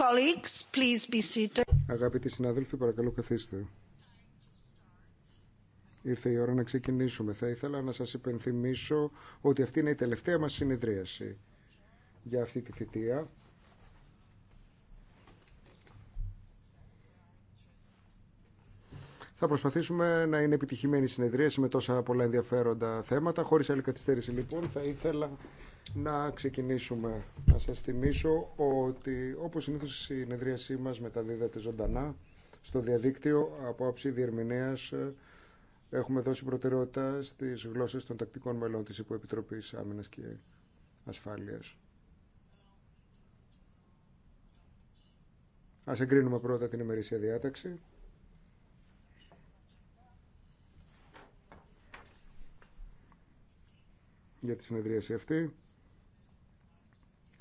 Colleagues, please Αγαπητοί συνάδελφοι, παρακαλώ καθίστε. Ήρθε η ώρα να ξεκινήσουμε. Θα ήθελα να σας υπενθυμίσω ότι αυτή είναι η τελευταία μας συνεδρίαση για αυτή τη θητεία. Θα προσπαθήσουμε να είναι επιτυχημένη η συνεδρίαση με τόσα πολλά ενδιαφέροντα θέματα. Χωρίς άλλη καθυστέρηση λοιπόν θα ήθελα να ξεκινήσουμε. Να σα θυμίσω ότι όπως συνήθω η συνεδρίασή μας μεταδίδεται ζωντανά στο διαδίκτυο από άψη διερμηνέας έχουμε δώσει προτεραιότητα στις γλώσσε των τακτικών μελών της Υποεπιτροπής Άμυνα και Ασφάλειας. Ας εγκρίνουμε πρώτα την ημερήσια διάταξη. για τη συνεδρίαση αυτή.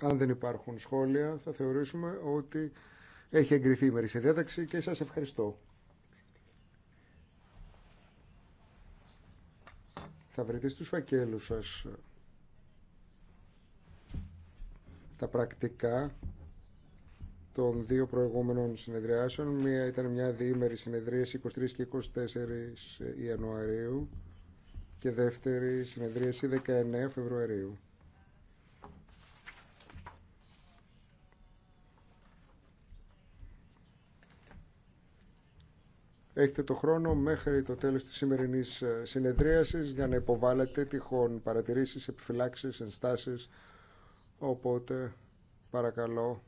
Αν δεν υπάρχουν σχόλια θα θεωρήσουμε ότι έχει εγκριθεί η μερική διάταξη και σας ευχαριστώ. Θα βρείτε στους φακέλους σας τα πρακτικά των δύο προηγούμενων συνεδριάσεων. Μία ήταν μια διήμερη συνεδρία 23 και 24 Ιανουαρίου και δεύτερη συνεδρίαση 19 Φεβρουαρίου. έχετε το χρόνο μέχρι το τέλος της σημερινής ε, συνεδρίασης για να υποβάλλετε τυχόν παρατηρήσεις, επιφυλάξεις, ενστάσεις. Οπότε, παρακαλώ,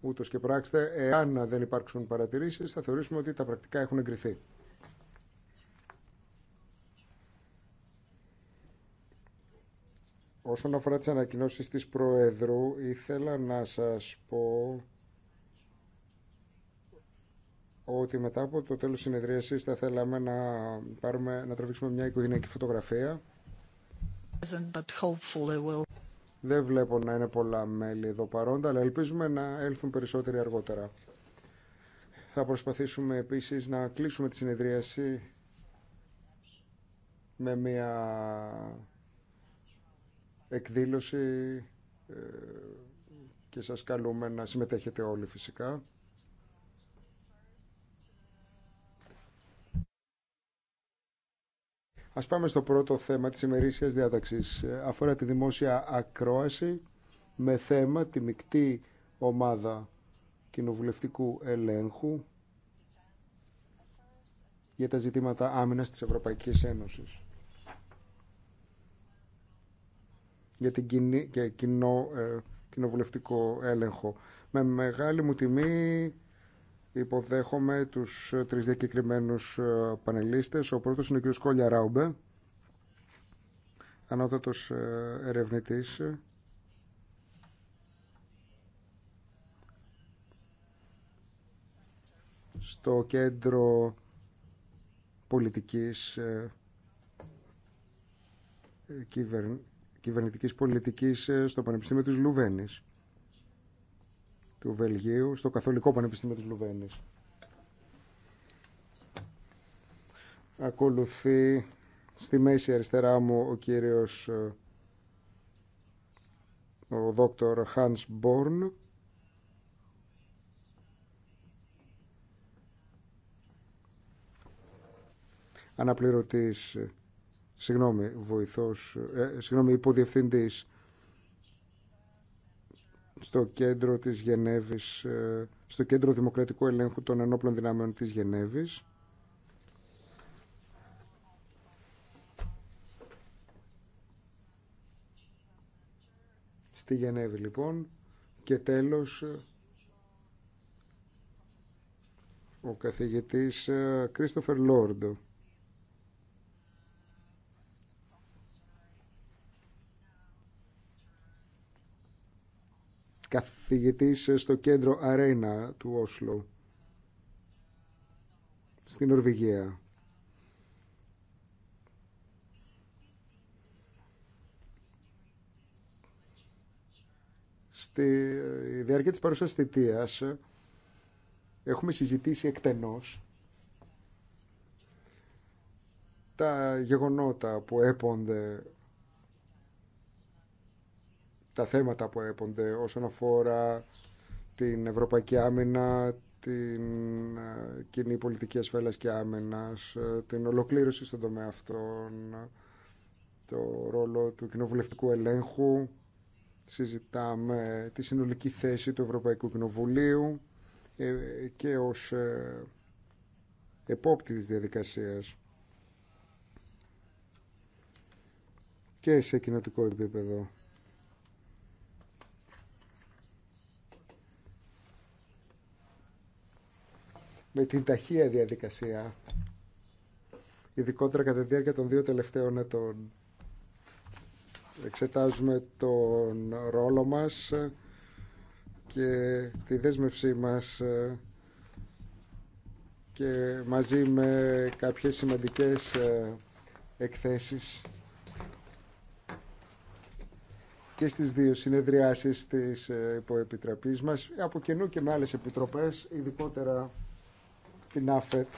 ούτως και πράξτε. Εάν δεν υπάρξουν παρατηρήσεις, θα θεωρήσουμε ότι τα πρακτικά έχουν εγκριθεί. Όσον αφορά τις ανακοινώσεις της Προέδρου, ήθελα να σας πω ότι μετά από το τέλος συνεδρίασης θα θέλαμε να, πάρουμε, να τραβήξουμε μια οικογενειακή φωτογραφία. Δεν βλέπω να είναι πολλά μέλη εδώ παρόντα, αλλά ελπίζουμε να έλθουν περισσότεροι αργότερα. Θα προσπαθήσουμε επίσης να κλείσουμε τη συνεδρίαση με μια εκδήλωση ε, και σας καλούμε να συμμετέχετε όλοι φυσικά. Ας πάμε στο πρώτο θέμα της ημερήσιας διάταξης. Ε, αφορά τη δημόσια ακρόαση με θέμα τη μεικτή ομάδα κοινοβουλευτικού ελέγχου για τα ζητήματα άμυνας της Ευρωπαϊκής Ένωσης. Για την κοινό, ε, κοινοβουλευτικό έλεγχο. Με μεγάλη μου τιμή Υποδέχομαι τους ε, τρεις διακεκριμένους ε, πανελίστες. Ο πρώτος είναι ο κ. Κόλια Ράουμπε, ανώτατος ε, ερευνητής στο κέντρο πολιτικής κυβερνητικής πολιτικής στο Πανεπιστήμιο της Λουβένης του Βελγίου στο Καθολικό Πανεπιστήμιο της Λουβένης. Ακολουθεί στη μέση αριστερά μου ο κύριος ε, ο δόκτωρ Hans Born αναπληρωτής ε, συγγνώμη, βοηθός, ε, ε συγγνώμη, υποδιευθυντής στο κέντρο της Γενέβης, ε, στο κέντρο δημοκρατικού ελέγχου των ενόπλων δυνάμεων της Γενέβης. Στη Γενέβη λοιπόν και τέλος ε, ο καθηγητής Κρίστοφερ Λόρντο καθηγητής στο κέντρο Αρένα του Όσλο στην Νορβηγία. Στη διάρκεια της παρουσίας θητείας έχουμε συζητήσει εκτενώς τα γεγονότα που έπονται τα θέματα που έπονται όσον αφορά την ευρωπαϊκή άμυνα, την ε, κοινή πολιτική ασφάλειας και άμυνας, ε, την ολοκλήρωση στον τομέα αυτών, το ρόλο του κοινοβουλευτικού ελέγχου, συζητάμε τη συνολική θέση του Ευρωπαϊκού Κοινοβουλίου ε, και ως επόπτη της διαδικασίας και σε κοινοτικό επίπεδο. με την ταχεία διαδικασία, ειδικότερα κατά τη διάρκεια των δύο τελευταίων ετών. Εξετάζουμε τον ρόλο μας και τη δέσμευσή μας και μαζί με κάποιες σημαντικές εκθέσεις και στις δύο συνεδριάσεις της υποεπιτραπής μας, από κοινού και με άλλες επιτροπές, ειδικότερα την ΑΦΕΤ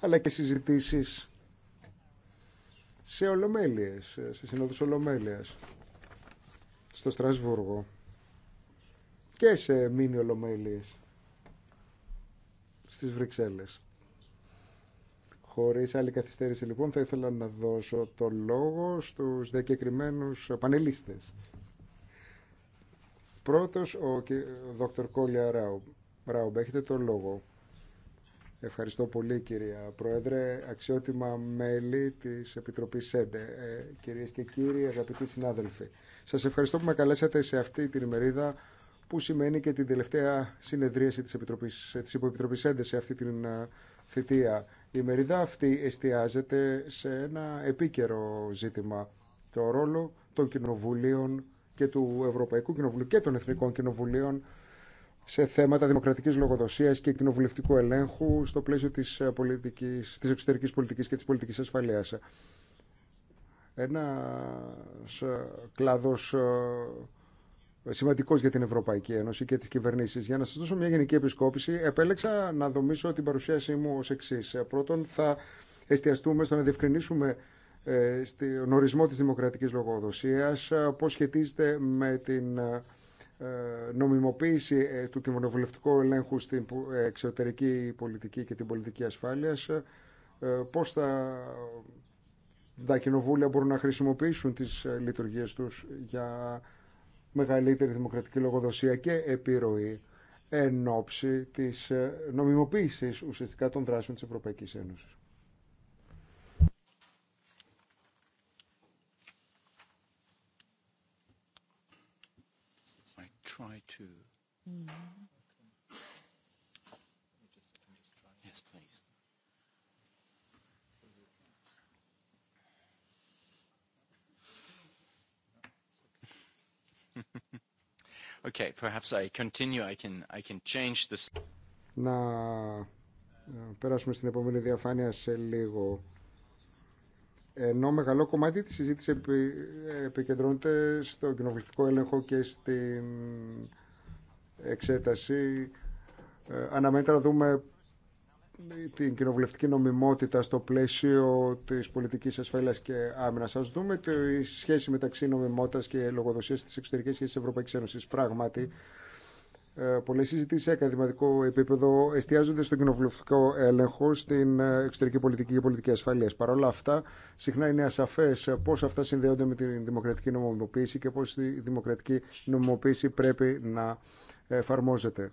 αλλά και συζητήσεις σε ολομέλειες, σε συνόδους ολομέλειας στο Στρασβούργο και σε μήνυ ολομέλειες στις Βρυξέλλες. Χωρίς άλλη καθυστέρηση λοιπόν θα ήθελα να δώσω το λόγο στους διακεκριμένους πανελίστες. Πρώτος ο, ο Δ. Κόλια Ράουμπ. Ράουμπ, έχετε το λόγο. Ευχαριστώ πολύ κυρία Πρόεδρε, αξιότιμα μέλη της Επιτροπής ΣΕΝΤΕ, ε, κυρίες και κύριοι, αγαπητοί συνάδελφοι. Σας ευχαριστώ που με καλέσατε σε αυτή την ημερίδα που σημαίνει και την τελευταία συνεδρίαση της, Επιτροπής, της Υποεπιτροπής ΣΕΝΤΕ σε αυτή την ε, θητεία. Η ημερίδα αυτή εστιάζεται σε ένα επίκαιρο ζήτημα, το ρόλο των κοινοβουλίων και του Ευρωπαϊκού Κοινοβουλίου και των Εθνικών Κοινοβουλίων σε θέματα δημοκρατική λογοδοσία και κοινοβουλευτικού ελέγχου στο πλαίσιο τη ε, πολιτικής, της εξωτερικής πολιτικής και τη πολιτική ασφαλεία. Ένα ε, κλάδο ε, σημαντικό για την Ευρωπαϊκή Ένωση και τι κυβερνήσει. Για να σα δώσω μια γενική επισκόπηση, επέλεξα να δομήσω την παρουσίασή μου ω εξή. Πρώτον, θα εστιαστούμε στο να διευκρινίσουμε στον ορισμό της δημοκρατικής λογοδοσίας, πώς σχετίζεται με την ε, νομιμοποίηση ε, του κοινοβουλευτικού ελέγχου στην ε, εξωτερική πολιτική και την πολιτική ασφάλειας πώς τα κοινοβούλια μπορούν να χρησιμοποιήσουν τις λειτουργίες τους για μεγαλύτερη δημοκρατική λογοδοσία και επιρροή εν ώψη της νομιμοποίησης ουσιαστικά των δράσεων της Ευρωπαϊκής Ένωσης. try to. Yes, please. Okay, perhaps I continue. I can, I can change this. Να περάσουμε στην επόμενη διαφάνεια σε λίγο ενώ μεγάλο κομμάτι της συζήτηση επι, επικεντρώνεται στο κοινοβουλευτικό έλεγχο και στην εξέταση. Ε, αναμένεται να δούμε την κοινοβουλευτική νομιμότητα στο πλαίσιο της πολιτικής ασφαλείας και άμυνας. Ας δούμε τη σχέση μεταξύ νομιμότητας και λογοδοσίας της εξωτερικής σχέσης της Ευρωπαϊκής Ένωσης. Πράγματι, ε, Πολλέ συζητήσει σε ακαδηματικό επίπεδο εστιάζονται στον κοινοβουλευτικό έλεγχο, στην ε, εξωτερική πολιτική και πολιτική ασφαλεία. Παρ' όλα αυτά, συχνά είναι ασαφέ πώ αυτά συνδέονται με την δημοκρατική νομιμοποίηση και πώ η δημοκρατική νομιμοποίηση πρέπει να εφαρμόζεται.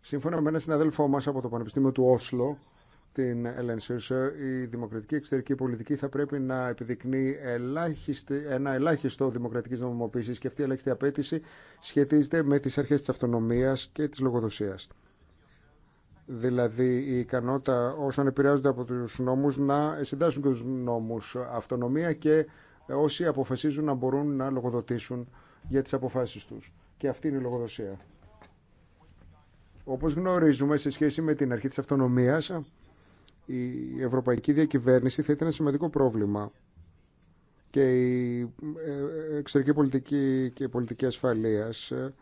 Σύμφωνα με έναν συναδέλφό μα από το Πανεπιστήμιο του Όσλο, την Ελένη η δημοκρατική εξωτερική πολιτική θα πρέπει να επιδεικνύει ελάχιστη, ένα ελάχιστο δημοκρατική νομιμοποίηση και αυτή η ελάχιστη απέτηση σχετίζεται με τι αρχέ τη αυτονομία και τη λογοδοσία. Δηλαδή η ικανότητα όσων επηρεάζονται από του νόμου να συντάσσουν και τους νόμους αυτονομία και όσοι αποφασίζουν να μπορούν να λογοδοτήσουν για τι αποφάσει του. Και αυτή είναι η λογοδοσία. Όπως γνωρίζουμε σε σχέση με την αρχή της αυτονομίας, η ευρωπαϊκή διακυβέρνηση θα ήταν ένα σημαντικό πρόβλημα και η ε, ε, εξωτερική πολιτική και η πολιτική ασφαλείας ε,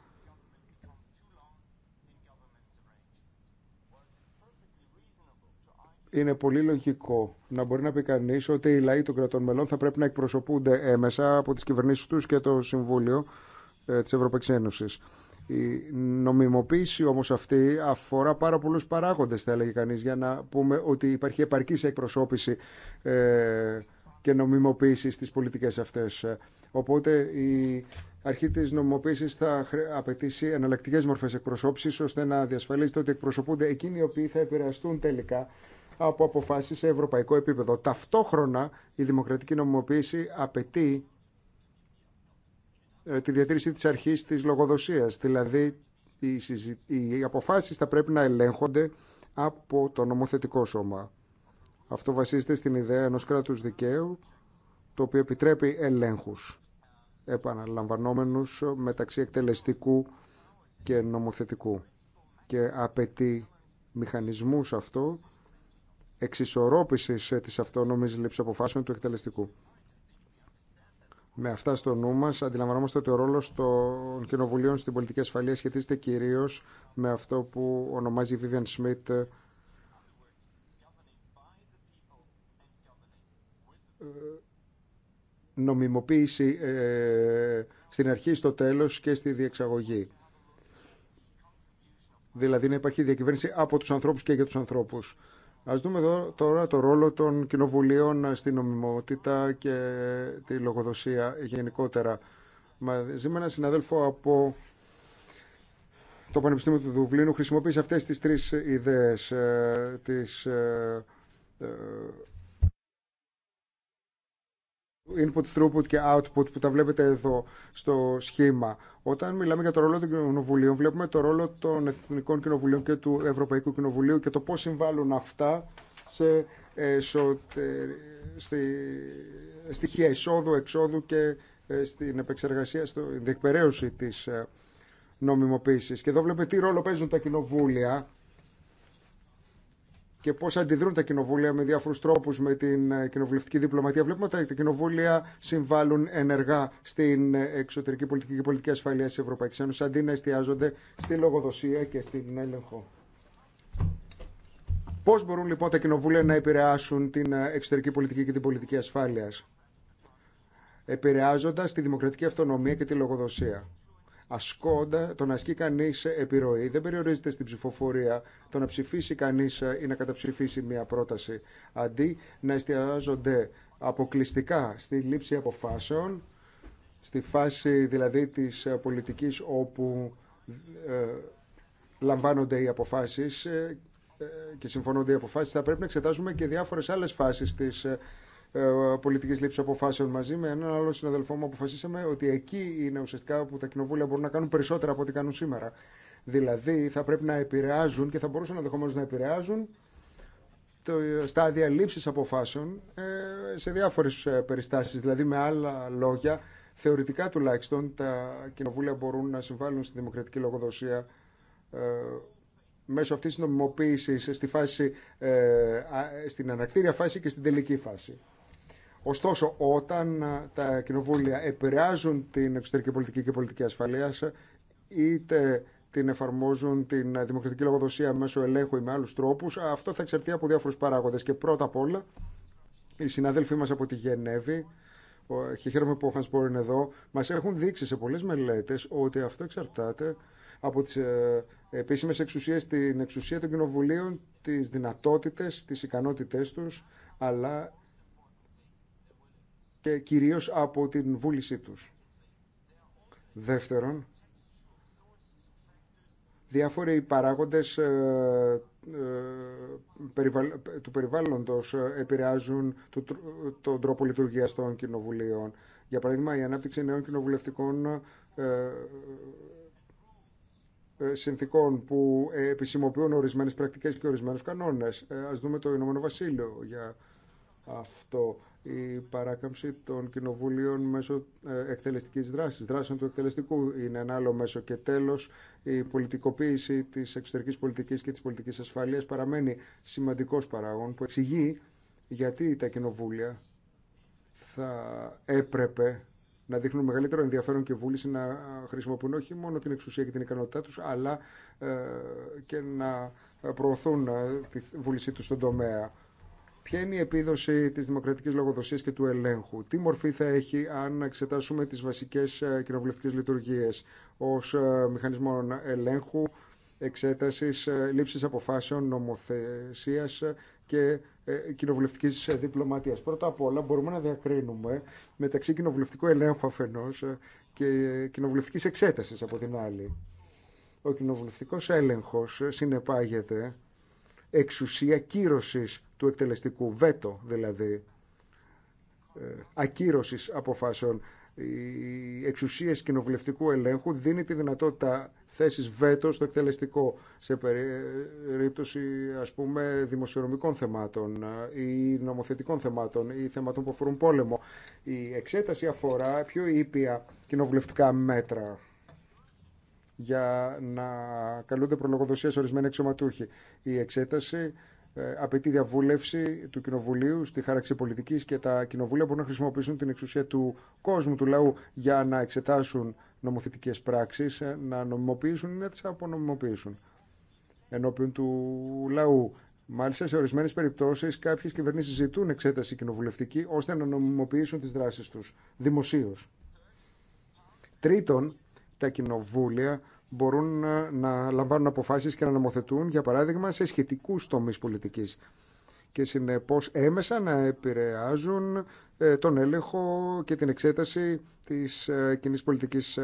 είναι πολύ λογικό να μπορεί να πει κανεί ότι οι λαοί των κρατών μελών θα πρέπει να εκπροσωπούνται έμεσα από τις κυβερνήσεις τους και το Συμβούλιο της Ευρωπαϊκής Ένωσης. Η νομιμοποίηση όμως αυτή αφορά πάρα πολλούς παράγοντες θα έλεγε κανείς για να πούμε ότι υπάρχει επαρκής εκπροσώπηση ε, και νομιμοποίηση στις πολιτικές αυτές. Οπότε η αρχή της νομιμοποίησης θα απαιτήσει εναλλακτικέ μορφές εκπροσώπησης ώστε να διασφαλίζεται ότι εκπροσωπούνται εκείνοι οι οποίοι θα επηρεαστούν τελικά από αποφάσεις σε ευρωπαϊκό επίπεδο. Ταυτόχρονα η δημοκρατική νομιμοποίηση απαιτεί ε, τη διατήρηση της αρχής της λογοδοσίας. Δηλαδή, οι αποφάσεις θα πρέπει να ελέγχονται από το νομοθετικό σώμα. Αυτό βασίζεται στην ιδέα ενός κράτους δικαίου, το οποίο επιτρέπει ελέγχους επαναλαμβανόμενους μεταξύ εκτελεστικού και νομοθετικού και απαιτεί μηχανισμούς αυτό εξισορρόπησης της αυτόνομης λήψης αποφάσεων του εκτελεστικού. Με αυτά στο νου μα, αντιλαμβανόμαστε ότι ο ρόλο των κοινοβουλίων στην πολιτική ασφαλεία σχετίζεται κυρίω με αυτό που ονομάζει Vivian Smith ε, νομιμοποίηση ε, στην αρχή, στο τέλος και στη διεξαγωγή. Δηλαδή να υπάρχει διακυβέρνηση από τους ανθρώπους και για τους ανθρώπους. Ας δούμε εδώ τώρα το ρόλο των κοινοβουλίων στην νομιμότητα και τη λογοδοσία γενικότερα. Μαζί με έναν συναδέλφο από το Πανεπιστήμιο του Δουβλίνου χρησιμοποίησε αυτές τις τρεις ιδέες ε, της ε, ε, input, throughput και output που τα βλέπετε εδώ στο σχήμα. Όταν μιλάμε για το ρόλο των κοινοβουλίων, βλέπουμε το ρόλο των Εθνικών Κοινοβουλίων και του Ευρωπαϊκού Κοινοβουλίου και το πώς συμβάλλουν αυτά σε ε, στη... στοιχεία εισόδου, εξόδου και ε, στην επεξεργασία, στην διεκπαιρέωση της ε, νομιμοποίησης. Και εδώ βλέπετε τι ρόλο παίζουν τα κοινοβούλια και πώ αντιδρούν τα κοινοβούλια με διάφορου τρόπου με την ε, κοινοβουλευτική διπλωματία. Βλέπουμε ότι τα κοινοβούλια συμβάλλουν ενεργά στην ε, εξωτερική πολιτική και πολιτική ασφαλεία τη Ευρωπαϊκή Ένωση αντί να εστιάζονται στη λογοδοσία και στην έλεγχο. Πώ μπορούν λοιπόν τα κοινοβούλια να επηρεάσουν την ε, εξωτερική πολιτική και την πολιτική ασφάλεια, επηρεάζοντα τη δημοκρατική αυτονομία και τη λογοδοσία ασκώντα, το να ασκεί κανεί ε, επιρροή δεν περιορίζεται στην ψηφοφορία. Το να ψηφίσει κανεί ε, ή να καταψηφίσει μια πρόταση. Αντί να εστιάζονται αποκλειστικά στη λήψη αποφάσεων, στη φάση δηλαδή της ε, πολιτικής όπου λαμβάνονται οι αποφάσεις και συμφωνούνται οι αποφάσεις, θα πρέπει να εξετάζουμε και διάφορες άλλες φάσεις της ε, πολιτική λήψη αποφάσεων μαζί με έναν άλλο συναδελφό μου αποφασίσαμε ότι εκεί είναι ουσιαστικά που τα κοινοβούλια μπορούν να κάνουν περισσότερα από ό,τι κάνουν σήμερα. Δηλαδή θα πρέπει να επηρεάζουν και θα μπορούσαν ενδεχομένω να επηρεάζουν το, ε, στάδια λήψη αποφάσεων ε, σε διάφορε περιστάσει. Δηλαδή με άλλα λόγια, θεωρητικά τουλάχιστον τα κοινοβούλια μπορούν να συμβάλλουν στη δημοκρατική λογοδοσία μέσω αυτής της νομιμοποίησης στη φάση, στην ανακτήρια φάση και στην τελική φάση. Ωστόσο, όταν ε, τα κοινοβούλια επηρεάζουν την εξωτερική πολιτική και πολιτική ασφαλεία, είτε την εφαρμόζουν την δημοκρατική λογοδοσία μέσω ελέγχου ή με άλλου τρόπου, αυτό θα εξαρτηθεί από διάφορου παράγοντε. Και πρώτα απ' όλα, οι συναδέλφοί μα από τη Γενέβη, και χαίρομαι που ο Χανσπόρ είναι εδώ, μα έχουν δείξει σε πολλέ μελέτε ότι αυτό εξαρτάται από τι ε, επίσημε εξουσίε, την εξουσία των κοινοβουλίων, τι δυνατότητε, τι ικανότητέ του, αλλά και κυρίως από την βούλησή τους. Δεύτερον, διάφοροι παράγοντες ε, ε, του περιβάλλοντος ε, επηρεάζουν τον τρόπο λειτουργίας των κοινοβουλίων. Για παράδειγμα, η ανάπτυξη νέων κοινοβουλευτικών συνθήκων που επισημοποιούν ορισμένες πρακτικές και ορισμένους κανόνες. Ας δούμε το Ηνωμένο Βασίλειο για αυτό η παράκαμψη των κοινοβουλίων μέσω ε, εκτελεστικής δράσης, δράσεων του εκτελεστικού είναι ένα άλλο μέσο και τέλος η πολιτικοποίηση της εξωτερικής πολιτικής και της πολιτικής ασφαλείας παραμένει σημαντικός παράγον που εξηγεί γιατί τα κοινοβούλια θα έπρεπε να δείχνουν μεγαλύτερο ενδιαφέρον και βούληση να χρησιμοποιούν όχι μόνο την εξουσία και την ικανότητά τους, αλλά ε, και να προωθούν ε, τη βούλησή τους στον τομέα. Ποια είναι η επίδοση τη δημοκρατική λογοδοσία και του ελέγχου, τι μορφή θα έχει αν εξετάσουμε τι βασικέ ε, κοινοβουλευτικέ λειτουργίε ω ε, μηχανισμό ελέγχου, εξέταση, ε, λήψη αποφάσεων, νομοθεσία και κοινοβουλευτική διπλωματία. Πρώτα απ' όλα μπορούμε να διακρίνουμε μεταξύ κοινοβουλευτικού ελέγχου αφενό και κοινοβουλευτική εξέταση από την άλλη. Ο κοινοβουλευτικό έλεγχο συνεπάγεται εξουσία κύρωσης του εκτελεστικού βέτο, δηλαδή ε, ακύρωσης αποφάσεων. Οι εξουσίες κοινοβουλευτικού ελέγχου δίνει τη δυνατότητα θέσης βέτο στο εκτελεστικό σε ε, περίπτωση ας πούμε δημοσιονομικών θεμάτων ε, ή νομοθετικών θεμάτων ή θεμάτων που αφορούν πόλεμο. Η εξέταση αφορά πιο ήπια κοινοβουλευτικά μέτρα για να καλούνται προλογοδοσίες ορισμένοι εξωματούχοι Η εξέταση ε, απαιτεί διαβούλευση του Κοινοβουλίου στη χάραξη πολιτική και τα κοινοβούλια μπορούν να χρησιμοποιήσουν την εξουσία του κόσμου, του λαού, για να εξετάσουν νομοθετικέ πράξει, ε, να νομιμοποιήσουν ή να τι απονομιμοποιήσουν ενώπιον του λαού. Μάλιστα, σε ορισμένε περιπτώσει, κάποιε κυβερνήσει ζητούν εξέταση κοινοβουλευτική ώστε να νομιμοποιήσουν τι δράσει του δημοσίω. Τρίτον, τα κοινοβούλια μπορούν ε, να λαμβάνουν αποφάσεις και να νομοθετούν, για παράδειγμα, σε σχετικούς τομείς πολιτικής και συνεπώς έμεσα να επηρεάζουν ε, τον έλεγχο και την εξέταση της ε, κοινή πολιτικής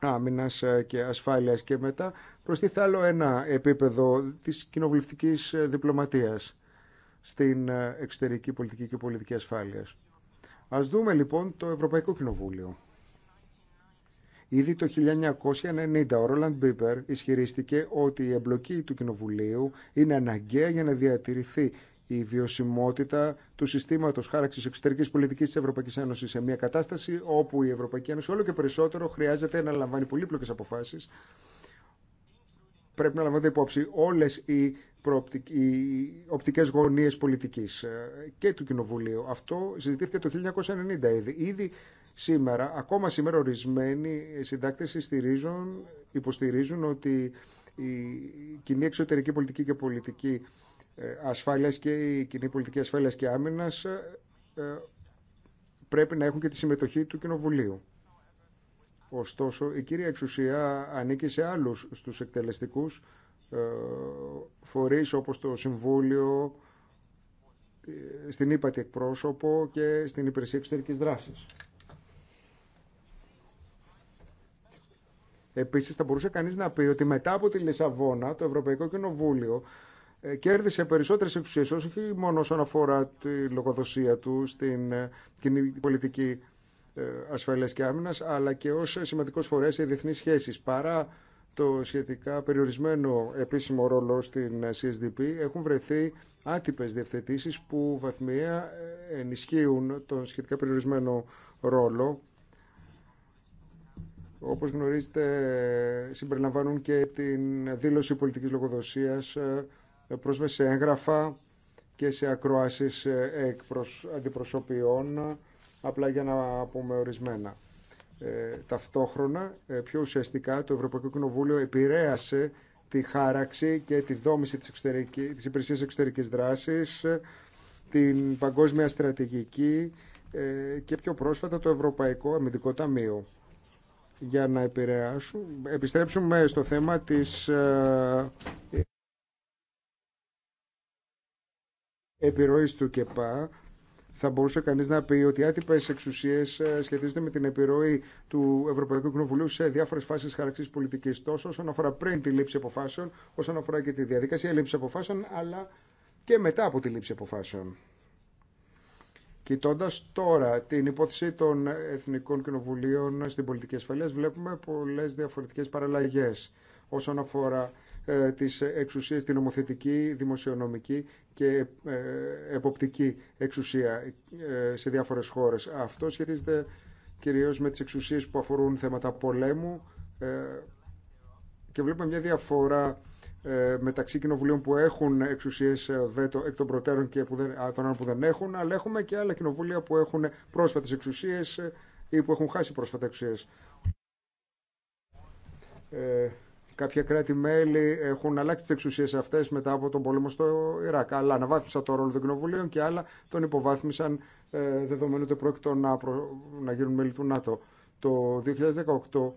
άμυνας και ασφάλειας και μετά προστίθε άλλο ένα επίπεδο της κοινοβουλευτικής διπλωματίας στην εξωτερική πολιτική και πολιτική ασφάλειας. Ας δούμε λοιπόν το Ευρωπαϊκό Κοινοβούλιο. Ήδη το 1990 ο Ρόλαντ Μπίπερ ισχυρίστηκε ότι η εμπλοκή του Κοινοβουλίου είναι αναγκαία για να διατηρηθεί η βιωσιμότητα του συστήματο χάραξη εξωτερική πολιτική τη Ευρωπαϊκή Ένωση σε μια κατάσταση όπου η Ευρωπαϊκή Ένωση όλο και περισσότερο χρειάζεται να λαμβάνει πολύπλοκε αποφάσει. Πρέπει να λαμβάνονται υπόψη όλε οι, οι οπτικέ γωνίε πολιτική ε, και του Κοινοβουλίου. Αυτό συζητήθηκε το 1990 ήδη. Σήμερα, ακόμα σήμερα ορισμένοι συντάκτες στηρίζουν, υποστηρίζουν ότι η κοινή εξωτερική πολιτική και πολιτική ε, ασφάλειας και η κοινή πολιτική ασφάλειας και άμυνας ε, ε, πρέπει να έχουν και τη συμμετοχή του Κοινοβουλίου. Ωστόσο, η κύρια εξουσία ανήκει σε άλλους στους εκτελεστικούς φορείς όπως το Συμβούλιο, στην ύπατη εκπρόσωπο και στην υπηρεσία εξωτερικής δράσης. Επίση, θα μπορούσε κανείς να πει ότι μετά από τη Λισαβόνα το Ευρωπαϊκό Κοινοβούλιο ε, κέρδισε περισσότερες εξουσίες όχι μόνο όσον αφορά τη λογοδοσία του στην ε, κοινή πολιτική ε, ασφαλείας και άμυνας αλλά και ω σημαντικός φορέας σε διεθνεί σχέσει. παρά το σχετικά περιορισμένο επίσημο ρόλο στην CSDP έχουν βρεθεί άτυπε διευθετήσει που βαθμία ενισχύουν τον σχετικά περιορισμένο ρόλο όπως γνωρίζετε συμπεριλαμβάνουν και την δήλωση πολιτικής λογοδοσίας, ε, πρόσβαση σε έγγραφα και σε ακροάσεις ε, αντιπροσωπιών, απλά για να πούμε ορισμένα. Ε, ταυτόχρονα, πιο ουσιαστικά, το Ευρωπαϊκό Κοινοβούλιο επηρέασε τη χάραξη και τη δόμηση της, εξωτερικής, της υπηρεσίας εξωτερικής δράσης, την παγκόσμια στρατηγική και πιο πρόσφατα το Ευρωπαϊκό Αμυντικό Ταμείο για να επηρεάσουμε. Επιστρέψουμε στο θέμα της ε, επιρροής του ΚΕΠΑ. Θα μπορούσε κανείς να πει ότι άτυπες εξουσίες ε, σχετίζονται με την επιρροή του Ευρωπαϊκού Κοινοβουλίου σε διάφορες φάσεις χαραξής πολιτικής, τόσο όσον αφορά πριν τη λήψη αποφάσεων, όσον αφορά και τη διαδικασία λήψη αποφάσεων, αλλά και μετά από τη λήψη αποφάσεων. Κοιτώντα τώρα την υπόθεση των Εθνικών Κοινοβουλίων στην πολιτική ασφαλεία, βλέπουμε πολλέ διαφορετικέ παραλλαγέ όσον αφορά ε, τι εξουσίε, την νομοθετική, δημοσιονομική και ε, εποπτική εξουσία ε, σε διάφορε χώρε. Αυτό σχετίζεται κυρίω με τι εξουσίε που αφορούν θέματα πολέμου, ε, και βλέπουμε μια διαφορά ε, μεταξύ κοινοβουλίων που έχουν εξουσίε ε, βέτο εκ των προτέρων και που δεν, των άλλων που δεν έχουν, αλλά έχουμε και άλλα κοινοβούλια που έχουν πρόσφατε εξουσίε ε, ή που έχουν χάσει πρόσφατα εξουσίες. Ε, κάποια κράτη-μέλη έχουν αλλάξει τι εξουσίε αυτέ μετά από τον πόλεμο στο Ιράκ. Αλλά αναβάθμισαν το ρόλο των κοινοβουλίων και άλλα τον υποβάθμισαν ε, δεδομένου ότι πρόκειται να, να γίνουν μέλη του ΝΑΤΟ. Το 2018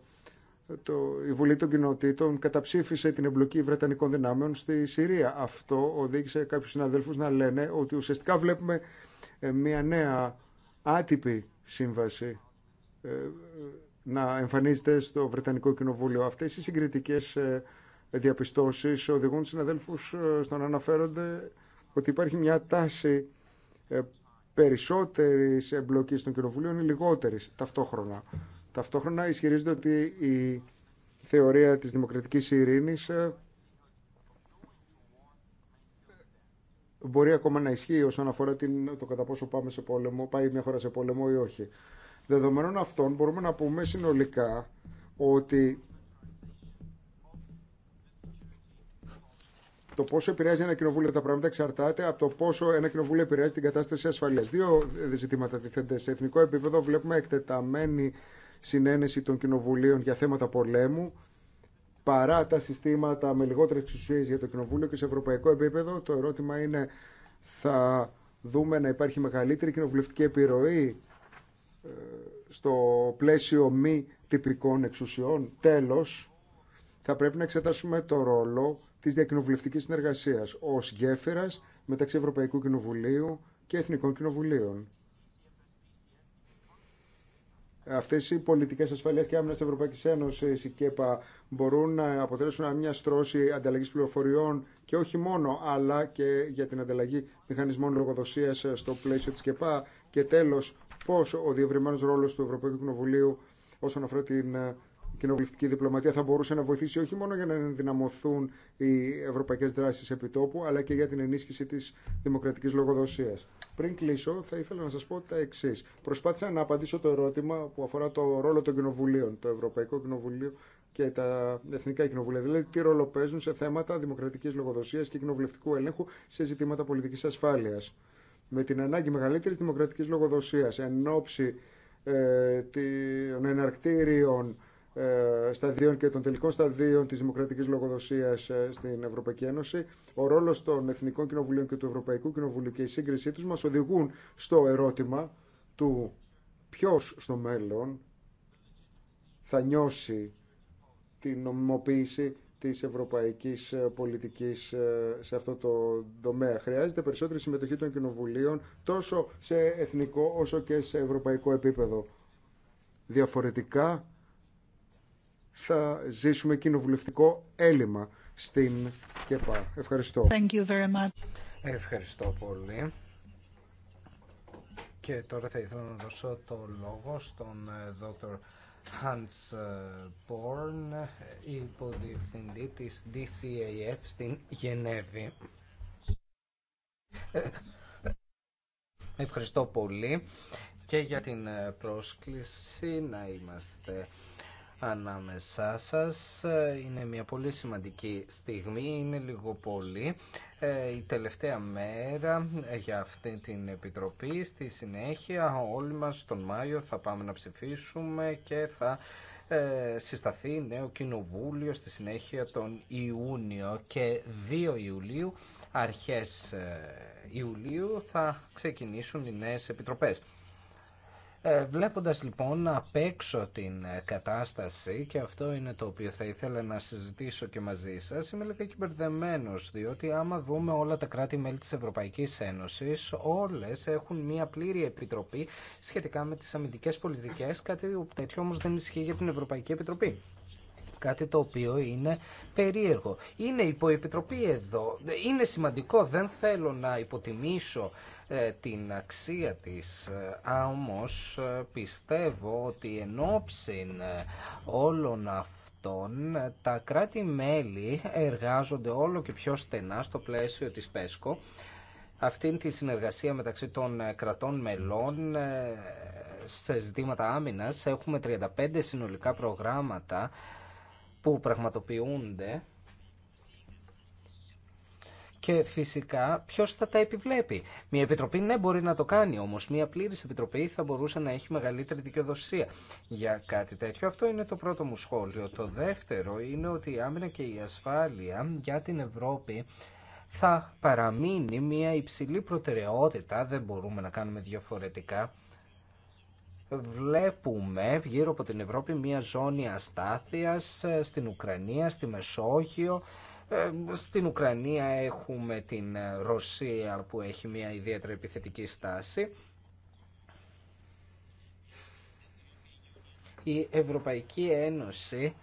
το, η Βουλή των Κοινοτήτων καταψήφισε την εμπλοκή Βρετανικών δυνάμεων στη Συρία. Αυτό οδήγησε κάποιους συναδέλφους να λένε ότι ουσιαστικά βλέπουμε ε, μια νέα άτυπη σύμβαση ε, να εμφανίζεται στο Βρετανικό Κοινοβούλιο. Αυτές οι συγκριτικές ε, διαπιστώσεις οδηγούν συναδέλφους στο να αναφέρονται ότι υπάρχει μια τάση περισσότερης εμπλοκής των κοινοβουλίων ή λιγότερης ταυτόχρονα. Ταυτόχρονα ισχυρίζεται ότι η θεωρία της δημοκρατικής ειρήνης ε, μπορεί ακόμα να ισχύει όσον αφορά την, το κατά πόσο πάμε σε πόλεμο, πάει μια χώρα σε πόλεμο ή όχι. Δεδομένων αυτών μπορούμε να πούμε συνολικά ότι το πόσο επηρεάζει ένα κοινοβούλιο τα πράγματα εξαρτάται από το πόσο ένα κοινοβούλιο επηρεάζει την κατάσταση ασφαλείας. Δύο ε, ζητήματα τίθενται. Σε εθνικό επίπεδο βλέπουμε εκτεταμένη συνένεση των κοινοβουλίων για θέματα πολέμου παρά τα συστήματα με λιγότερε εξουσίε για το κοινοβούλιο και σε ευρωπαϊκό επίπεδο. Το ερώτημα είναι, θα δούμε να υπάρχει μεγαλύτερη κοινοβουλευτική επιρροή ε, στο πλαίσιο μη τυπικών εξουσιών. Τέλος, θα πρέπει να εξετάσουμε το ρόλο της διακοινοβουλευτικής συνεργασίας ως γέφυρας μεταξύ Ευρωπαϊκού Κοινοβουλίου και Εθνικών Κοινοβουλίων. Αυτέ οι πολιτικέ ασφαλεία και άμυνα τη Ευρωπαϊκή Ένωση, η ΚΕΠΑ, μπορούν να αποτελέσουν μια στρώση ανταλλαγή πληροφοριών και όχι μόνο, αλλά και για την ανταλλαγή μηχανισμών λογοδοσία στο πλαίσιο τη ΚΕΠΑ. Και τέλο, πώ ο διευρυμένο ρόλο του Ευρωπαϊκού Κοινοβουλίου όσον αφορά την κοινοβουλευτική διπλωματία θα μπορούσε να βοηθήσει όχι μόνο για να ενδυναμωθούν οι ευρωπαϊκές δράσεις επιτόπου, αλλά και για την ενίσχυση της δημοκρατικής λογοδοσίας. Πριν κλείσω, θα ήθελα να σας πω τα εξή. Προσπάθησα να απαντήσω το ερώτημα που αφορά το ρόλο των κοινοβουλίων, το Ευρωπαϊκό Κοινοβουλίο και τα Εθνικά Κοινοβούλια. Δηλαδή, τι ρόλο παίζουν σε θέματα δημοκρατική λογοδοσία και κοινοβουλευτικού ελέγχου σε ζητήματα πολιτική ασφάλεια. Με την ανάγκη μεγαλύτερη δημοκρατική λογοδοσία εν ώψη ε, ε, σταδίων και των τελικών σταδίων της δημοκρατικής λογοδοσίας ε, στην Ευρωπαϊκή Ένωση. Ο ρόλος των Εθνικών Κοινοβουλίων και του Ευρωπαϊκού Κοινοβουλίου και η σύγκρισή τους μας οδηγούν στο ερώτημα του ποιο στο μέλλον θα νιώσει την νομιμοποίηση της ευρωπαϊκής ε, πολιτικής σε αυτό το τομέα. Χρειάζεται περισσότερη συμμετοχή των κοινοβουλίων τόσο σε εθνικό όσο και σε ευρωπαϊκό επίπεδο. Διαφορετικά θα ζήσουμε κοινοβουλευτικό έλλειμμα στην ΚΕΠΑ. Ευχαριστώ. Ευχαριστώ πολύ. Και τώρα θα ήθελα να δώσω το λόγο στον Dr. Ε, Hans ε, Born, ε, υποδιευθυντή της DCAF στην Γενέβη. Ευχαριστώ πολύ και για την πρόσκληση να είμαστε ανάμεσά σας. Είναι μια πολύ σημαντική στιγμή, είναι λίγο πολύ. Ε, η τελευταία μέρα για αυτή την Επιτροπή, στη συνέχεια όλοι μας τον Μάιο θα πάμε να ψηφίσουμε και θα ε, συσταθεί νέο κοινοβούλιο στη συνέχεια τον Ιούνιο και 2 Ιουλίου, αρχές ε, Ιουλίου θα ξεκινήσουν οι νέες επιτροπές. Ε, βλέποντας λοιπόν απ' έξω την ε, κατάσταση και αυτό είναι το οποίο θα ήθελα να συζητήσω και μαζί σας είμαι λίγα και διότι άμα δούμε όλα τα κράτη-μέλη της Ευρωπαϊκής Ένωσης όλες έχουν μια πλήρη επιτροπή σχετικά με τις αμυντικές πολιτικές κάτι τέτοιο όμως δεν ισχύει για την Ευρωπαϊκή Επιτροπή κάτι το οποίο είναι περίεργο. Είναι υποεπιτροπή εδώ. Είναι σημαντικό, δεν θέλω να υποτιμήσω ε, την αξία της. Ε, όμως ε, πιστεύω ότι εν ώψην όλων αυτών τα κράτη-μέλη εργάζονται όλο και πιο στενά στο πλαίσιο της ΠΕΣΚΟ αυτήν τη συνεργασία μεταξύ των κρατών μελών σε ζητήματα άμυνας έχουμε 35 συνολικά προγράμματα που πραγματοποιούνται και φυσικά ποιο θα τα επιβλέπει. Μια επιτροπή ναι μπορεί να το κάνει, όμω μια πλήρη επιτροπή θα μπορούσε να έχει μεγαλύτερη δικαιοδοσία για κάτι τέτοιο. Αυτό είναι το πρώτο μου σχόλιο. Το δεύτερο είναι ότι η άμυνα και η ασφάλεια για την Ευρώπη θα παραμείνει μια υψηλή προτεραιότητα, δεν μπορούμε να κάνουμε διαφορετικά. Βλέπουμε γύρω από την Ευρώπη μια ζώνη αστάθειας ε, στην Ουκρανία, στη Μεσόγειο, ε, στην Ουκρανία έχουμε την ε, Ρωσία που έχει μια ιδιαίτερα επιθετική στάση. Η Ευρωπαϊκή Ένωση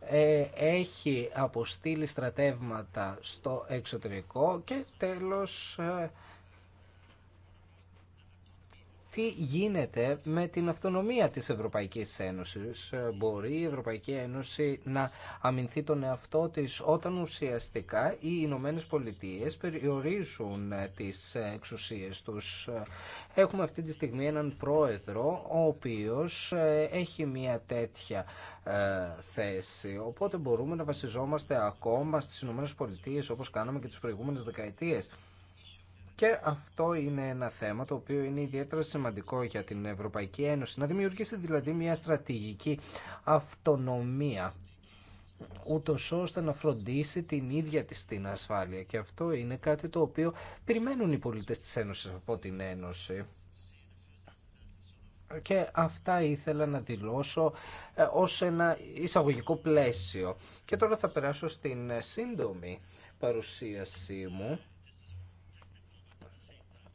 ε, έχει αποστείλει στρατεύματα στο εξωτερικό και τέλος τι γίνεται με την αυτονομία της Ευρωπαϊκής Ένωσης. Μπορεί η Ευρωπαϊκή Ένωση να αμυνθεί τον εαυτό της όταν ουσιαστικά οι Ηνωμένε Πολιτείε περιορίζουν τις εξουσίες τους. Έχουμε αυτή τη στιγμή έναν πρόεδρο ο οποίος ε, έχει μια τέτοια ε, θέση. Οπότε μπορούμε να βασιζόμαστε ακόμα στις Ηνωμένε Πολιτείε όπως κάναμε και τις προηγούμενες δεκαετίες. Και αυτό είναι ένα θέμα το οποίο είναι ιδιαίτερα σημαντικό για την Ευρωπαϊκή Ένωση. Να δημιουργήσει δηλαδή μια στρατηγική αυτονομία ούτω ώστε να φροντίσει την ίδια της την ασφάλεια. Και αυτό είναι κάτι το οποίο περιμένουν οι πολίτες της Ένωσης από την Ένωση. Και αυτά ήθελα να δηλώσω ε, ως ένα εισαγωγικό πλαίσιο. Και τώρα θα περάσω στην ε, σύντομη παρουσίασή μου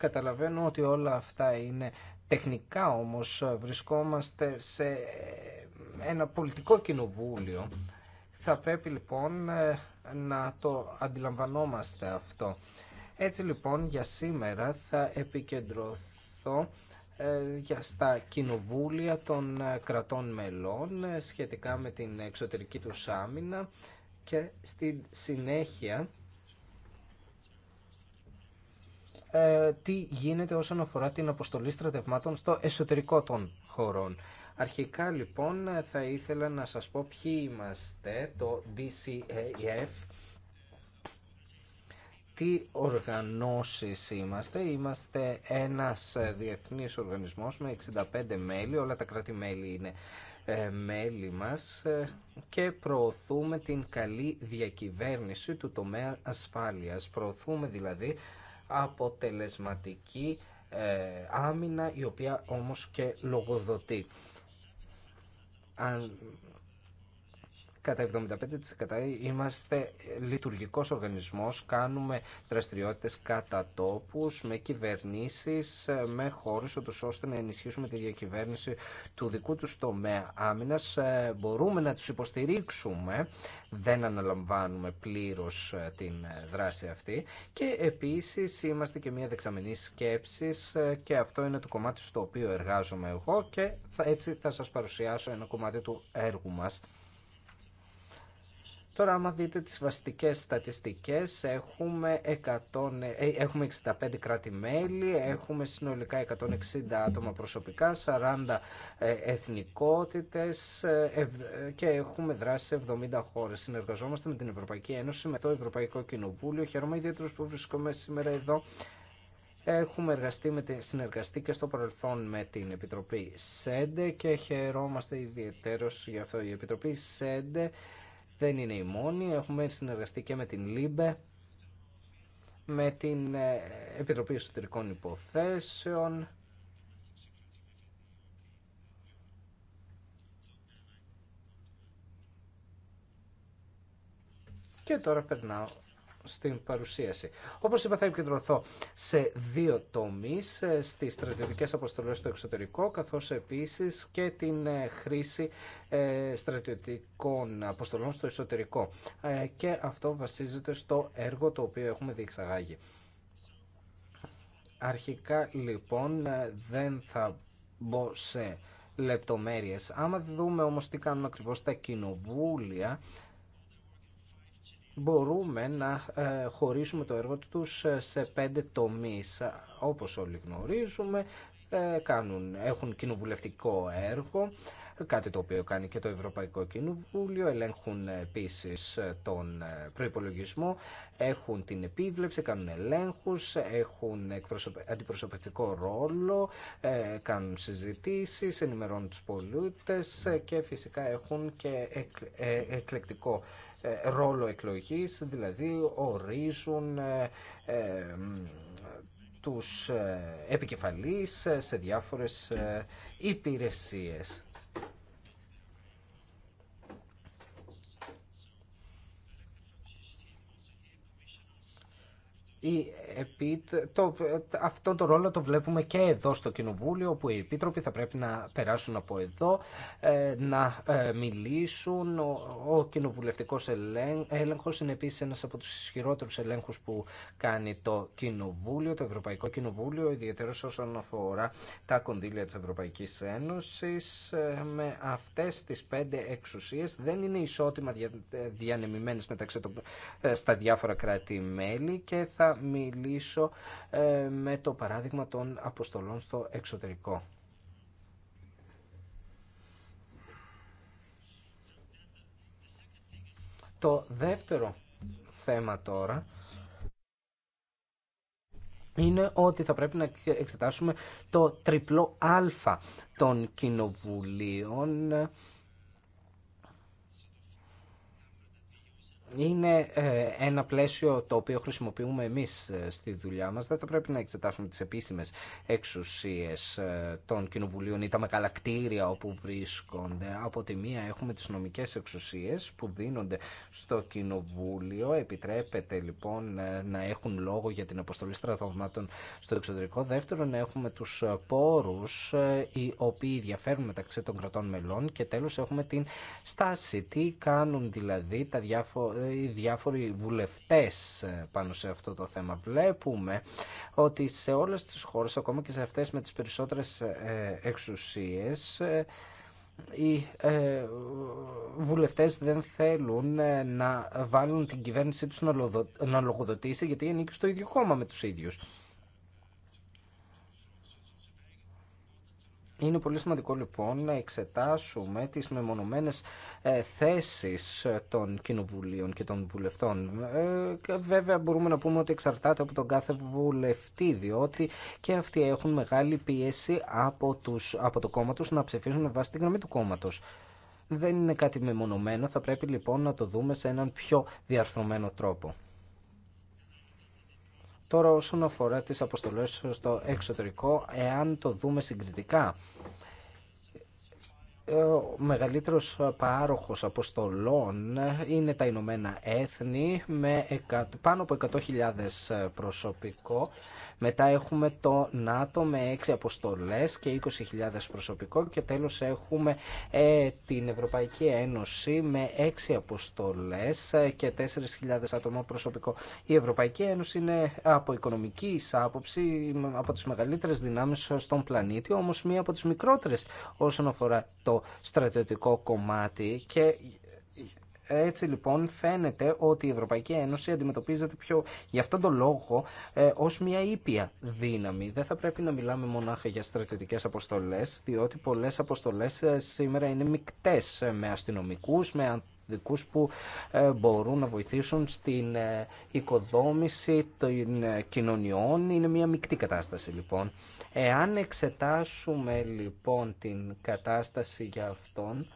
Καταλαβαίνω ότι όλα αυτά είναι τεχνικά όμως βρισκόμαστε σε ένα πολιτικό κοινοβούλιο. Θα πρέπει λοιπόν ε, να το αντιλαμβανόμαστε αυτό. Έτσι λοιπόν για σήμερα θα επικεντρωθώ ε, για στα κοινοβούλια των ε, κρατών μελών σχετικά με την εξωτερική του άμυνα και στη συνέχεια Ε, τι γίνεται όσον αφορά την αποστολή στρατευμάτων στο εσωτερικό των χωρών. Αρχικά λοιπόν θα ήθελα να σας πω ποιοι είμαστε το DCAF, τι οργανώσεις είμαστε. Είμαστε ένας ε, διεθνής οργανισμός με 65 μέλη, όλα τα κράτη-μέλη είναι ε, μέλη μας και προωθούμε την καλή διακυβέρνηση του τομέα ασφάλειας. Προωθούμε δηλαδή αποτελεσματική ε, άμυνα η οποία όμως και λογοδοτεί. Κατά 75% είμαστε λειτουργικός οργανισμός, κάνουμε δραστηριότητες κατά τόπους, με κυβερνήσεις, με χώρους, ώστε να ενισχύσουμε τη διακυβέρνηση του δικού του τομέα άμυνας. Ε, μπορούμε να τους υποστηρίξουμε, δεν αναλαμβάνουμε πλήρως ε, την ε, δράση αυτή και επίσης είμαστε και μια δεξαμενή σκέψη και αυτό είναι το κομμάτι στο οποίο εργάζομαι εγώ και έτσι θα σας παρουσιάσω ένα κομμάτι του έργου μας. Τώρα, άμα δείτε τις βασικές στατιστικές, έχουμε, 100, ε, έχουμε 65 κράτη-μέλη, έχουμε συνολικά 160 άτομα προσωπικά, 40 ε, εθνικότητες ε, και έχουμε δράσει σε 70 χώρες. Συνεργαζόμαστε με την Ευρωπαϊκή Ένωση, με το Ευρωπαϊκό Κοινοβούλιο. Χαίρομαι ιδιαίτερα που βρισκόμαι σήμερα εδώ. Έχουμε εργαστεί με συνεργαστεί και στο παρελθόν με την Επιτροπή ΣΕΝΤΕ και χαιρόμαστε ιδιαίτερως για αυτό. Η Επιτροπή ΣΕΝΤΕ δεν είναι η μόνη. Έχουμε συνεργαστεί και με την ΛΥΜΠΕ, με την ε, Επιτροπή Εσωτερικών Υποθέσεων, Και τώρα περνάω στην παρουσίαση. Όπως είπα θα επικεντρωθώ σε δύο τομείς, ε, στις στρατιωτικές αποστολές στο εξωτερικό, καθώς επίσης και την ε, χρήση ε, στρατιωτικών αποστολών στο εσωτερικό. Και αυτό βασίζεται στο έργο το οποίο έχουμε διεξαγάγει. Αρχικά λοιπόν δεν θα μπω σε λεπτομέρειες. Άμα δούμε όμως τι κάνουν ακριβώς τα κοινοβούλια μπορούμε να ε, χωρίσουμε το έργο τους ε, σε πέντε τομείς. Όπως όλοι γνωρίζουμε, ε, κάνουν, έχουν κοινοβουλευτικό έργο, κάτι το οποίο κάνει και το Ευρωπαϊκό Κοινοβούλιο, ελέγχουν επίσης τον προϋπολογισμό, έχουν την επίβλεψη, κάνουν ελέγχους, έχουν αντιπροσωπευτικό ρόλο, κάνουν συζητήσεις, ενημερώνουν τους πολίτες και φυσικά έχουν και εκλεκτικό ε, ρόλο εκλογής, δηλαδή ορίζουν ε, ε, τους επικεφαλείς σε διάφορες υπηρεσίες. η επί... το... αυτόν τον ρόλο το βλέπουμε και εδώ στο Κοινοβούλιο όπου οι επίτροποι θα πρέπει να περάσουν από εδώ ε, να ε, μιλήσουν ο κοινοβουλευτικός έλεγχος είναι επίσης ένας από τους ισχυρότερους ελέγχους που κάνει το Κοινοβούλιο το Ευρωπαϊκό Κοινοβούλιο ιδιαίτερως όσον αφορά τα κονδύλια της Ευρωπαϊκής Ένωσης ε, με αυτές τις πέντε εξουσίες δεν είναι ισότιμα διανεμημένες μεταξύ των... στα διάφορα κράτη-μέλη και θα μιλήσω ε, με το παράδειγμα των αποστολών στο εξωτερικό. Το δεύτερο θέμα τώρα είναι ότι θα πρέπει να εξετάσουμε το τριπλό αλφα των κοινοβουλίων είναι ε, ένα πλαίσιο το οποίο χρησιμοποιούμε εμείς ε, στη δουλειά μας. Δεν θα πρέπει να εξετάσουμε τις επίσημες εξουσίες ε, των κοινοβουλίων ή τα μεγαλακτήρια όπου βρίσκονται. Από τη μία έχουμε τις νομικές εξουσίες που δίνονται στο κοινοβούλιο. Επιτρέπεται λοιπόν να έχουν λόγο για την αποστολή στρατογμάτων στο εξωτερικό. Δεύτερον έχουμε τους πόρους οι οποίοι διαφέρουν μεταξύ των κρατών μελών και τέλος έχουμε την στάση. Τι κάνουν δηλαδή τα διάφορα οι διάφοροι βουλευτές πάνω σε αυτό το θέμα. Βλέπουμε ότι σε όλες τις χώρες, ακόμα και σε αυτές με τις περισσότερες ε, εξουσίες, ε, οι ε, βουλευτές δεν θέλουν να βάλουν την κυβέρνηση τους να λογοδοτήσει γιατί ανήκει στο ίδιο κόμμα με τους ίδιους. Είναι πολύ σημαντικό λοιπόν να εξετάσουμε τις μεμονωμένες ε, θέσεις των κοινοβουλίων και των βουλευτών. Ε, βέβαια μπορούμε να πούμε ότι εξαρτάται από τον κάθε βουλευτή, διότι και αυτοί έχουν μεγάλη πίεση από, τους, από το κόμμα τους να ψηφίζουν με βάση τη γραμμή του κόμματος. Δεν είναι κάτι μεμονωμένο, θα πρέπει λοιπόν να το δούμε σε έναν πιο διαρθρωμένο τρόπο. Τώρα όσον αφορά τις αποστολές στο εξωτερικό, εάν το δούμε συγκριτικά, ο μεγαλύτερος πάροχος αποστολών είναι τα Ηνωμένα Έθνη με πάνω από 100.000 προσωπικό. Μετά έχουμε το ΝΑΤΟ με 6 αποστολές και 20.000 προσωπικό και τέλος έχουμε ε, την Ευρωπαϊκή Ένωση με 6 αποστολές και 4.000 άτομα προσωπικό. Η Ευρωπαϊκή Ένωση είναι από οικονομική άποψη από τις μεγαλύτερες δυνάμεις στον πλανήτη, όμως μία από τις μικρότερες όσον αφορά το το στρατιωτικό κομμάτι και έτσι λοιπόν φαίνεται ότι η Ευρωπαϊκή Ένωση αντιμετωπίζεται πιο γι' αυτόν τον λόγο ε, ως μια ήπια δύναμη. Δεν θα πρέπει να μιλάμε μονάχα για στρατιωτικές αποστολές, διότι πολλές αποστολές ε, σήμερα είναι μικτές ε, με αστυνομικούς, με δικούς που ε, μπορούν να βοηθήσουν στην οικοδόμηση των κοινωνιών. Είναι μια μεικτή κατάσταση λοιπόν. Εάν εξετάσουμε λοιπόν την κατάσταση για αυτόν,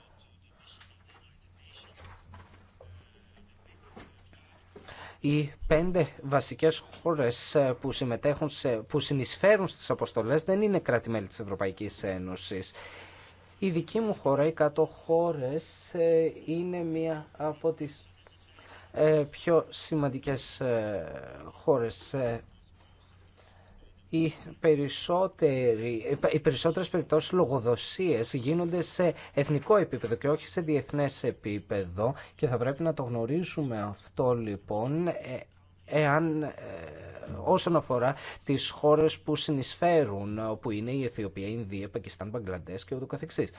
οι πέντε βασικές χώρες ε, που, συμμετέχουν σε, που συνεισφέρουν στις αποστολές δεν είναι κράτη-μέλη της Ευρωπαϊκής Ένωσης. Η δική μου χώρα, οι 100 χώρες, ε, είναι μία από τις ε, πιο σημαντικές χώρες οι, περισσότεροι, οι περισσότερες περιπτώσεις λογοδοσίες γίνονται σε εθνικό επίπεδο και όχι σε διεθνές επίπεδο και θα πρέπει να το γνωρίζουμε αυτό λοιπόν ε, εάν ε, όσον αφορά τις χώρες που συνεισφέρουν όπου είναι η Αιθιοπία, η Ινδία, Πακιστάν, Μπαγκλαντές και ούτω καθεξής.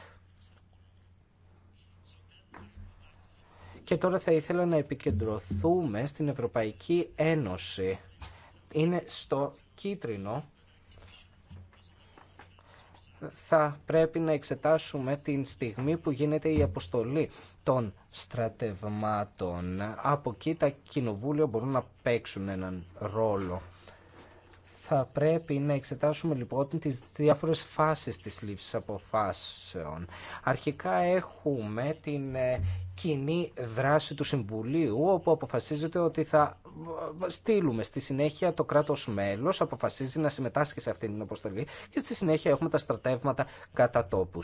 Και τώρα θα ήθελα να επικεντρωθούμε στην Ευρωπαϊκή Ένωση. Είναι στο κίτρινο θα πρέπει να εξετάσουμε την στιγμή που γίνεται η αποστολή των στρατευμάτων. Από εκεί τα κοινοβούλια μπορούν να παίξουν έναν ρόλο. Θα πρέπει να εξετάσουμε λοιπόν τις διάφορες φάσεις της λήψης αποφάσεων. Αρχικά έχουμε την ε, κοινή δράση του Συμβουλίου όπου αποφασίζεται ότι θα στείλουμε. Στη συνέχεια το κράτος μέλος αποφασίζει να συμμετάσχει σε αυτή την αποστολή και στη συνέχεια έχουμε τα στρατεύματα κατά τόπου.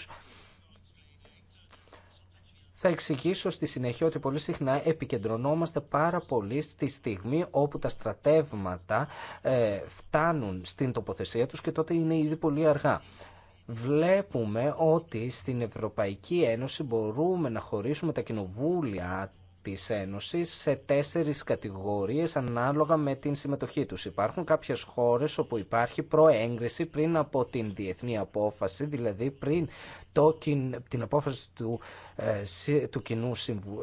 Θα εξηγήσω στη συνέχεια ότι πολύ συχνά επικεντρωνόμαστε πάρα πολύ στη στιγμή όπου τα στρατεύματα ε, φτάνουν στην τοποθεσία τους και τότε είναι ήδη πολύ αργά. Βλέπουμε ότι στην Ευρωπαϊκή Ένωση μπορούμε να χωρίσουμε τα κοινοβούλια της Ένωσης σε τέσσερις κατηγορίες ανάλογα με την συμμετοχή τους. Υπάρχουν κάποιες χώρες όπου υπάρχει προέγκριση πριν από την διεθνή απόφαση, δηλαδή πριν το, την, απόφαση του, ε, του κοινού,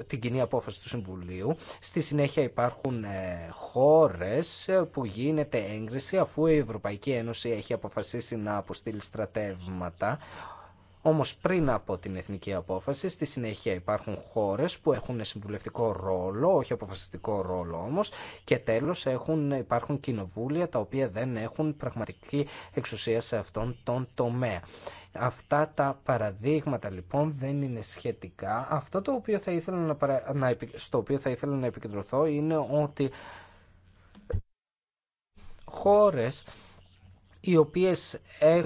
την κοινή απόφαση του Συμβουλίου. Στη συνέχεια υπάρχουν ε, χώρες που γίνεται έγκριση αφού η Ευρωπαϊκή Ένωση έχει αποφασίσει να αποστείλει στρατεύματα Όμω πριν από την εθνική απόφαση, στη συνέχεια υπάρχουν χώρες που έχουν συμβουλευτικό ρόλο, όχι αποφασιστικό ρόλο όμως, και τέλος υπάρχουν κοινοβούλια τα οποία δεν έχουν πραγματική εξουσία σε αυτόν τον τομέα. Αυτά τα παραδείγματα λοιπόν δεν είναι σχετικά. Αυτό το οποίο θα ήθελα να, να, στο οποίο θα ήθελα να επικεντρωθώ είναι ότι χώρες οι οποίες ε,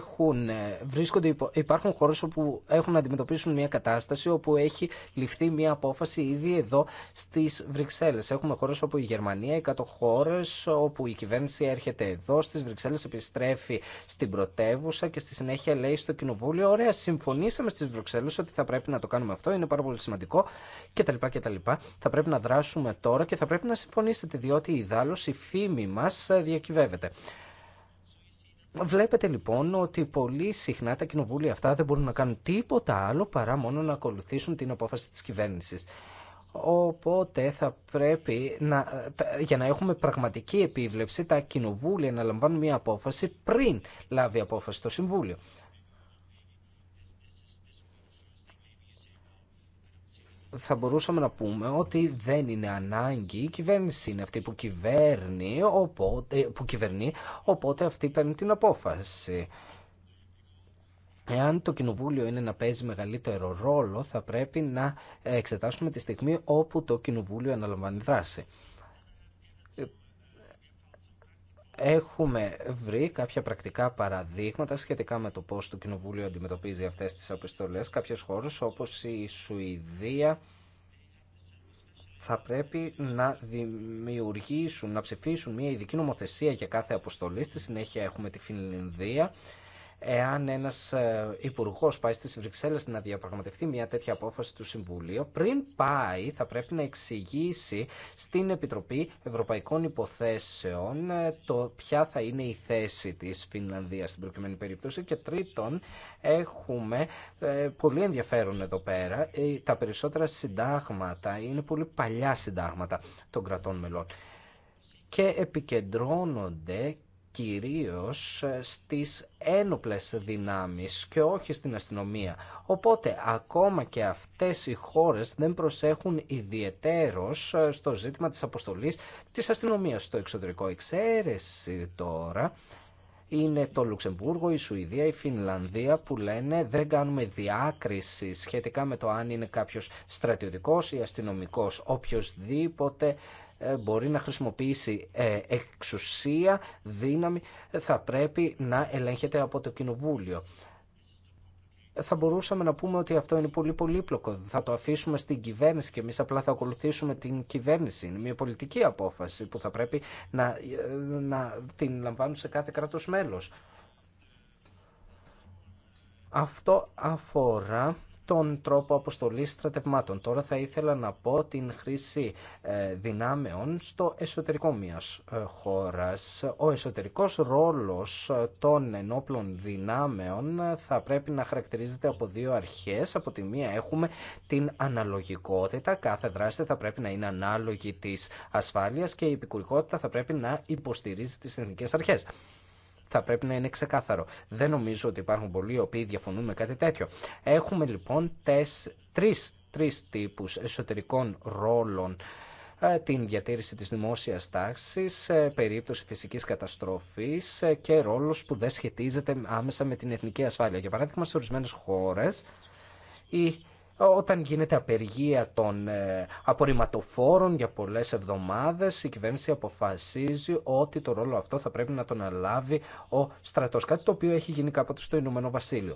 βρίσκονται, υπάρχουν χώρες όπου έχουν να αντιμετωπίσουν μια κατάσταση όπου έχει ληφθεί μια απόφαση ήδη εδώ στις Βρυξέλλες. Έχουμε χώρες όπου η Γερμανία, οι κάτω χώρες όπου η κυβέρνηση έρχεται εδώ στις Βρυξέλλες, επιστρέφει στην πρωτεύουσα και στη συνέχεια λέει στο κοινοβούλιο «Ωραία, συμφωνήσαμε στις Βρυξέλλες ότι θα πρέπει να το κάνουμε αυτό, είναι πάρα πολύ σημαντικό» κτλ. κτλ. Θα πρέπει να δράσουμε τώρα και θα πρέπει να συμφωνήσετε διότι η δάλωση, η φήμη μας ε, διακυβεύεται. Βλέπετε λοιπόν ότι πολύ συχνά τα κοινοβούλια αυτά δεν μπορούν να κάνουν τίποτα άλλο παρά μόνο να ακολουθήσουν την απόφαση της κυβέρνησης. Οπότε θα πρέπει να, για να έχουμε πραγματική επίβλεψη τα κοινοβούλια να λαμβάνουν μια απόφαση πριν λάβει απόφαση το Συμβούλιο. θα μπορούσαμε να πούμε ότι δεν είναι ανάγκη, η κυβέρνηση είναι αυτή που κυβέρνει, οπότε, που κυβερνεί, οπότε αυτή παίρνει την απόφαση. Εάν το Κοινοβούλιο είναι να παίζει μεγαλύτερο ρόλο, θα πρέπει να εξετάσουμε τη στιγμή όπου το Κοινοβούλιο αναλαμβάνει δράση. Έχουμε βρει κάποια πρακτικά παραδείγματα σχετικά με το πώς το Κοινοβούλιο αντιμετωπίζει αυτές τις αποστολέ Κάποιες χώρες όπως η Σουηδία θα πρέπει να δημιουργήσουν, να ψηφίσουν μια ειδική νομοθεσία για κάθε αποστολή. Στη συνέχεια έχουμε τη Φινλανδία εάν ένας ε, υπουργό πάει στις Βρυξέλλε να διαπραγματευτεί μια τέτοια απόφαση του Συμβουλίου, πριν πάει θα πρέπει να εξηγήσει στην Επιτροπή Ευρωπαϊκών Υποθέσεων ε, το ποια θα είναι η θέση τη Φινλανδίας στην προκειμένη περίπτωση και τρίτον έχουμε ε, πολύ ενδιαφέρον εδώ πέρα τα περισσότερα συντάγματα είναι πολύ παλιά συντάγματα των κρατών μελών και επικεντρώνονται κυρίως ε, στις ένοπλες δυνάμεις και όχι στην αστυνομία. Οπότε ακόμα και αυτές οι χώρες δεν προσέχουν ιδιαιτέρως ε, στο ζήτημα της αποστολής της αστυνομίας στο εξωτερικό. Εξαίρεση τώρα είναι το Λουξεμβούργο, η Σουηδία, η Φινλανδία που λένε δεν κάνουμε διάκριση σχετικά με το αν είναι κάποιος στρατιωτικός ή αστυνομικός. οποιοδήποτε. Ε, μπορεί να χρησιμοποιήσει ε, εξουσία, δύναμη, ε, θα πρέπει να ελέγχεται από το Κοινοβούλιο. Θα μπορούσαμε να πούμε ότι αυτό είναι πολύ πολύπλοκο. Θα το αφήσουμε στην κυβέρνηση και εμεί απλά θα ακολουθήσουμε την κυβέρνηση. Είναι μια πολιτική απόφαση που θα πρέπει να, να την λαμβάνουν σε κάθε κράτος μέλος. Αυτό αφορά τον τρόπο αποστολής στρατευμάτων. Τώρα θα ήθελα να πω την χρήση ε, δυνάμεων στο εσωτερικό μιας ε, χώρας. Ο εσωτερικός ρόλος ε, των ενόπλων δυνάμεων θα πρέπει να χαρακτηρίζεται από δύο αρχές. Από τη μία έχουμε την αναλογικότητα. Κάθε δράση θα πρέπει να είναι ανάλογη της ασφάλειας και η επικουρικότητα θα πρέπει να υποστηρίζει τις εθνικές αρχές θα πρέπει να είναι ξεκάθαρο. Δεν νομίζω ότι υπάρχουν πολλοί οι οποίοι διαφωνούν με κάτι τέτοιο. Έχουμε λοιπόν τρεις, τρεις τύπους εσωτερικών ρόλων ε, την διατήρηση της δημόσιας τάξης, ε, περίπτωση φυσικής καταστροφής ε, και ρόλος που δεν σχετίζεται άμεσα με την εθνική ασφάλεια. Για παράδειγμα, σε ορισμένες χώρες η όταν γίνεται απεργία των ε, απορριμματοφόρων για πολλές εβδομάδες, η κυβέρνηση αποφασίζει ότι το ρόλο αυτό θα πρέπει να τον αλάβει ο στρατός. Κάτι το οποίο έχει γίνει κάποτε στο Ηνωμένο Βασίλειο.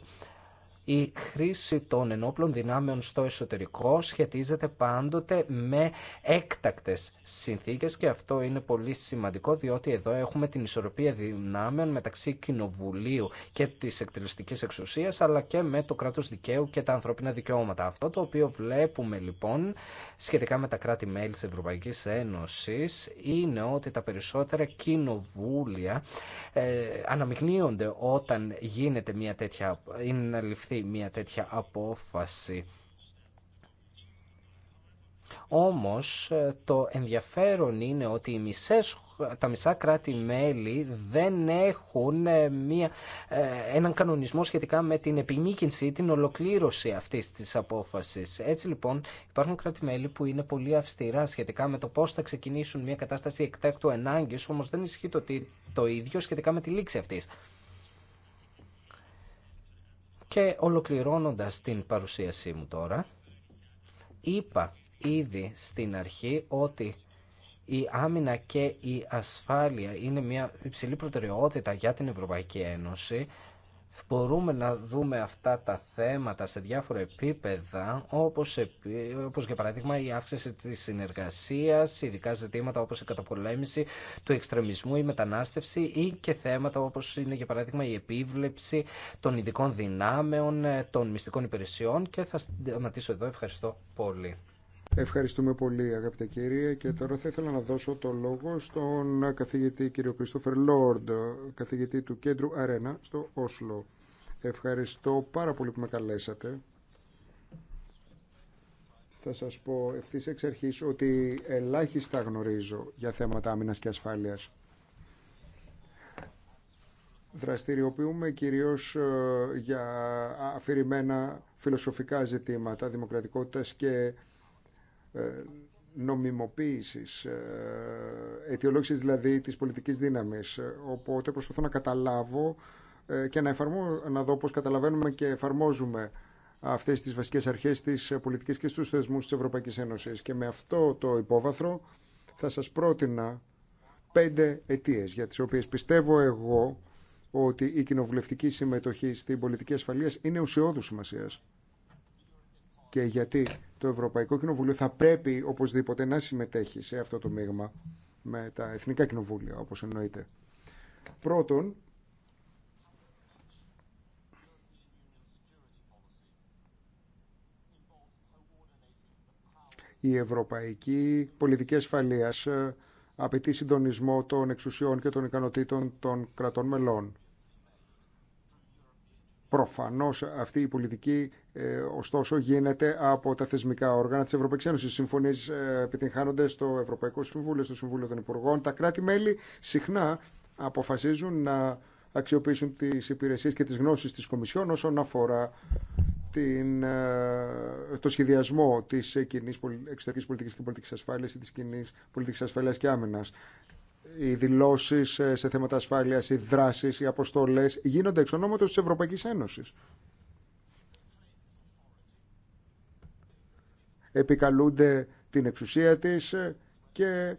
Η χρήση των ενόπλων δυνάμεων στο εσωτερικό σχετίζεται πάντοτε με έκτακτες συνθήκες και αυτό είναι πολύ σημαντικό διότι εδώ έχουμε την ισορροπία δυνάμεων μεταξύ κοινοβουλίου και της εκτελεστικής εξουσίας αλλά και με το κράτος δικαίου και τα ανθρώπινα δικαιώματα. Αυτό το οποίο βλέπουμε λοιπόν σχετικά με τα κράτη-μέλη της Ευρωπαϊκής Ένωσης είναι ότι τα περισσότερα κοινοβούλια ε, αναμειγνύονται όταν γίνεται μια τέτοια, είναι να ληφθεί μια τέτοια απόφαση. Όμως το ενδιαφέρον είναι ότι οι μισές, τα μισά κράτη-μέλη δεν έχουν ε, μια, ε, έναν κανονισμό σχετικά με την επιμήκυνση, την ολοκλήρωση αυτής της απόφασης. Έτσι λοιπόν υπάρχουν κράτη-μέλη που είναι πολύ αυστηρά σχετικά με το πώς θα ξεκινήσουν μια κατάσταση εκτέκτου ανάγκης, όμως δεν ισχύει το, το ίδιο σχετικά με τη λήξη αυτής. Και ολοκληρώνοντας την παρουσίασή μου τώρα, είπα ήδη στην αρχή ότι η άμυνα και η ασφάλεια είναι μια υψηλή προτεραιότητα για την Ευρωπαϊκή Ένωση μπορούμε να δούμε αυτά τα θέματα σε διάφορα επίπεδα, όπως, όπως για παράδειγμα η αύξηση της συνεργασίας, ειδικά ζητήματα όπως η καταπολέμηση του εξτρεμισμού, η μετανάστευση ή και θέματα όπως είναι για παράδειγμα η επίβλεψη των ειδικών δυνάμεων, ε, των μυστικών υπηρεσιών και θα σταματήσω εδώ. Ευχαριστώ πολύ. Ευχαριστούμε πολύ αγαπητέ κύριε και τώρα θα ήθελα να δώσω το λόγο στον καθηγητή κύριο Κρίστοφερ Λόρντ, καθηγητή του Κέντρου Αρένα στο Όσλο. Ευχαριστώ πάρα πολύ που με καλέσατε. Θα σας πω ευθύς εξ αρχής ότι ελάχιστα γνωρίζω για θέματα άμυνας και ασφάλειας. Δραστηριοποιούμε κυρίως ε, για αφηρημένα φιλοσοφικά ζητήματα δημοκρατικότητας και ε, νομιμοποίησης, ε, αιτιολόγησης δηλαδή της πολιτικής δύναμης. Οπότε προσπαθώ να καταλάβω ε, και να, εφαρμό, να δω πώς καταλαβαίνουμε και εφαρμόζουμε αυτές τις βασικές αρχές της πολιτικής και στους θεσμούς της Ευρωπαϊκής Ένωσης. Και με αυτό το υπόβαθρο θα σας πρότεινα πέντε αιτίες για τις οποίες πιστεύω εγώ ότι η κοινοβουλευτική συμμετοχή στην πολιτική ασφαλείας είναι ουσιώδου σημασίας και γιατί το Ευρωπαϊκό Κοινοβούλιο θα πρέπει οπωσδήποτε να συμμετέχει σε αυτό το μείγμα με τα εθνικά κοινοβούλια, όπως εννοείται. Πρώτον, η ευρωπαϊκή πολιτική ασφαλείας ε, απαιτεί συντονισμό των εξουσιών και των ικανοτήτων των κρατών μελών Προφανώς αυτή η πολιτική ε, ωστόσο γίνεται από τα θεσμικά όργανα της Ευρωπαϊκής Ένωσης. Οι συμφωνίες ε, επιτυγχάνονται στο Ευρωπαϊκό Συμβούλιο, στο Συμβούλιο των Υπουργών. Τα κράτη-μέλη συχνά αποφασίζουν να αξιοποιήσουν τις υπηρεσίες και τις γνώσεις της Κομισιόν όσον αφορά την, ε, το σχεδιασμό της εξωτερική εξωτερικής πολιτικής και πολιτικής ασφάλειας ή της κοινή πολιτικής ασφάλειας και άμυνας οι δηλώσει ε, σε θέματα ασφάλεια, οι δράσει, οι αποστολέ γίνονται εξ ονόματο τη Ευρωπαϊκή Ένωση. Επικαλούνται την εξουσία τη ε, και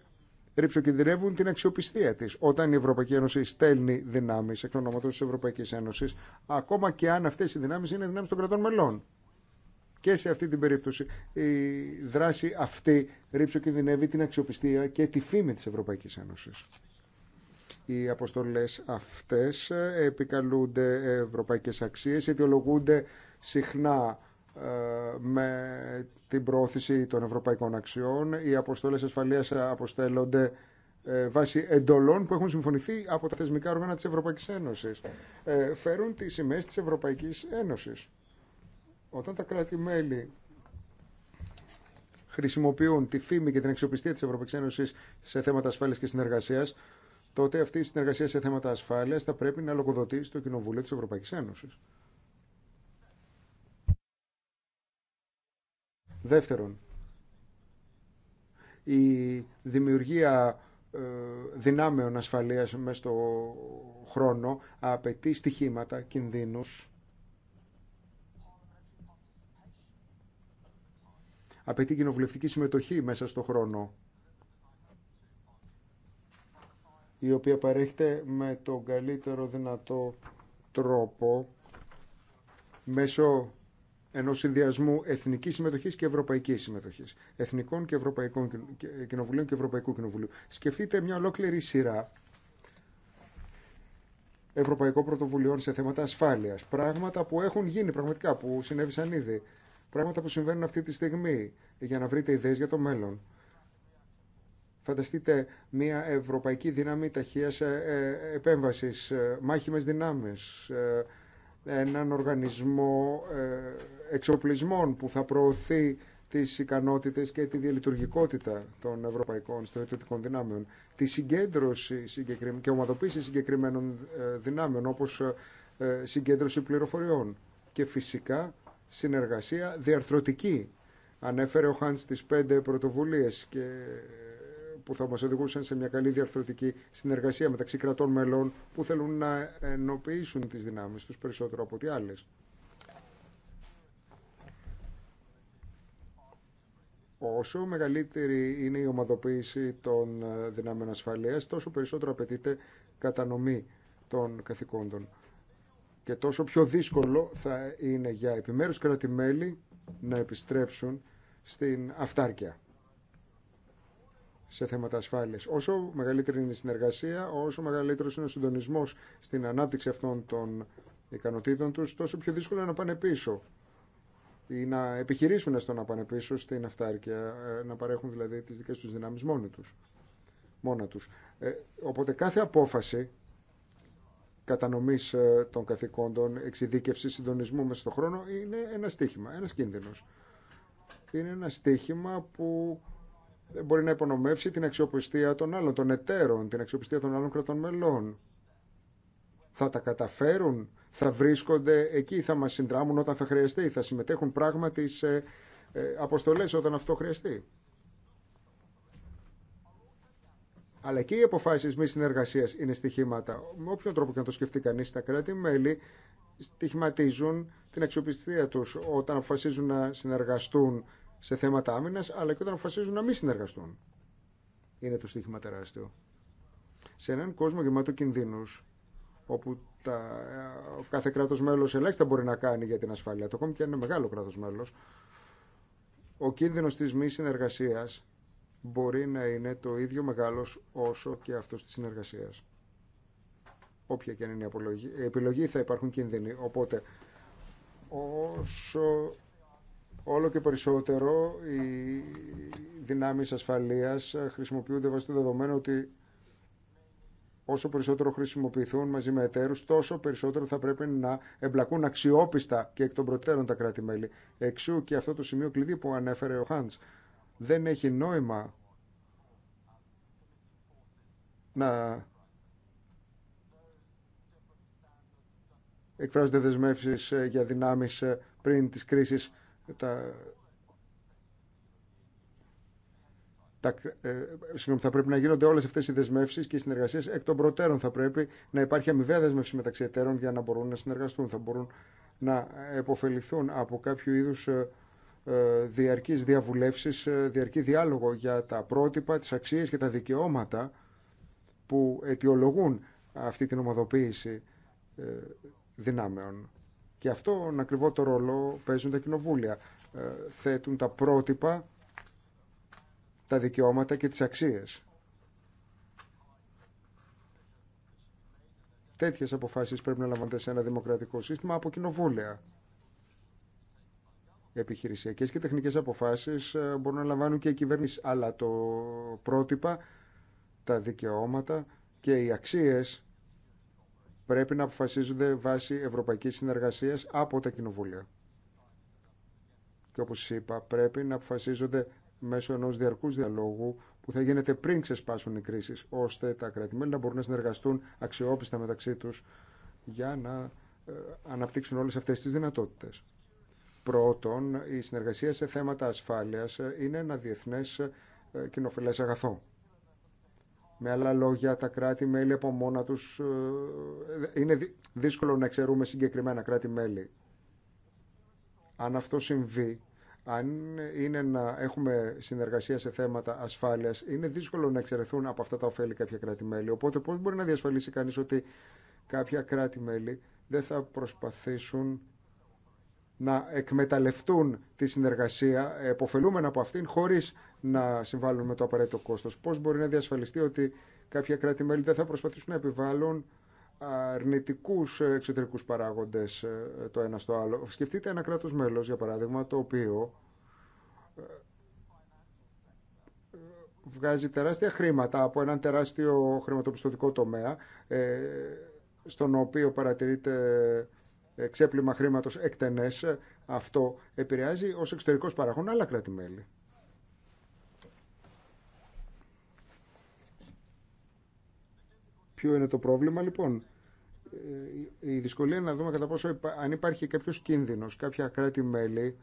ρηψοκινδυνεύουν την αξιοπιστία τη. Όταν η Ευρωπαϊκή Ένωση στέλνει δυνάμει εξ ονόματο τη Ευρωπαϊκή Ένωση, ακόμα και αν αυτέ οι δυνάμει είναι δυνάμει των κρατών μελών. Και σε αυτή την περίπτωση η δράση αυτή ρίψο κινδυνεύει την αξιοπιστία και τη φήμη της Ευρωπαϊκής Ένωσης. Οι αποστολές αυτές επικαλούνται ευρωπαϊκές αξίες, αιτιολογούνται συχνά ε, με την πρόθεση των ευρωπαϊκών αξιών. Οι αποστολές ασφαλείας αποστέλλονται ε, βάσει εντολών που έχουν συμφωνηθεί από τα θεσμικά όργανα της Ευρωπαϊκής Ένωσης. Ε, φέρουν τις σημαίες της Ευρωπαϊκής Ένωσης. Όταν τα κράτη-μέλη χρησιμοποιούν τη φήμη και την αξιοπιστία της Ευρωπαϊκής Ένωσης σε θέματα ασφάλειας και συνεργασίας, τότε αυτή η συνεργασία σε θέματα ασφάλειας θα πρέπει να λογοδοτεί στο Κοινοβούλιο της Ευρωπαϊκής Ένωσης. Δεύτερον, η δημιουργία ε, δυνάμεων ασφαλείας μέσα στο χρόνο απαιτεί στοιχήματα, κινδύνους απαιτεί κοινοβουλευτική συμμετοχή μέσα στο χρόνο η οποία παρέχεται με τον καλύτερο δυνατό τρόπο μέσω ενός συνδυασμού εθνικής συμμετοχής και ευρωπαϊκής συμμετοχής, εθνικών και ευρωπαϊκών ε, κοινοβουλίων και ευρωπαϊκού κοινοβουλίου. Σκεφτείτε μια ολόκληρη σειρά ευρωπαϊκών πρωτοβουλειών σε θέματα ασφάλειας, πράγματα που έχουν γίνει πραγματικά, που συνέβησαν ήδη πράγματα που συμβαίνουν αυτή τη στιγμή για να βρείτε ιδέες για το μέλλον. Φανταστείτε μια ευρωπαϊκή δύναμη ταχείας ε, ε, επέμβασης, ε, μάχημες δυνάμεις, έναν οργανισμό εξοπλισμών που θα προωθεί τις ικανότητες και τη διαλειτουργικότητα των ευρωπαϊκών στρατιωτικών δυνάμεων, τη συγκέντρωση και ομαδοποίηση συγκεκριμένων δυνάμεων, όπως συγκέντρωση πληροφοριών. Και φυσικά συνεργασία διαρθρωτική. Ανέφερε ο Χάνς τις πέντε πρωτοβουλίες και που θα μας οδηγούσαν σε μια καλή διαρθρωτική συνεργασία μεταξύ κρατών μελών που θέλουν να ενοποιήσουν τις δυνάμεις τους περισσότερο από τι άλλες. Όσο μεγαλύτερη είναι η ομαδοποίηση των δυνάμεων ασφαλείας, τόσο περισσότερο απαιτείται κατανομή των καθηκόντων και τόσο πιο δύσκολο θα είναι για επιμέρους κρατημέλη να επιστρέψουν στην αυτάρκεια σε θέματα ασφάλειας. Όσο μεγαλύτερη είναι η συνεργασία, όσο μεγαλύτερος είναι ο συντονισμός στην ανάπτυξη αυτών των ικανοτήτων τους, τόσο πιο δύσκολο είναι να πάνε πίσω ή να επιχειρήσουν στο να πάνε πίσω στην αυτάρκεια, ε, να παρέχουν δηλαδή τις δικές τους δυνάμεις μόνοι τους, μόνα τους. Ε, οπότε κάθε απόφαση κατανομής ε, των καθηκόντων, εξειδίκευση, συντονισμού μέσα στον χρόνο είναι ένα στίχημα, ένας κίνδυνος. Είναι ένα στίχημα που μπορεί να υπονομεύσει την αξιοπιστία των άλλων, των εταίρων, την αξιοπιστία των άλλων κρατών μελών. Θα τα καταφέρουν, θα βρίσκονται εκεί, θα μας συνδράμουν όταν θα χρειαστεί, θα συμμετέχουν πράγματι σε ε, αποστολές όταν αυτό χρειαστεί. αλλά και οι αποφάσει μη συνεργασία είναι στοιχήματα. Με όποιον τρόπο και να το σκεφτεί κανεί, τα κράτη-μέλη στοιχηματίζουν την αξιοπιστία του όταν αποφασίζουν να συνεργαστούν σε θέματα άμυνα, αλλά και όταν αποφασίζουν να μη συνεργαστούν. Είναι το στοίχημα τεράστιο. Σε έναν κόσμο γεμάτο κινδύνου, όπου τα, κάθε κράτο μέλο ελάχιστα μπορεί να κάνει για την ασφάλεια, το ακόμη και ένα μεγάλο κράτο μέλο, ο κίνδυνο τη μη συνεργασία μπορεί να είναι το ίδιο μεγάλος όσο και αυτός της συνεργασίας. Όποια και αν είναι η επιλογή θα υπάρχουν κίνδυνοι. Οπότε όσο όλο και περισσότερο οι δυνάμεις ασφαλείας χρησιμοποιούνται βάσει το δεδομένου ότι όσο περισσότερο χρησιμοποιηθούν μαζί με εταίρου, τόσο περισσότερο θα πρέπει να εμπλακούν αξιόπιστα και εκ των προτέρων τα κράτη-μέλη. Εξού και αυτό το σημείο κλειδί που ανέφερε ο Χάντς δεν έχει νόημα να εκφράζονται δεσμεύσεις ε, για δυνάμεις ε, πριν τις κρίσεις τα, τα, ε, θα πρέπει να γίνονται όλες αυτές οι δεσμεύσεις και οι συνεργασίες εκ των προτέρων θα πρέπει να υπάρχει αμοιβαία δεσμεύση μεταξύ εταίρων για να μπορούν να συνεργαστούν, θα μπορούν να επωφεληθούν από κάποιο είδους ε, ε, διαρκείς διαβουλεύσεις, ε, διαρκή διάλογο για τα πρότυπα, τις αξίες και τα δικαιώματα που αιτιολογούν αυτή την ομοδοποίηση ε, δυνάμεων. Και αυτόν ακριβό το ρόλο παίζουν τα κοινοβούλια. Θέτουν τα πρότυπα, τα δικαιώματα και τις αξίες. Τέτοιες αποφάσεις πρέπει να λαμβάνονται σε ένα δημοκρατικό σύστημα από κοινοβούλια επιχειρησιακές και τεχνικές αποφάσεις ε, μπορούν να λαμβάνουν και οι κυβερνήσει. αλλά το πρότυπα, τα δικαιώματα και οι αξίες πρέπει να αποφασίζονται βάσει ευρωπαϊκής συνεργασία από τα κοινοβούλια. Και όπως είπα, πρέπει να αποφασίζονται μέσω ενός διαρκούς διαλόγου που θα γίνεται πριν ξεσπάσουν οι κρίσει, ώστε τα κρατημένα να μπορούν να συνεργαστούν αξιόπιστα μεταξύ του, για να ε, αναπτύξουν όλες αυτές τις δυνατότητες. Πρώτον, η συνεργασία σε θέματα ασφάλειας είναι ένα διεθνές ε, κοινοφιλές αγαθό. Με άλλα λόγια, τα κράτη-μέλη από μόνα τους ε, είναι δύσκολο να ξερουμε συγκεκριμενα συγκεκριμένα κράτη-μέλη. Αν αυτό συμβεί, αν είναι να έχουμε συνεργασία σε θέματα ασφάλειας, είναι δύσκολο να εξαιρεθούν από αυτά τα ωφέλη κάποια κράτη-μέλη. Οπότε πώς μπορεί να διασφαλίσει κανείς ότι κάποια κράτη-μέλη δεν θα προσπαθήσουν να εκμεταλλευτούν τη συνεργασία, εποφελούμενα από αυτήν, χωρίς να συμβάλλουν με το απαραίτητο κόστος. Πώς μπορεί να διασφαλιστεί ότι κάποια κράτη-μέλη δεν θα προσπαθήσουν να επιβάλλουν αρνητικούς εξωτερικούς παράγοντες ε, το ένα στο άλλο. Σκεφτείτε ένα κράτος μέλος, για παράδειγμα, το οποίο ε, βγάζει τεράστια χρήματα από έναν τεράστιο χρηματοπιστωτικό τομέα, ε, στον οποίο παρατηρείται ξέπλυμα χρήματος εκτενές, αυτό επηρεάζει ως εξωτερικός παραγόν άλλα κράτη-μέλη. Ποιο είναι το πρόβλημα λοιπόν. Ε, η δυσκολία είναι να δούμε κατά πόσο αν υπάρχει κάποιος κίνδυνος, κάποια κράτη-μέλη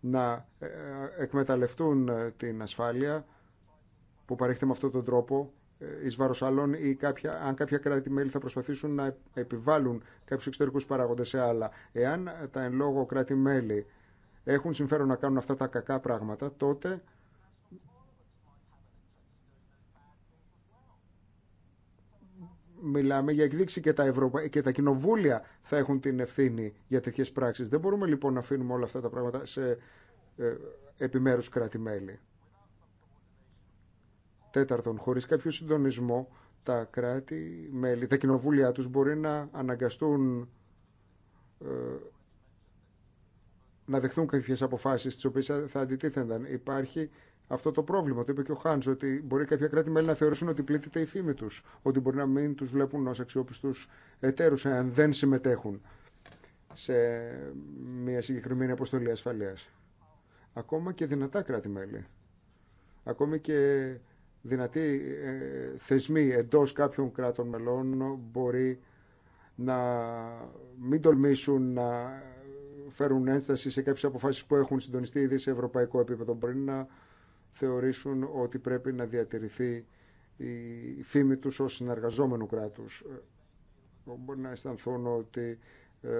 να ε, ε, εκμεταλλευτούν την ασφάλεια που παρέχεται με αυτόν τον τρόπο εις βάρος ή κάποια, αν κάποια κράτη-μέλη θα προσπαθήσουν να επιβάλλουν κάποιους εξωτερικούς παράγοντες σε άλλα. Εάν τα εν λόγω κράτη-μέλη έχουν συμφέρον να κάνουν αυτά τα κακά πράγματα, τότε μιλάμε για εκδείξη και τα, Ευρωπα... και τα κοινοβούλια θα έχουν την ευθύνη για τέτοιε πράξει. Δεν μπορούμε λοιπόν να αφήνουμε όλα αυτά τα πράγματα σε ε, επιμέρου κράτη-μέλη. Τέταρτον, χωρίς κάποιο συντονισμό, τα κράτη, μέλη, τα κοινοβούλια τους μπορεί να αναγκαστούν ε, να δεχθούν κάποιες αποφάσεις τις οποίες θα αντιτίθενταν. Υπάρχει αυτό το πρόβλημα, το είπε και ο Χάνς, ότι μπορεί κάποια κράτη-μέλη να θεωρήσουν ότι πλήττεται η φήμη τους, ότι μπορεί να μην τους βλέπουν ως αξιόπιστους εταίρους, αν δεν συμμετέχουν σε μια συγκεκριμένη αποστολή ασφαλείας. Ακόμα και δυνατά κράτη-μέλη. Ακόμη και δυνατοί ε, θεσμοί εντός κάποιων κράτων μελών μπορεί να μην τολμήσουν να φέρουν ένσταση σε κάποιες αποφάσεις που έχουν συντονιστεί ήδη σε ευρωπαϊκό επίπεδο. Μπορεί να θεωρήσουν ότι πρέπει να διατηρηθεί η φήμη τους ως συνεργαζόμενου κράτους. Ε, μπορεί να αισθανθούν ότι ε,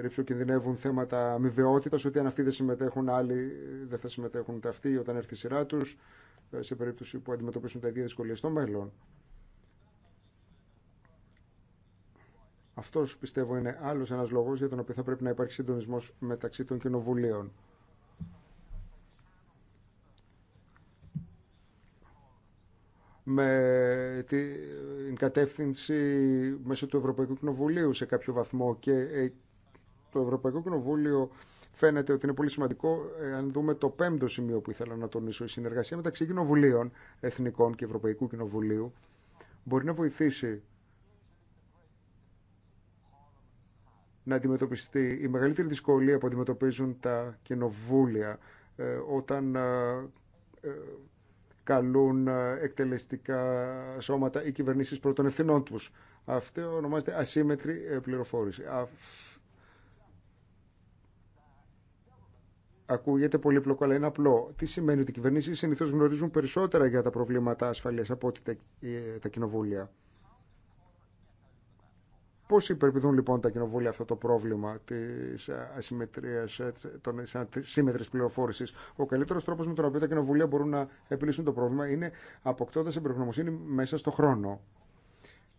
ρηψοκινδυνεύουν θέματα αμοιβαιότητας, ότι αν αυτοί δεν συμμετέχουν, άλλοι ε, δεν θα συμμετέχουν τα αυτοί όταν έρθει η σειρά τους. Ε, σε περίπτωση που αντιμετωπίσουν τα ίδια δυσκολίε στο μέλλον. Αυτό πιστεύω είναι άλλο ένα λόγο για τον οποίο θα πρέπει να υπάρχει συντονισμό μεταξύ των κοινοβουλίων. με την κατεύθυνση μέσω του Ευρωπαϊκού Κοινοβουλίου σε κάποιο βαθμό και ε, το Ευρωπαϊκό Κοινοβούλιο φαίνεται ότι είναι πολύ σημαντικό, ε, αν δούμε το πέμπτο σημείο που ήθελα να τονίσω, η συνεργασία μεταξύ κοινοβουλίων, Εθνικών και Ευρωπαϊκού Κοινοβουλίου, μπορεί να βοηθήσει να αντιμετωπιστεί η μεγαλύτερη δυσκολία που αντιμετωπίζουν τα κοινοβούλια ε, όταν ε, καλούν εκτελεστικά σώματα ή κυβερνήσεις πρώτων ευθυνών τους. Αυτό ονομάζεται ασύμετρη πληροφόρηση. ακούγεται πλοκό, αλλά είναι απλό. Τι σημαίνει ότι οι κυβερνήσει συνήθω γνωρίζουν περισσότερα για τα προβλήματα ασφαλεία από ότι τα, ε, τα κοινοβούλια. Πώ υπερπηδούν λοιπόν τα κοινοβούλια αυτό το πρόβλημα τη ασυμμετρία, ε, τη σύμμετρη πληροφόρηση. Ο καλύτερο τρόπο με τον οποίο τα κοινοβούλια μπορούν να επιλύσουν το πρόβλημα είναι αποκτώντα εμπειρογνωμοσύνη μέσα στο χρόνο.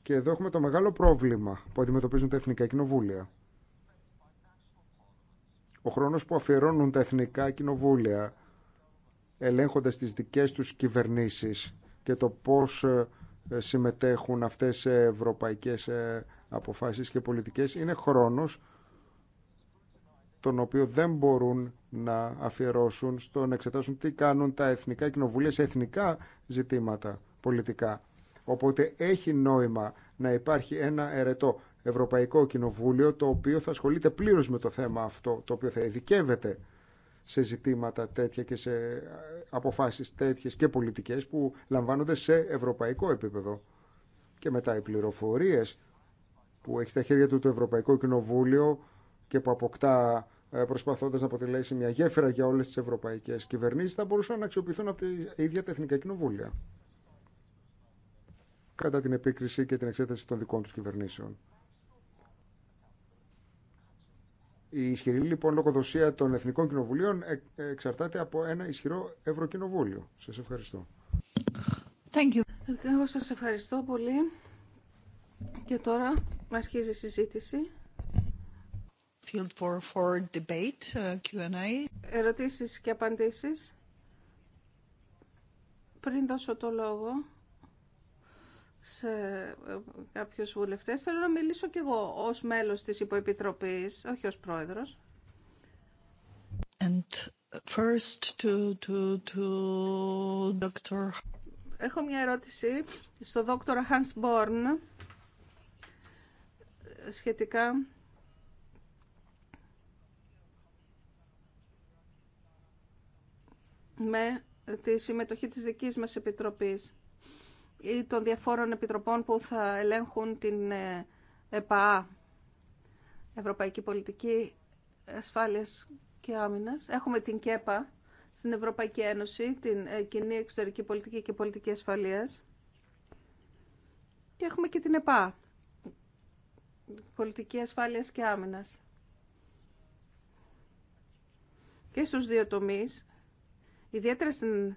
Και εδώ έχουμε το μεγάλο πρόβλημα που αντιμετωπίζουν τα εθνικά κοινοβούλια. Ο χρόνος που αφιερώνουν τα εθνικά κοινοβούλια ελέγχοντας τις δικές τους κυβερνήσεις και το πώς ε, ε, συμμετέχουν αυτές σε ευρωπαϊκές ε, αποφάσεις και πολιτικές είναι χρόνος τον οποίο δεν μπορούν να αφιερώσουν στο να εξετάσουν τι κάνουν τα εθνικά κοινοβούλια σε εθνικά ζητήματα πολιτικά. Οπότε έχει νόημα να υπάρχει ένα ερετό Ευρωπαϊκό Κοινοβούλιο το οποίο θα ασχολείται πλήρως με το θέμα αυτό, το οποίο θα ειδικεύεται σε ζητήματα τέτοια και σε αποφάσεις τέτοιες και πολιτικές που λαμβάνονται σε ευρωπαϊκό επίπεδο. Και μετά οι πληροφορίες που έχει στα χέρια του το Ευρωπαϊκό Κοινοβούλιο και που αποκτά ε, προσπαθώντας να αποτελέσει μια γέφυρα για όλες τις ευρωπαϊκές κυβερνήσεις θα μπορούσαν να αξιοποιηθούν από τα ίδια τα εθνικά κοινοβούλια κατά την επίκριση και την εξέταση των δικών του κυβερνήσεων. Η ισχυρή λοιπόν λογοδοσία των Εθνικών Κοινοβουλίων ε, εξαρτάται από ένα ισχυρό Ευρωκοινοβούλιο. Σας ευχαριστώ. Thank you. Εγώ σας ευχαριστώ πολύ. Και τώρα αρχίζει η συζήτηση. Field for, for debate, uh, Q&A. Ερωτήσεις και απαντήσεις. Πριν δώσω το λόγο σε ε, κάποιους βουλευτές. Θέλω να μιλήσω κι εγώ ως μέλος της υποεπιτροπής, όχι ως πρόεδρος. And first to, to, to Έχω μια ερώτηση στο δόκτωρα Hans Born ε, σχετικά με τη συμμετοχή της δικής μας επιτροπής ή των διαφόρων επιτροπών που θα ελέγχουν την ε, ΕΠΑ, Ευρωπαϊκή Πολιτική Ασφάλειας και Άμυνας. Έχουμε την ΚΕΠΑ στην Ευρωπαϊκή Ένωση, την ε, Κοινή Εξωτερική Πολιτική και Πολιτική Ασφαλείας. Και έχουμε και την ΕΠΑ, Πολιτική Ασφάλειας και Άμυνας. Και στους δύο τομείς, ιδιαίτερα στην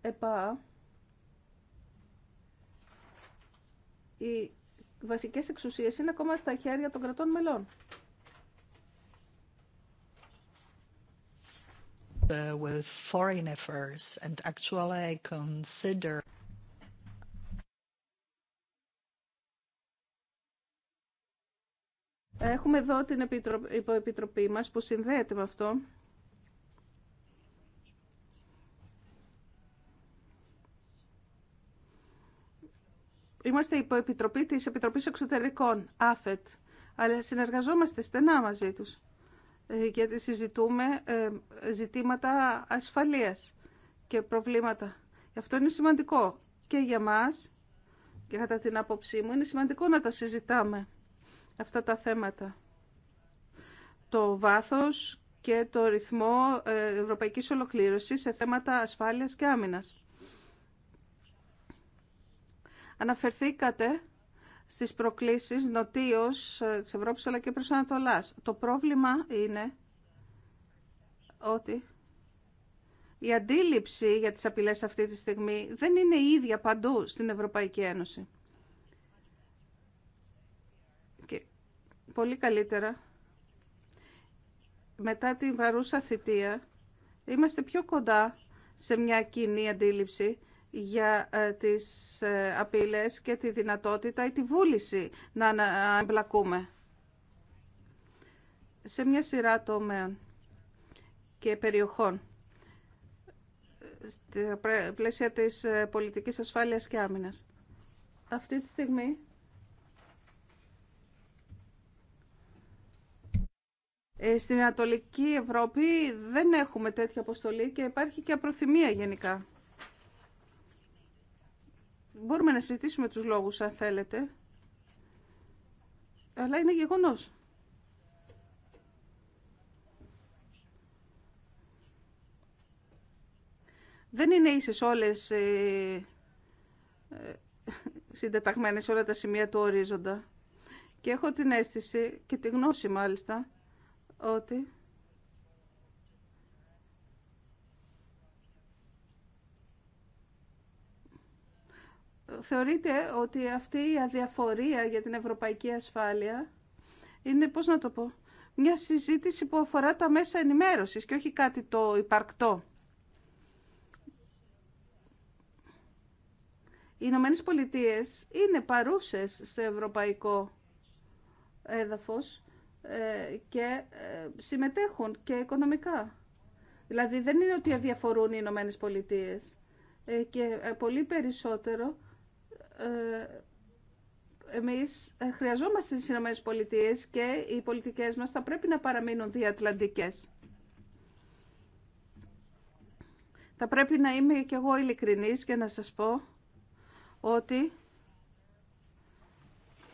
ΕΠΑ, οι βασικές εξουσίες είναι ακόμα στα χέρια των κρατών μελών. Uh, Έχουμε εδώ την υποεπιτροπή μας που συνδέεται με αυτό. Είμαστε υπό επιτροπή της Επιτροπής Εξωτερικών, ΑΦΕΤ, αλλά συνεργαζόμαστε στενά μαζί τους, ε, γιατί συζητούμε ε, ζητήματα ασφαλείας και προβλήματα. αυτό είναι σημαντικό και για μας, και κατά την άποψή μου, είναι σημαντικό να τα συζητάμε αυτά τα θέματα. Το βάθος και το ρυθμό ε, ευρωπαϊκής ολοκλήρωσης σε θέματα ασφάλειας και άμυνας. Αναφερθήκατε στις προκλήσεις νοτίως ε, της Ευρώπης αλλά και προς Ανατολάς. Το πρόβλημα είναι ότι η αντίληψη για τις απειλές αυτή τη στιγμή δεν είναι η ίδια παντού στην Ευρωπαϊκή Ένωση. Και πολύ καλύτερα, μετά την παρούσα θητεία, είμαστε πιο κοντά σε μια κοινή αντίληψη για ε, τις ε, απειλές και τη δυνατότητα ή τη βούληση να εμπλακούμε σε μια σειρά τομέων και περιοχών στα πλαίσια της ε, πολιτικής ασφάλειας και άμυνας. Αυτή τη στιγμή στην Ανατολική Ευρώπη δεν έχουμε τέτοια αποστολή και υπάρχει και απροθυμία γενικά. Μπορούμε να συζητήσουμε τους λόγους αν θέλετε. Αλλά είναι γεγονός. Δεν είναι ίσες όλες ε, ε, συντεταγμένες όλα τα σημεία του ορίζοντα. Και έχω την αίσθηση και τη γνώση μάλιστα ότι θεωρείται ότι αυτή η αδιαφορία για την ευρωπαϊκή ασφάλεια είναι, πώς να το πω, μια συζήτηση που αφορά τα μέσα ενημέρωσης και όχι κάτι το υπαρκτό. Οι Ηνωμένε Πολιτείε είναι παρούσες σε ευρωπαϊκό έδαφος ε, και ε, συμμετέχουν και οικονομικά. Δηλαδή δεν είναι ότι αδιαφορούν οι Ηνωμένε Πολιτείε ε, και πολύ περισσότερο ε, εμείς ε, χρειαζόμαστε τις Ηνωμένες Πολιτείες και οι πολιτικές μας θα πρέπει να παραμείνουν διατλαντικές. Θα πρέπει να είμαι και εγώ ειλικρινής και να σας πω ότι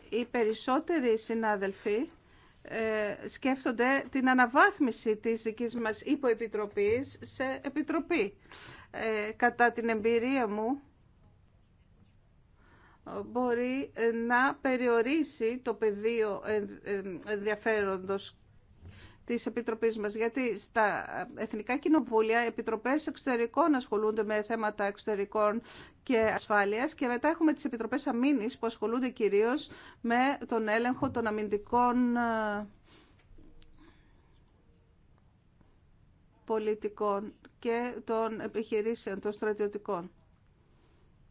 οι περισσότεροι συνάδελφοι ε, σκέφτονται την αναβάθμιση της δικής μας υποεπιτροπής σε επιτροπή. κατά την εμπειρία μου, μπορεί ε, να περιορίσει το πεδίο ενδιαφέροντος της Επιτροπής μας, γιατί στα Εθνικά Κοινοβούλια επιτροπές εξωτερικών ασχολούνται με θέματα εξωτερικών και ασφάλειας και μετά έχουμε τις επιτροπές αμήνης που ασχολούνται κυρίως με τον έλεγχο των αμυντικών ε, πολιτικών και των επιχειρήσεων των στρατιωτικών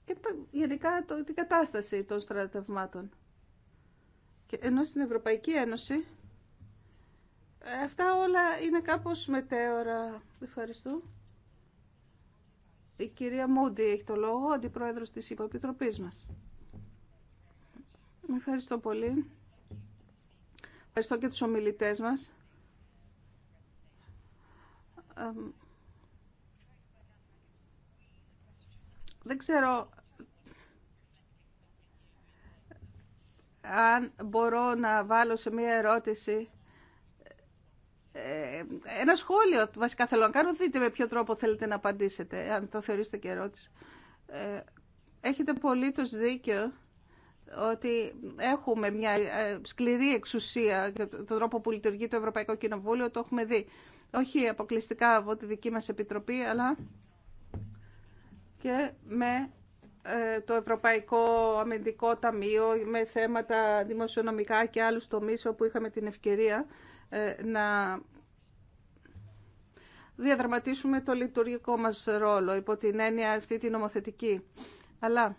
και γενικά το, την κατάσταση των στρατευμάτων. Και ενώ στην Ευρωπαϊκή Ένωση ε, αυτά όλα είναι κάπως μετέωρα. Ευχαριστώ. Η κυρία Μούντι έχει το λόγο, αντιπρόεδρος της Υποεπιτροπής μας. Ευχαριστώ πολύ. Ευχαριστώ και τους ομιλητές μας. Δεν ξέρω αν μπορώ να βάλω σε μία ερώτηση ε, ένα σχόλιο βασικά θέλω να κάνω. Δείτε με ποιο τρόπο θέλετε να απαντήσετε, αν το θεωρήσετε και ερώτηση. Ε, έχετε το δίκιο ότι έχουμε μια ε, σκληρή εξουσία για τον τρόπο που λειτουργεί το Ευρωπαϊκό Κοινοβούλιο, το έχουμε δει. Όχι αποκλειστικά από τη δική μας Επιτροπή, αλλά και με ε, το Ευρωπαϊκό Αμυντικό Ταμείο με θέματα δημοσιονομικά και άλλους τομείς όπου είχαμε την ευκαιρία ε, να διαδραματίσουμε το λειτουργικό μας ρόλο υπό την έννοια αυτή την νομοθετική. Αλλά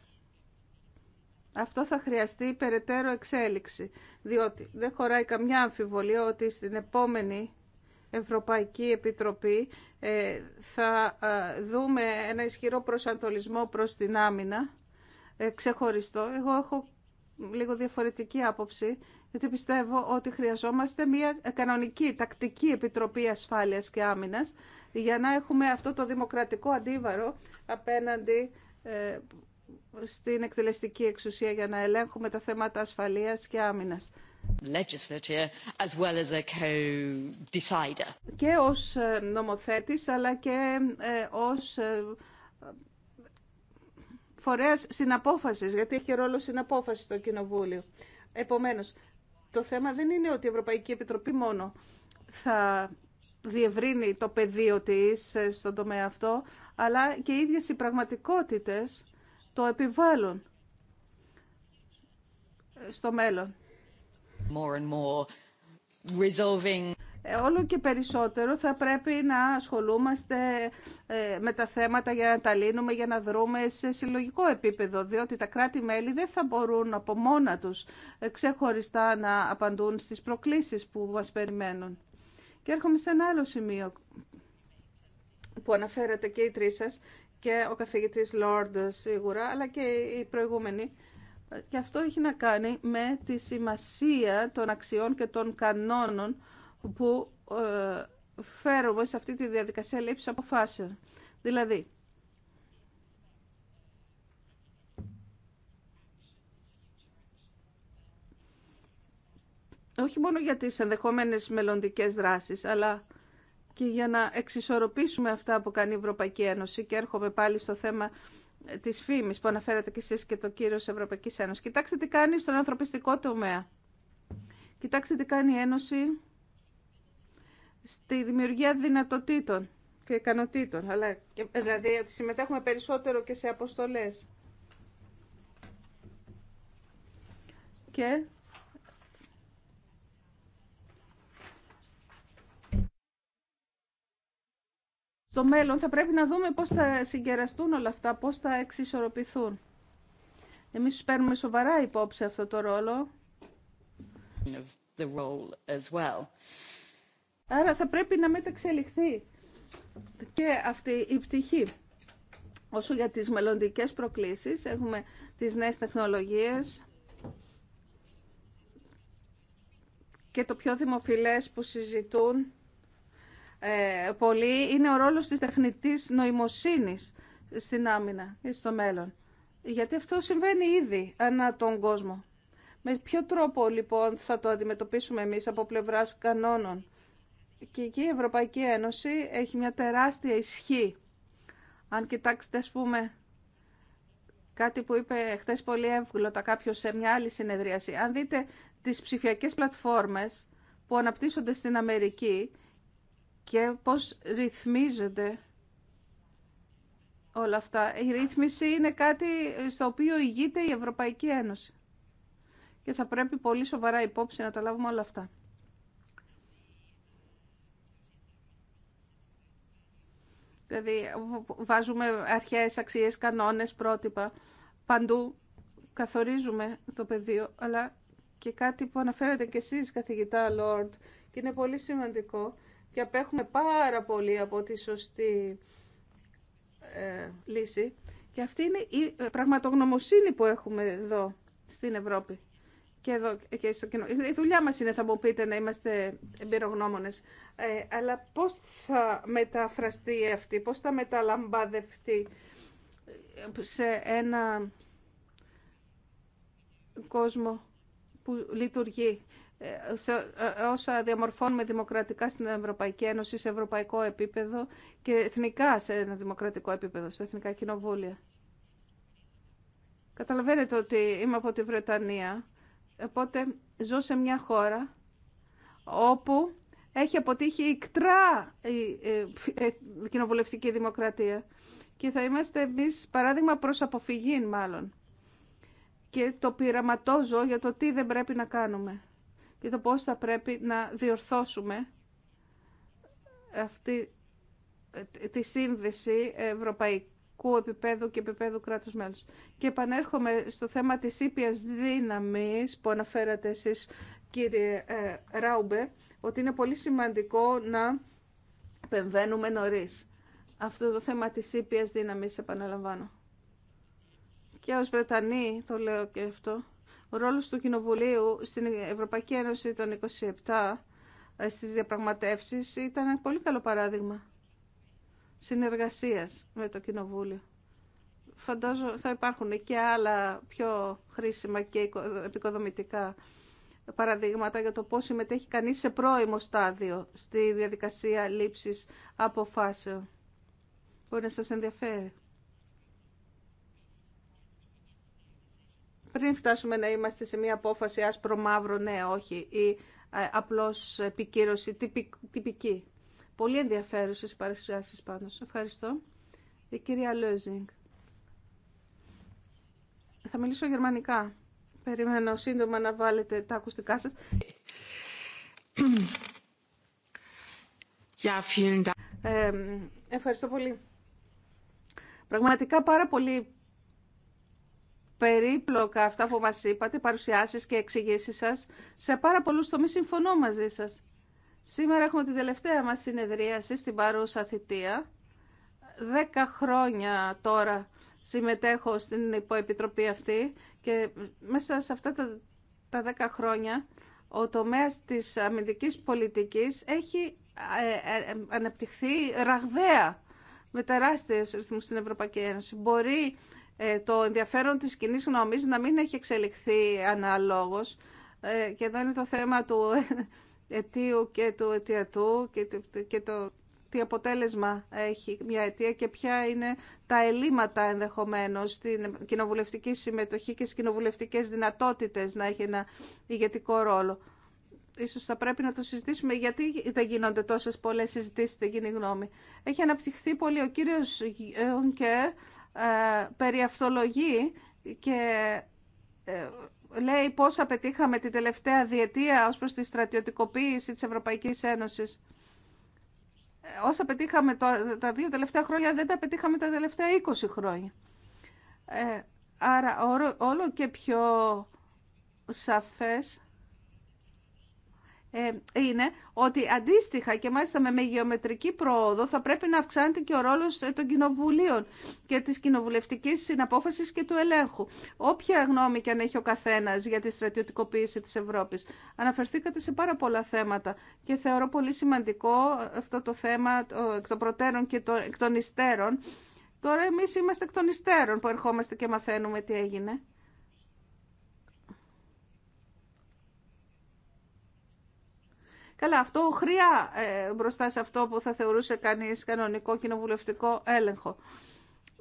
αυτό θα χρειαστεί περαιτέρω εξέλιξη, διότι δεν χωράει καμιά αμφιβολία ότι στην επόμενη Ευρωπαϊκή Επιτροπή ε, θα ε, δούμε ένα ισχυρό προσανατολισμό προς την άμυνα, ε, ξεχωριστό. Εγώ έχω λίγο διαφορετική άποψη, γιατί πιστεύω ότι χρειαζόμαστε μια κανονική, τακτική Επιτροπή Ασφάλειας και Άμυνας για να έχουμε αυτό το δημοκρατικό αντίβαρο απέναντι στην εκτελεστική εξουσία για να ελέγχουμε τα θέματα ασφαλείας και άμυνας as well as Και ως ε, νομοθέτης αλλά και ε, ως ε, φορέας συναπόφασης, γιατί έχει ρόλο συναπόφαση στο Κοινοβούλιο. Επομένως, το θέμα δεν είναι ότι η Ευρωπαϊκή Επιτροπή μόνο θα διευρύνει το πεδίο της στον τομέα αυτό, αλλά και οι ίδιες οι πραγματικότητες το επιβάλλουν στο μέλλον. More ε, Όλο και περισσότερο θα πρέπει να ασχολούμαστε ε, με τα θέματα για να τα λύνουμε, για να δρούμε σε συλλογικό επίπεδο, διότι τα κράτη-μέλη δεν θα μπορούν από μόνα τους ε, ξεχωριστά να απαντούν στις προκλήσεις που μας περιμένουν. Και έρχομαι σε ένα άλλο σημείο που αναφέρατε και οι τρεις σας και ο καθηγητής Λόρντ σίγουρα, αλλά και οι προηγούμενοι, και αυτό έχει να κάνει με τη σημασία των αξιών και των κανόνων που ε, φέρουμε σε αυτή τη διαδικασία λήψης αποφάσεων. Δηλαδή, όχι μόνο για τις ενδεχόμενες μελλοντικές δράσεις, αλλά και για να εξισορροπήσουμε αυτά που κάνει η Ευρωπαϊκή Ένωση και έρχομαι πάλι στο θέμα της φήμης που αναφέρατε κι εσεί και το κύριο της Ευρωπαϊκής Ένωσης. Κοιτάξτε τι κάνει στον ανθρωπιστικό τομέα. Κοιτάξτε τι κάνει η Ένωση στη δημιουργία δυνατοτήτων και ικανοτήτων. Αλλά, ε, δηλαδή ότι συμμετέχουμε περισσότερο και σε αποστολέ. Και στο μέλλον θα πρέπει να δούμε πώς θα συγκεραστούν όλα αυτά, πώς θα εξισορροπηθούν. Εμείς παίρνουμε σοβαρά υπόψη αυτό το ρόλο. Άρα θα πρέπει να μεταξελιχθεί και αυτή η πτυχή. Όσο για τις μελλοντικές προκλήσεις, έχουμε τις νέες τεχνολογίες και το πιο δημοφιλές που συζητούν ε, πολύ είναι ο ρόλος της τεχνητής νοημοσύνης στην άμυνα στο μέλλον. Γιατί αυτό συμβαίνει ήδη ανά τον κόσμο. Με ποιο τρόπο λοιπόν θα το αντιμετωπίσουμε εμείς από πλευράς κανόνων. Και εκεί η Ευρωπαϊκή Ένωση έχει μια τεράστια ισχύ. Αν κοιτάξετε ας πούμε κάτι που είπε χθες πολύ εύγλωτα κάποιο σε μια άλλη συνεδρίαση. Αν δείτε τις ψηφιακές πλατφόρμες που αναπτύσσονται στην Αμερική, και πώς ρυθμίζονται όλα αυτά. Η ρύθμιση είναι κάτι στο οποίο ηγείται η Ευρωπαϊκή Ένωση. Και θα πρέπει πολύ σοβαρά υπόψη να τα λάβουμε όλα αυτά. Δηλαδή βάζουμε αρχές, αξίες, κανόνες, πρότυπα. Παντού καθορίζουμε το πεδίο, αλλά και κάτι που αναφέρατε και εσείς καθηγητά Λόρντ και είναι πολύ σημαντικό και απέχουμε πάρα πολύ από τη σωστή ε, λύση. Και αυτή είναι η ε, πραγματογνωμοσύνη που έχουμε εδώ στην Ευρώπη. Και εδώ και στο κοινό. Η δουλειά μας είναι, θα μου πείτε, να είμαστε εμπειρογνώμονες. Ε, αλλά πώς θα μεταφραστεί αυτή, πώς θα μεταλαμπαδευτεί σε ένα κόσμο που λειτουργεί. Ε, όσα διαμορφώνουμε δημοκρατικά στην Ευρωπαϊκή Ένωση, σε ευρωπαϊκό επίπεδο και εθνικά σε ένα δημοκρατικό επίπεδο, σε εθνικά κοινοβούλια. Καταλαβαίνετε ότι είμαι από τη Βρετανία, οπότε ζω σε μια χώρα όπου έχει αποτύχει ικτρά η κοινοβουλευτική δημοκρατία και θα είμαστε εμείς παράδειγμα προς αποφυγή μάλλον και το πειραματώζω για το τι δεν πρέπει να κάνουμε για το πώς θα πρέπει να διορθώσουμε αυτή ε, τη σύνδεση ευρωπαϊκού επίπεδου και επίπεδου κράτους μέλους. Και επανέρχομαι στο θέμα της ήπιας δύναμης που αναφέρατε εσείς κύριε ε, Ράουμπε, ότι είναι πολύ σημαντικό να επεμβαίνουμε νωρίς. Αυτό το θέμα της ήπιας δύναμης επαναλαμβάνω. Και ως Βρετανοί το λέω και αυτό. Ο ρόλος του Κοινοβουλίου στην Ευρωπαϊκή Ένωση των 27 ε, στις διαπραγματεύσεις ήταν ένα πολύ καλό παράδειγμα συνεργασίας με το Κοινοβούλιο. Φαντάζομαι θα υπάρχουν και άλλα πιο χρήσιμα και επικοδομητικά παραδείγματα για το πώς συμμετέχει κανείς σε πρώιμο στάδιο στη διαδικασία λήψης αποφάσεων. Μπορεί να σας ενδιαφέρει. πριν φτάσουμε να είμαστε σε μια απόφαση άσπρο μαύρο ναι όχι ή ε, απλώς επικύρωση τυπική. Πολύ ενδιαφέρουσες οι παρουσιάσεις πάνω. Ευχαριστώ. Η κυρία Λόζινγκ. Θα μιλήσω γερμανικά. Περιμένω σύντομα να βάλετε τα ακουστικά σας. Ε, ευχαριστώ πολύ. Πραγματικά πάρα πολύ περίπλοκα αυτά που μας είπατε, παρουσιάσεις και εξηγήσεις σας. Σε πάρα πολλούς τομείς συμφωνώ μαζί σας. Σήμερα έχουμε τη τελευταία μας συνεδρίαση στην παρούσα θητεία. Δέκα χρόνια τώρα συμμετέχω στην υποεπιτροπή αυτή και μέσα σε αυτά τα, τα δέκα χρόνια ο τομέας της αμυντικής πολιτικής έχει ε, ε, ε, αναπτυχθεί ραγδαία με τεράστιες ρυθμούς στην Ευρωπαϊκή Ένωση. Μπορεί ε, το ενδιαφέρον της κοινή γνώμη να μην έχει εξελιχθεί αναλόγως ε, και εδώ είναι το θέμα του αιτίου και του αιτιατού και το τι αποτέλεσμα έχει μια αιτία και ποια είναι τα ελλείμματα ενδεχομένως στην κοινοβουλευτική συμμετοχή και στις κοινοβουλευτικές δυνατότητες να έχει ένα ηγετικό ρόλο. Ίσως θα πρέπει να το συζητήσουμε γιατί δεν γίνονται τόσες πολλές συζητήσεις, δεν γίνει γνώμη. Έχει αναπτυχθεί πολύ ο κύριος Γιονκέρ ε, αυθολογή και ε, λέει πόσα πετύχαμε την τελευταία διετία ως προς τη στρατιωτικοποίηση της Ευρωπαϊκής Ένωσης. Ε, όσα πετύχαμε τα δύο τελευταία χρόνια δεν τα πετύχαμε τα τελευταία 20 χρόνια. Άρα όλο και πιο σαφές ε, είναι ότι αντίστοιχα και μάλιστα με μεγεωμετρική πρόοδο θα πρέπει να αυξάνεται και ο ρόλος ε, των κοινοβουλίων και της κοινοβουλευτικής συναπόφασης και του ελέγχου. Όποια γνώμη και αν έχει ο καθένας για τη στρατιωτικοποίηση της Ευρώπης. Αναφερθήκατε σε πάρα πολλά θέματα και θεωρώ πολύ σημαντικό ε, αυτό το θέμα εκ των προτέρων και εκ των υστέρων. Τώρα εμείς είμαστε εκ των υστέρων που ερχόμαστε και μαθαίνουμε τι έγινε. Καλά, αυτό χρειά μπροστά σε αυτό που θα θεωρούσε κανείς κανονικό κοινοβουλευτικό έλεγχο.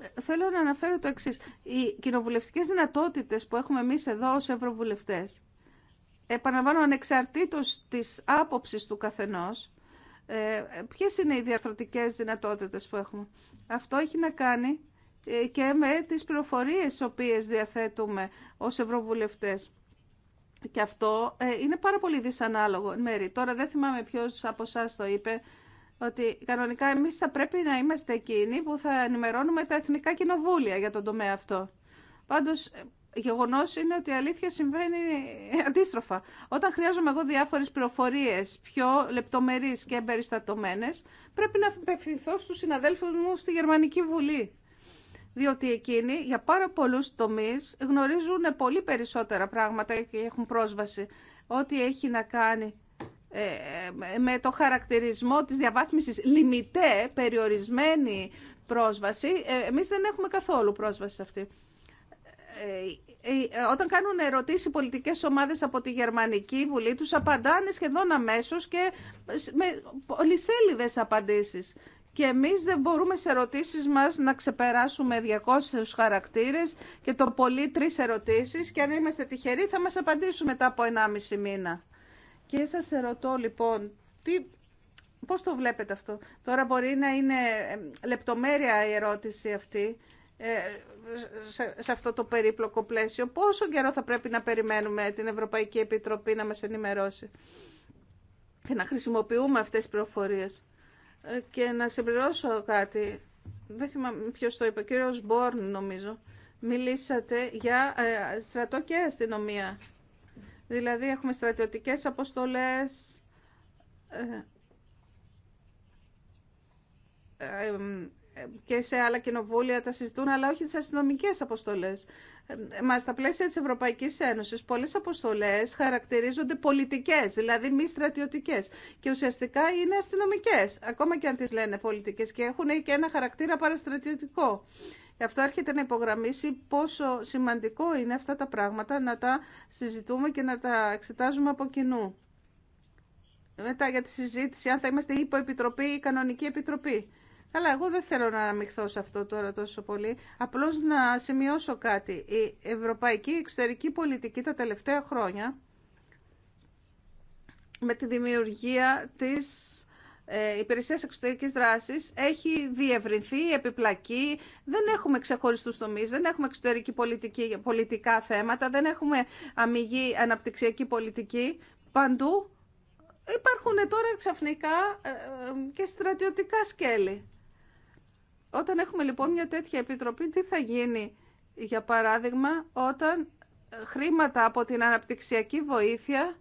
Ε, θέλω να αναφέρω το εξής. Οι κοινοβουλευτικές δυνατότητες που έχουμε εμείς εδώ ως ευρωβουλευτές, επαναλαμβάνω ανεξαρτήτως της άποψης του καθενός, ε, ποιες είναι οι διαρθρωτικές δυνατότητες που έχουμε. Αυτό έχει να κάνει ε, και με τις πληροφορίες οποίες διαθέτουμε ως ευρωβουλευτές. Και αυτό ε, είναι πάρα πολύ δυσανάλογο μέρη. Τώρα δεν θυμάμαι ποιο από εσά το είπε, ότι κανονικά εμείς θα πρέπει να είμαστε εκείνοι που θα ενημερώνουμε τα εθνικά κοινοβούλια για τον τομέα αυτό. Πάντως, ε, γεγονό είναι ότι η αλήθεια συμβαίνει ε, αντίστροφα. Όταν χρειάζομαι εγώ διάφορε πληροφορίε πιο λεπτομερεί και εμπεριστατωμένε, πρέπει να απευθυνθώ στου συναδέλφου μου στη Γερμανική Βουλή διότι εκείνοι για πάρα πολλούς τομείς γνωρίζουν πολύ περισσότερα πράγματα και έχουν πρόσβαση ό,τι έχει να κάνει ε, με το χαρακτηρισμό της διαβάθμισης λιμιτέ, περιορισμένη πρόσβαση. Ε, εμείς δεν έχουμε καθόλου πρόσβαση σε αυτή. Ε, όταν κάνουν ερωτήσεις οι πολιτικές ομάδες από τη Γερμανική Βουλή, τους απαντάνε σχεδόν αμέσως και με πολυσέλιδες απαντήσεις και εμείς δεν μπορούμε σε ερωτήσεις μας να ξεπεράσουμε 200 χαρακτήρες και το πολύ τρεις ερωτήσεις και αν είμαστε τυχεροί θα μας απαντήσουν μετά από 1,5 μήνα. Και σας ερωτώ λοιπόν, τι, πώς το βλέπετε αυτό. Τώρα μπορεί να είναι λεπτομέρεια η ερώτηση αυτή ε, σε, αυτό το περίπλοκο πλαίσιο. Πόσο καιρό θα πρέπει να περιμένουμε την Ευρωπαϊκή Επιτροπή να μας ενημερώσει και να χρησιμοποιούμε αυτές τις πληροφορίες. Ε, και να συμπληρώσω κάτι. Δεν θυμάμαι ποιο το είπε. Ο κύριο Μπόρν, νομίζω. Μιλήσατε για ε, στρατό και αστυνομία. Δηλαδή έχουμε στρατιωτικές αποστολές, ε, και σε άλλα κοινοβούλια τα συζητούν, αλλά όχι τι αστυνομικέ αποστολέ. Ε, μα στα πλαίσια τη Ευρωπαϊκή Ένωση, πολλέ αποστολέ χαρακτηρίζονται πολιτικέ, δηλαδή μη στρατιωτικέ. Και ουσιαστικά είναι αστυνομικέ, ακόμα και αν τι λένε πολιτικέ και έχουν και ένα χαρακτήρα παραστρατιωτικό. Γι' αυτό έρχεται να υπογραμμίσει πόσο σημαντικό είναι αυτά τα πράγματα να τα συζητούμε και να τα εξετάζουμε από κοινού. Μετά για τη συζήτηση αν θα είμαστε υποεπιτροπή ή κανονική επιτροπή. Αλλά εγώ δεν θέλω να αναμειχθώ σε αυτό τώρα τόσο πολύ. Απλώς να σημειώσω κάτι. Η ευρωπαϊκή εξωτερική πολιτική τα τελευταία χρόνια με τη δημιουργία της ε, υπηρεσίας εξωτερικής δράσης έχει διευρυνθεί, επιπλακεί. Δεν έχουμε ξεχωριστούς τομεί, δεν έχουμε εξωτερική πολιτική, πολιτικά θέματα, δεν έχουμε αμυγή αναπτυξιακή πολιτική. Παντού υπάρχουν τώρα ξαφνικά ε, ε, και στρατιωτικά σκέλη. Όταν έχουμε λοιπόν μια τέτοια επιτροπή, τι θα γίνει, για παράδειγμα, όταν ε, χρήματα από την αναπτυξιακή βοήθεια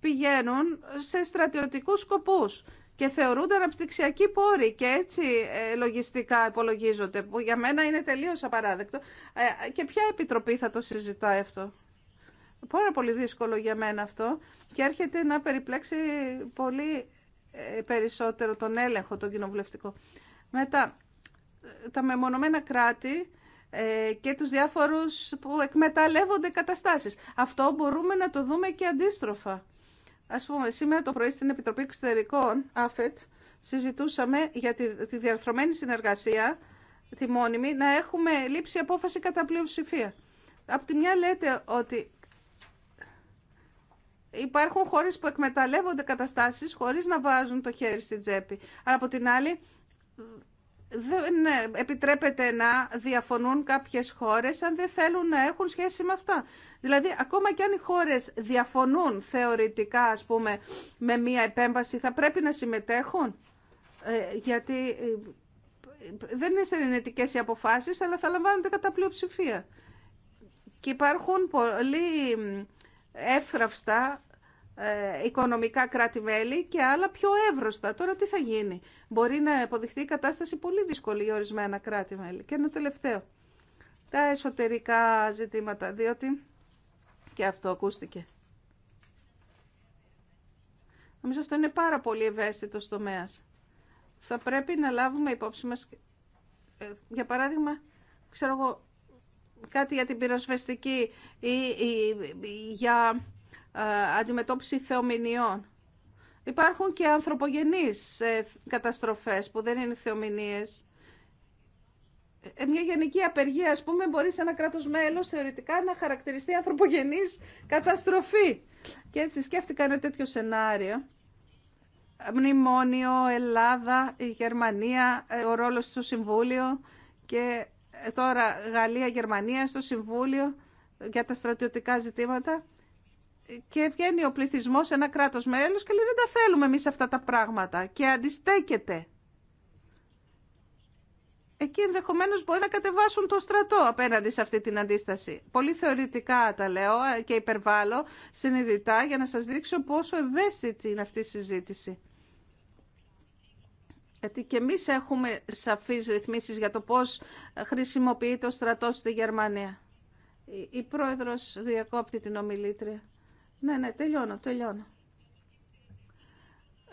πηγαίνουν σε στρατιωτικούς σκοπούς και θεωρούνται αναπτυξιακοί πόροι και έτσι ε, λογιστικά υπολογίζονται, που για μένα είναι τελείως απαράδεκτο. Ε, και ποια επιτροπή θα το συζητάει αυτό. Πάρα πολύ δύσκολο για μένα αυτό και έρχεται να περιπλέξει πολύ περισσότερο τον έλεγχο, τον κοινοβουλευτικό. Μετά, τα μεμονωμένα κράτη ε, και τους διάφορους που εκμεταλλεύονται καταστάσεις. Αυτό μπορούμε να το δούμε και αντίστροφα. Ας πούμε, σήμερα το πρωί στην Επιτροπή Εξωτερικών, ΑΦΕΤ, συζητούσαμε για τη, διαρθρωμένη συνεργασία, τη μόνιμη, να έχουμε λήψη απόφαση κατά πλειοψηφία. Απ' τη μια λέτε ότι υπάρχουν χώρες που εκμεταλλεύονται καταστάσεις χωρίς να βάζουν το χέρι στην τσέπη. Αλλά από την άλλη δεν ναι, επιτρέπεται να διαφωνούν κάποιες χώρες αν δεν θέλουν να έχουν σχέση με αυτά. Δηλαδή, ακόμα και αν οι χώρες διαφωνούν θεωρητικά, ας πούμε, με μία επέμβαση, θα πρέπει να συμμετέχουν, ε, γιατί ε, δεν είναι συνενετικές οι αποφάσεις, αλλά θα λαμβάνονται κατά πλειοψηφία. Και υπάρχουν πολύ εύθραυστα ε, οικονομικά κράτη-μέλη και άλλα πιο εύρωστα. Τώρα τι θα γίνει. Μπορεί να αποδειχθεί η κατάσταση πολύ δύσκολη για ορισμένα κράτη-μέλη. Και ένα τελευταίο. Τα εσωτερικά ζητήματα, διότι και αυτό ακούστηκε. Νομίζω αυτό είναι πάρα πολύ ευαίσθητο τομέα. Θα πρέπει να λάβουμε υπόψη μας, ε, για παράδειγμα, ξέρω εγώ, κάτι για την πυροσβεστική ή για ε, αντιμετώπιση θεομηνιών. Υπάρχουν και ανθρωπογενείς ε, καταστροφές που δεν είναι θεομηνίες. Ε, μια γενική απεργία, ας πούμε, μπορεί σε ένα κράτος μέλος θεωρητικά να χαρακτηριστεί ανθρωπογενής καταστροφή. Και έτσι σκέφτηκαν ένα τέτοιο σενάριο. Μνημόνιο, Ελλάδα, η Γερμανία, ο ρόλος στο Συμβούλιο και τώρα Γαλλία-Γερμανία στο Συμβούλιο για τα στρατιωτικά ζητήματα και βγαίνει ο πληθυσμός σε ένα κράτος μέλος και λέει δεν τα θέλουμε εμείς αυτά τα πράγματα και αντιστέκεται. Εκεί ενδεχομένω μπορεί να κατεβάσουν το στρατό απέναντι σε αυτή την αντίσταση. Πολύ θεωρητικά τα λέω και υπερβάλλω συνειδητά για να σας δείξω πόσο ευαίσθητη είναι αυτή η συζήτηση. Γιατί και εμείς έχουμε σαφείς ρυθμίσεις για το πώς χρησιμοποιεί το στρατό στη Γερμανία. Η πρόεδρος διακόπτει την ομιλήτρια. Ναι, ναι, τελειώνω, τελειώνω.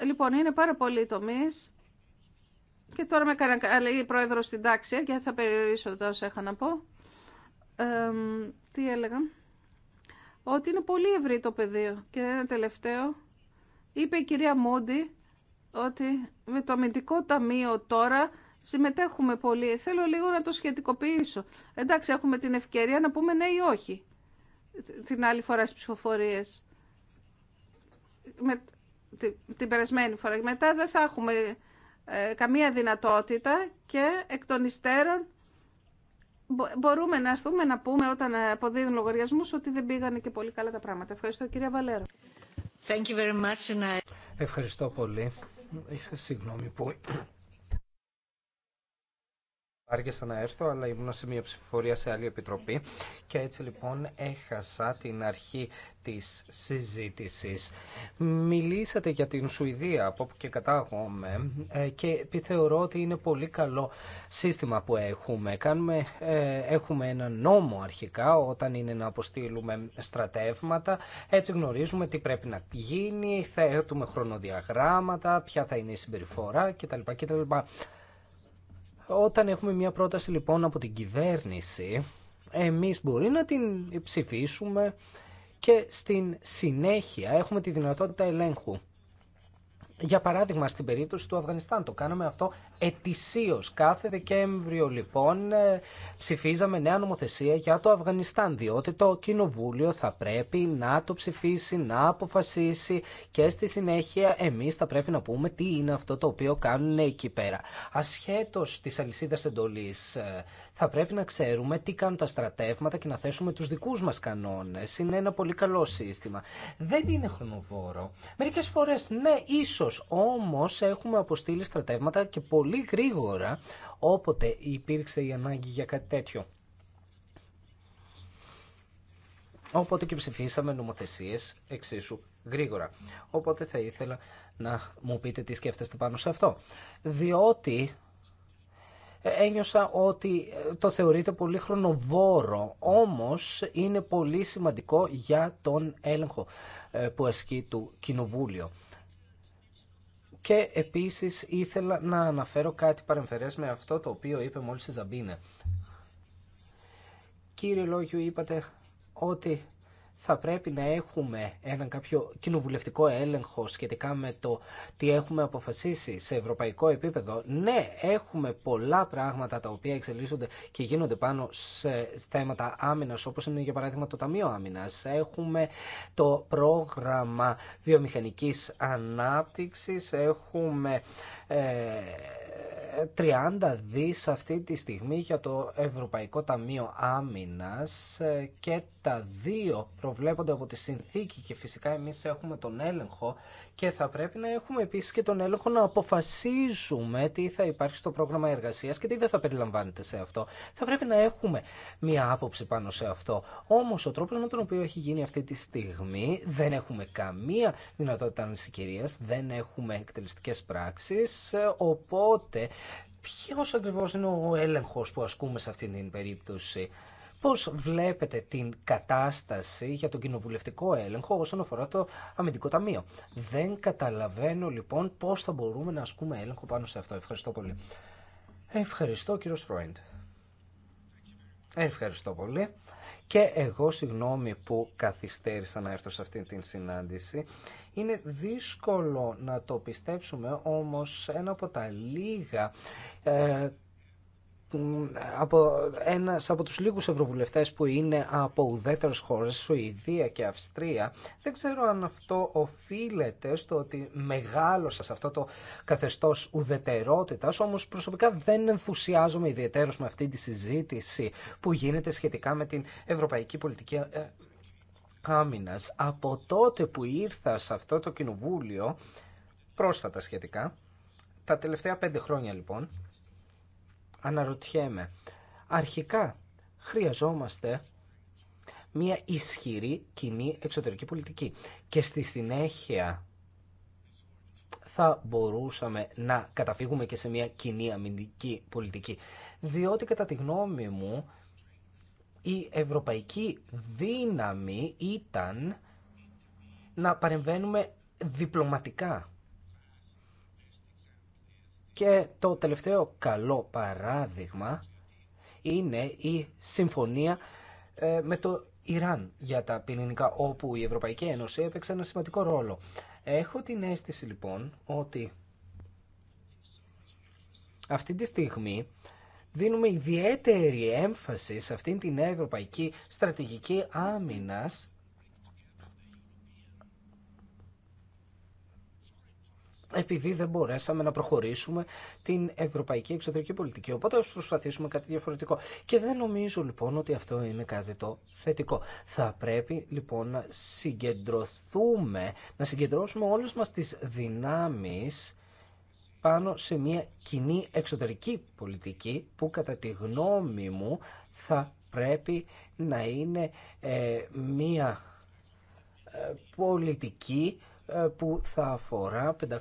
Λοιπόν, είναι πάρα πολλοί τομεί. Και τώρα με έκανε καλή πρόεδρο στην τάξη ε, και θα περιορίσω τα όσα είχα να πω. τι έλεγα. Ότι είναι πολύ ευρύ το πεδίο. Και ένα τελευταίο. Είπε η κυρία Μούντι ότι με το αμυντικό ταμείο τώρα συμμετέχουμε πολύ. Θέλω λίγο να το σχετικοποιήσω. Εντάξει, έχουμε την ευκαιρία να πούμε ναι ή όχι την άλλη φορά στις ψηφοφορίες. Με, την, την περασμένη φορά. Μετά δεν θα έχουμε ε, καμία δυνατότητα και εκ των υστέρων μπορούμε να έρθουμε να πούμε όταν αποδίδουν λογαριασμούς ότι δεν πήγανε και πολύ καλά τα πράγματα. Ευχαριστώ κυρία Βαλέρο. Thank you very much. Ευχαριστώ πολύ. Είχα συγγνώμη που Άργησα να έρθω, αλλά ήμουν σε μια ψηφοφορία σε άλλη επιτροπή και έτσι λοιπόν έχασα την αρχή της συζήτησης. Μιλήσατε για την Σουηδία, από όπου και κατάγομαι, ε, και επιθεωρώ ότι είναι πολύ καλό σύστημα που έχουμε. Ε, έχουμε ένα νόμο αρχικά όταν είναι να αποστείλουμε στρατεύματα. Έτσι γνωρίζουμε τι πρέπει να γίνει, θα χρονοδιαγράμματα, ποια θα είναι η συμπεριφορά κτλ. κτλ. Όταν έχουμε μια πρόταση λοιπόν από την κυβέρνηση, εμείς μπορεί να την ψηφίσουμε και στην συνέχεια έχουμε τη δυνατότητα ελέγχου. Για παράδειγμα, στην περίπτωση του Αφγανιστάν το κάναμε αυτό ετησίως. Κάθε Δεκέμβριο λοιπόν ε, ψηφίζαμε νέα νομοθεσία για το Αφγανιστάν, διότι το Κοινοβούλιο θα πρέπει να το ψηφίσει, να αποφασίσει και στη συνέχεια εμείς θα πρέπει να πούμε τι είναι αυτό το οποίο κάνουν εκεί πέρα. Ασχέτως της αλυσίδας εντολής ε, θα πρέπει να ξέρουμε τι κάνουν τα στρατεύματα και να θέσουμε τους δικούς μας κανόνες. Είναι ένα πολύ καλό σύστημα. Δεν είναι χρονοβόρο. Μερικές φορές ναι, ίσως, όμως έχουμε αποστείλει στρατεύματα και πολύ γρήγορα όποτε υπήρξε η ανάγκη για κάτι τέτοιο. Οπότε και ψηφίσαμε νομοθεσίες εξίσου γρήγορα. Οπότε θα ήθελα να μου πείτε τι σκέφτεστε πάνω σε αυτό. Διότι ένιωσα ότι ε, το θεωρείται πολύ χρονοβόρο, όμως είναι πολύ σημαντικό για τον έλεγχο ε, που ασκεί του Κοινοβούλιο. Και επίσης ήθελα να αναφέρω κάτι παρεμφερές με αυτό το οποίο είπε μόλις η Ζαμπίνε. Κύριε Λόγιου είπατε ότι θα πρέπει να έχουμε έναν κάποιο κοινοβουλευτικό έλεγχο σχετικά με το τι έχουμε αποφασίσει σε ευρωπαϊκό επίπεδο. Ναι, έχουμε πολλά πράγματα τα οποία εξελίσσονται και γίνονται πάνω σε θέματα άμυνας, όπως είναι για παράδειγμα το Ταμείο Άμυνα. Έχουμε το πρόγραμμα βιομηχανική ανάπτυξης, έχουμε... Ε, 30 δις αυτή τη στιγμή για το Ευρωπαϊκό Ταμείο Άμυνας ε, και τα δύο προβλέπονται από τη συνθήκη και φυσικά εμείς έχουμε τον έλεγχο και θα πρέπει να έχουμε επίσης και τον έλεγχο να αποφασίζουμε τι θα υπάρχει στο πρόγραμμα εργασίας και τι δεν θα περιλαμβάνεται σε αυτό. Θα πρέπει να έχουμε μία άποψη πάνω σε αυτό. Όμως ο τρόπος με τον οποίο έχει γίνει αυτή τη στιγμή δεν έχουμε καμία δυνατότητα ανησυχηρίας, δεν έχουμε εκτελεστικές πράξεις, ε, οπότε Ποιο ακριβώ είναι ο έλεγχο που ασκούμε σε αυτήν την περίπτωση. Πώς βλέπετε την κατάσταση για τον κοινοβουλευτικό έλεγχο όσον αφορά το αμυντικό ταμείο. Δεν καταλαβαίνω λοιπόν πώς θα μπορούμε να ασκούμε έλεγχο πάνω σε αυτό. Ευχαριστώ πολύ. Ευχαριστώ κύριο Φρόιντ. Ευχαριστώ πολύ. Και εγώ συγγνώμη που καθυστέρησα να έρθω σε αυτή την συνάντηση είναι δύσκολο να το πιστέψουμε, όμως ένα από τα λίγα ε, από ένας από τους λίγους ευρωβουλευτές που είναι από ουδέτερες χώρες, Σουηδία και Αυστρία, δεν ξέρω αν αυτό οφείλεται στο ότι μεγάλωσα σε αυτό το καθεστώς ουδετερότητας, όμως προσωπικά δεν ενθουσιάζομαι ιδιαίτερως με αυτή τη συζήτηση που γίνεται σχετικά με την ευρωπαϊκή πολιτική ε, από τότε που ήρθα σε αυτό το κοινοβούλιο, πρόσφατα σχετικά, τα τελευταία πέντε χρόνια λοιπόν, αναρωτιέμαι, αρχικά χρειαζόμαστε μια ισχυρή κοινή εξωτερική πολιτική και στη συνέχεια θα μπορούσαμε να καταφύγουμε και σε μια κοινή αμυντική πολιτική. Διότι κατά τη γνώμη μου η ευρωπαϊκή δύναμη ήταν να παρεμβαίνουμε διπλωματικά. Και το τελευταίο καλό παράδειγμα είναι η συμφωνία ε, με το Ιράν για τα πυρηνικά, όπου η Ευρωπαϊκή Ένωση έπαιξε ένα σημαντικό ρόλο. Έχω την αίσθηση λοιπόν ότι αυτή τη στιγμή δίνουμε ιδιαίτερη έμφαση σε αυτήν την ευρωπαϊκή στρατηγική άμυνας επειδή δεν μπορέσαμε να προχωρήσουμε την ευρωπαϊκή εξωτερική πολιτική. Οπότε ας προσπαθήσουμε κάτι διαφορετικό. Και δεν νομίζω λοιπόν ότι αυτό είναι κάτι το θετικό. Θα πρέπει λοιπόν να συγκεντρωθούμε, να συγκεντρώσουμε όλες μας τις δυνάμεις πάνω σε μια κοινή εξωτερική πολιτική που κατά τη γνώμη μου θα πρέπει να είναι ε, μια ε, πολιτική ε, που θα αφορά 500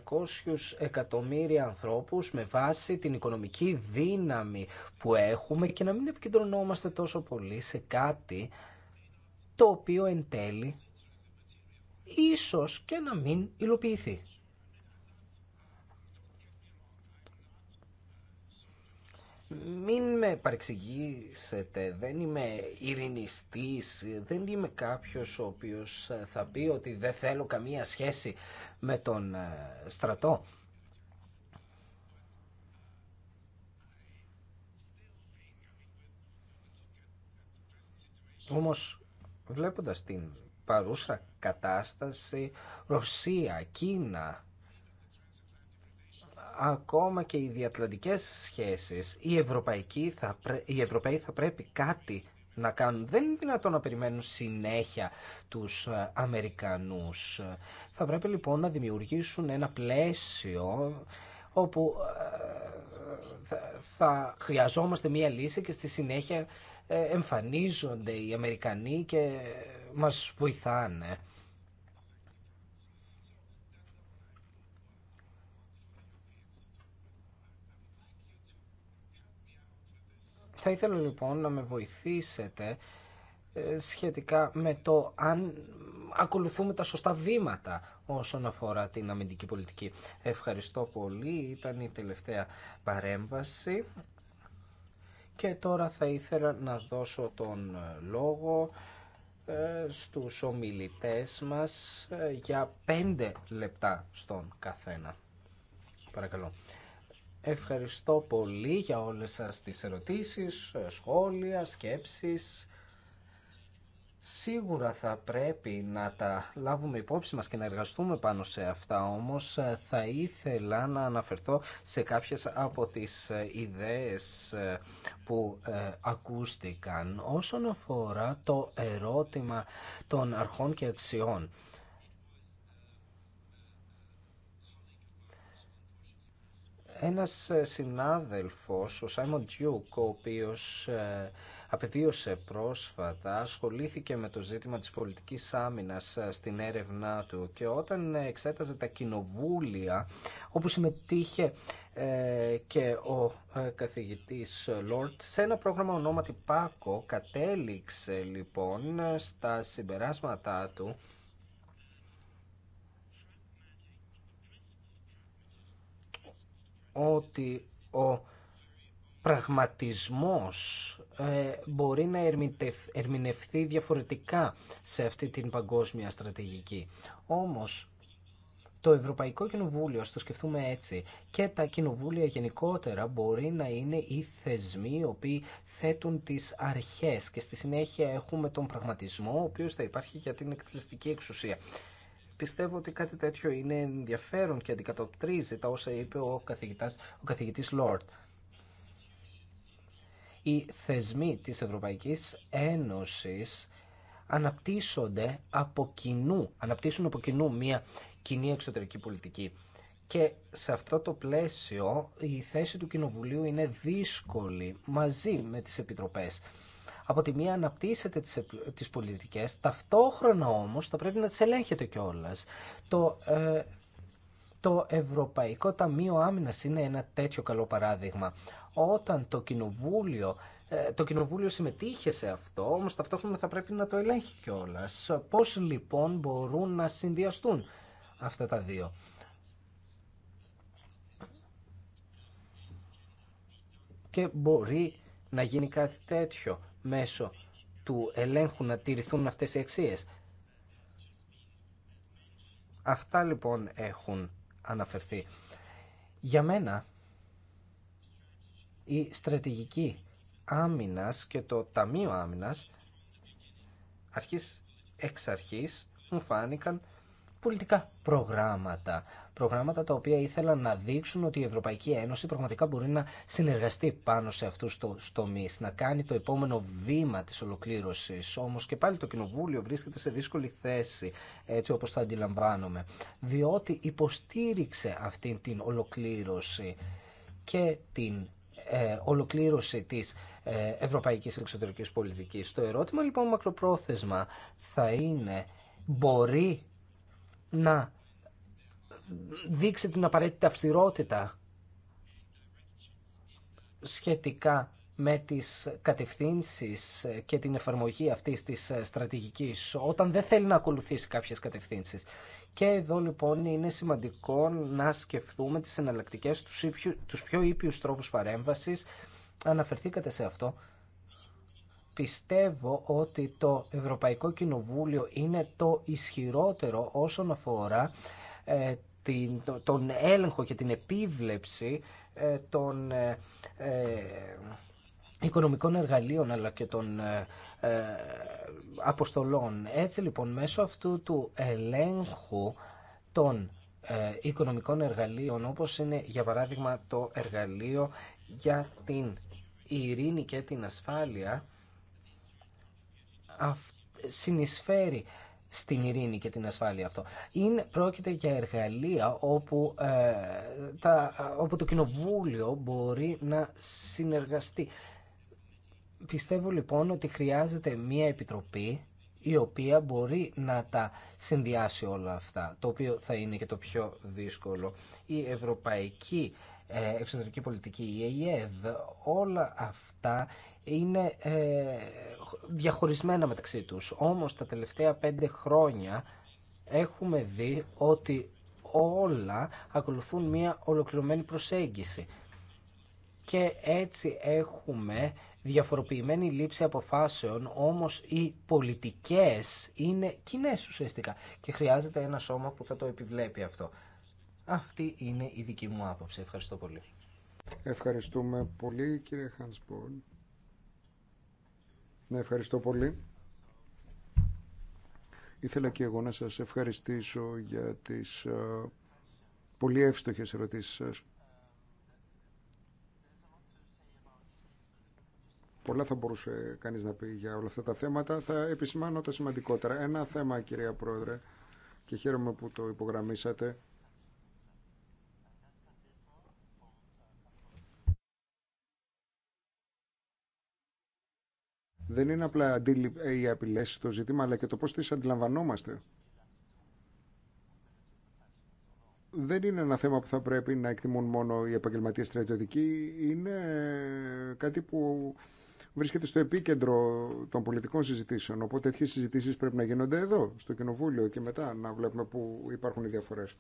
εκατομμύρια ανθρώπους με βάση την οικονομική δύναμη που έχουμε και να μην επικεντρωνόμαστε τόσο πολύ σε κάτι το οποίο εν τέλει ίσως και να μην υλοποιηθεί. Μην με παρεξηγήσετε, δεν είμαι ειρηνιστής, δεν είμαι κάποιος ο οποίος θα πει ότι δεν θέλω καμία σχέση με τον ε, στρατό. Όμως βλέποντας την παρούσα κατάσταση, Ρωσία, Κίνα, ακόμα και οι διατλαντικές σχέσεις, οι θα πρέ... οι Ευρωπαίοι θα πρέπει κάτι να κάνουν. Δεν είναι δυνατόν να περιμένουν συνέχεια τους ε, Αμερικανούς. Θα πρέπει λοιπόν να δημιουργήσουν ένα πλαίσιο όπου ε, θα χρειαζόμαστε μία λύση και στη συνέχεια ε, εμφανίζονται οι Αμερικανοί και μας βοηθάνε. Θα ήθελα λοιπόν να με βοηθήσετε ε, σχετικά με το αν ακολουθούμε τα σωστά βήματα όσον αφορά την αμυντική πολιτική. Ευχαριστώ πολύ. Ήταν η τελευταία παρέμβαση. Και τώρα θα ήθελα να δώσω τον ε, λόγο ε, στους ομιλητές μας για πέντε λεπτά στον καθένα. Παρακαλώ. Ευχαριστώ πολύ για όλες σας τις ερωτήσεις, σχόλια, σκέψεις. Σίγουρα θα πρέπει να τα λάβουμε υπόψη μας και να εργαστούμε πάνω σε αυτά, όμως ε, θα ήθελα να αναφερθώ σε κάποιες από τις ε, ιδέες ε, που ακούστηκαν όσον αφορά το ερώτημα των αρχών και αξιών. ένας ε, συνάδελφος, ο Σάιμον Τζιούκ, ο οποίος ε, απεβίωσε πρόσφατα, ασχολήθηκε με το ζήτημα της πολιτικής άμυνας ε, στην έρευνά του και όταν εξέταζε τα κοινοβούλια όπου συμμετείχε και ο καθηγητής Λόρτ σε ένα πρόγραμμα ονόματι Πάκο κατέληξε λοιπόν στα συμπεράσματά του ότι ο πραγματισμός ε, μπορεί να ερμηνευθεί διαφορετικά σε αυτή την παγκόσμια στρατηγική. Όμως, το Ευρωπαϊκό Κοινοβούλιο, το σκεφτούμε έτσι, και τα κοινοβούλια γενικότερα μπορεί να είναι οι θεσμοί οι οποίοι θέτουν τις αρχές και στη συνέχεια έχουμε τον πραγματισμό ο οποίος θα υπάρχει για την εκτελεστική εξουσία. Πιστεύω ότι κάτι τέτοιο είναι ενδιαφέρον και αντικατοπτρίζει τα όσα είπε ο καθηγητής, ο καθηγητής Λόρτ. Οι θεσμοί της Ευρωπαϊκής Ένωσης αναπτύσσονται από κοινού, αναπτύσσουν από κοινού μια κοινή εξωτερική πολιτική. Και σε αυτό το πλαίσιο η θέση του Κοινοβουλίου είναι δύσκολη μαζί με τις επιτροπές από τη μία αναπτύσσετε τις, τις πολιτικές, ταυτόχρονα όμως θα πρέπει να τις ελέγχετε κιόλα. Το, ε, το Ευρωπαϊκό Ταμείο Άμυνας είναι ένα τέτοιο καλό παράδειγμα. Όταν το Κοινοβούλιο ε, το κοινοβούλιο συμμετείχε σε αυτό, όμως ταυτόχρονα θα πρέπει να το ελέγχει κιόλα. Πώς λοιπόν μπορούν να συνδυαστούν αυτά τα δύο. Και μπορεί να γίνει κάτι τέτοιο μέσω του ελέγχου να τηρηθούν αυτές οι αξίες. Αυτά λοιπόν έχουν αναφερθεί. Για μένα η στρατηγική άμυνας και το Ταμείο Άμυνας αρχής εξ αρχής μου φάνηκαν πολιτικά προγράμματα προγράμματα τα οποία ήθελαν να δείξουν ότι η Ευρωπαϊκή Ένωση πραγματικά μπορεί να συνεργαστεί πάνω σε αυτού του τομεί, να κάνει το επόμενο βήμα της ολοκλήρωσης. Όμως και πάλι το Κοινοβούλιο βρίσκεται σε δύσκολη θέση, έτσι όπως το αντιλαμβάνομαι, διότι υποστήριξε αυτή την ολοκλήρωση και την ε, ολοκλήρωση της ε, ευρωπαϊκής εξωτερικής πολιτικής. Το ερώτημα λοιπόν μακροπρόθεσμα θα είναι μπορεί να δείξει την απαραίτητη αυστηρότητα σχετικά με τις κατευθύνσεις και την εφαρμογή αυτής της στρατηγικής όταν δεν θέλει να ακολουθήσει κάποιες κατευθύνσεις. Και εδώ λοιπόν είναι σημαντικό να σκεφτούμε τις εναλλακτικέ τους, πιο ήπιους τρόπους παρέμβασης. Αναφερθήκατε σε αυτό. Πιστεύω ότι το Ευρωπαϊκό Κοινοβούλιο είναι το ισχυρότερο όσον αφορά ε, την, τον έλεγχο και την επίβλεψη ε, των ε, ε, οικονομικών εργαλείων αλλά και των αποστολών. Έτσι λοιπόν μέσω αυτού του ελέγχου των οικονομικών εργαλείων όπως είναι για παράδειγμα το εργαλείο για την ειρήνη και την ασφάλεια συνεισφέρει στην ειρήνη και την ασφάλεια αυτό. Είναι, πρόκειται για εργαλεία όπου, ε, όπου το κοινοβούλιο μπορεί να συνεργαστεί. Πιστεύω λοιπόν ότι χρειάζεται μία επιτροπή η οποία μπορεί να τα συνδυάσει όλα αυτά, το οποίο θα είναι και το πιο δύσκολο. Η Ευρωπαϊκή ε, εξωτερική πολιτική, η ΕΙΕΔ, όλα αυτά είναι ε, διαχωρισμένα μεταξύ τους. Όμως τα τελευταία πέντε χρόνια έχουμε δει ότι όλα ακολουθούν μια ολοκληρωμένη προσέγγιση. Και έτσι έχουμε διαφοροποιημένη λήψη αποφάσεων, όμως οι πολιτικές είναι κοινέ ουσιαστικά και χρειάζεται ένα σώμα που θα το επιβλέπει αυτό. Αυτή είναι η δική μου άποψη. Ευχαριστώ πολύ. Ευχαριστούμε πολύ κύριε Χανσπορν. Ναι, ευχαριστώ πολύ. Ήθελα και εγώ να σας ευχαριστήσω για τις ε, πολύ εύστοχες ερωτήσεις σας. Πολλά θα μπορούσε κανείς να πει για όλα αυτά τα θέματα. Θα επισημάνω τα σημαντικότερα. Ένα θέμα, κυρία Πρόεδρε, και χαίρομαι που το υπογραμμίσατε, δεν είναι απλά ε, οι απειλέ το ζήτημα, αλλά και το πώς τις αντιλαμβανόμαστε. Δεν είναι ένα θέμα που θα πρέπει να εκτιμούν μόνο οι επαγγελματίες στρατιωτικοί. Είναι ε, κάτι που βρίσκεται στο επίκεντρο των πολιτικών συζητήσεων. Οπότε τέτοιες συζητήσεις πρέπει να γίνονται εδώ, στο Κοινοβούλιο και μετά να βλέπουμε πού υπάρχουν οι διαφορές.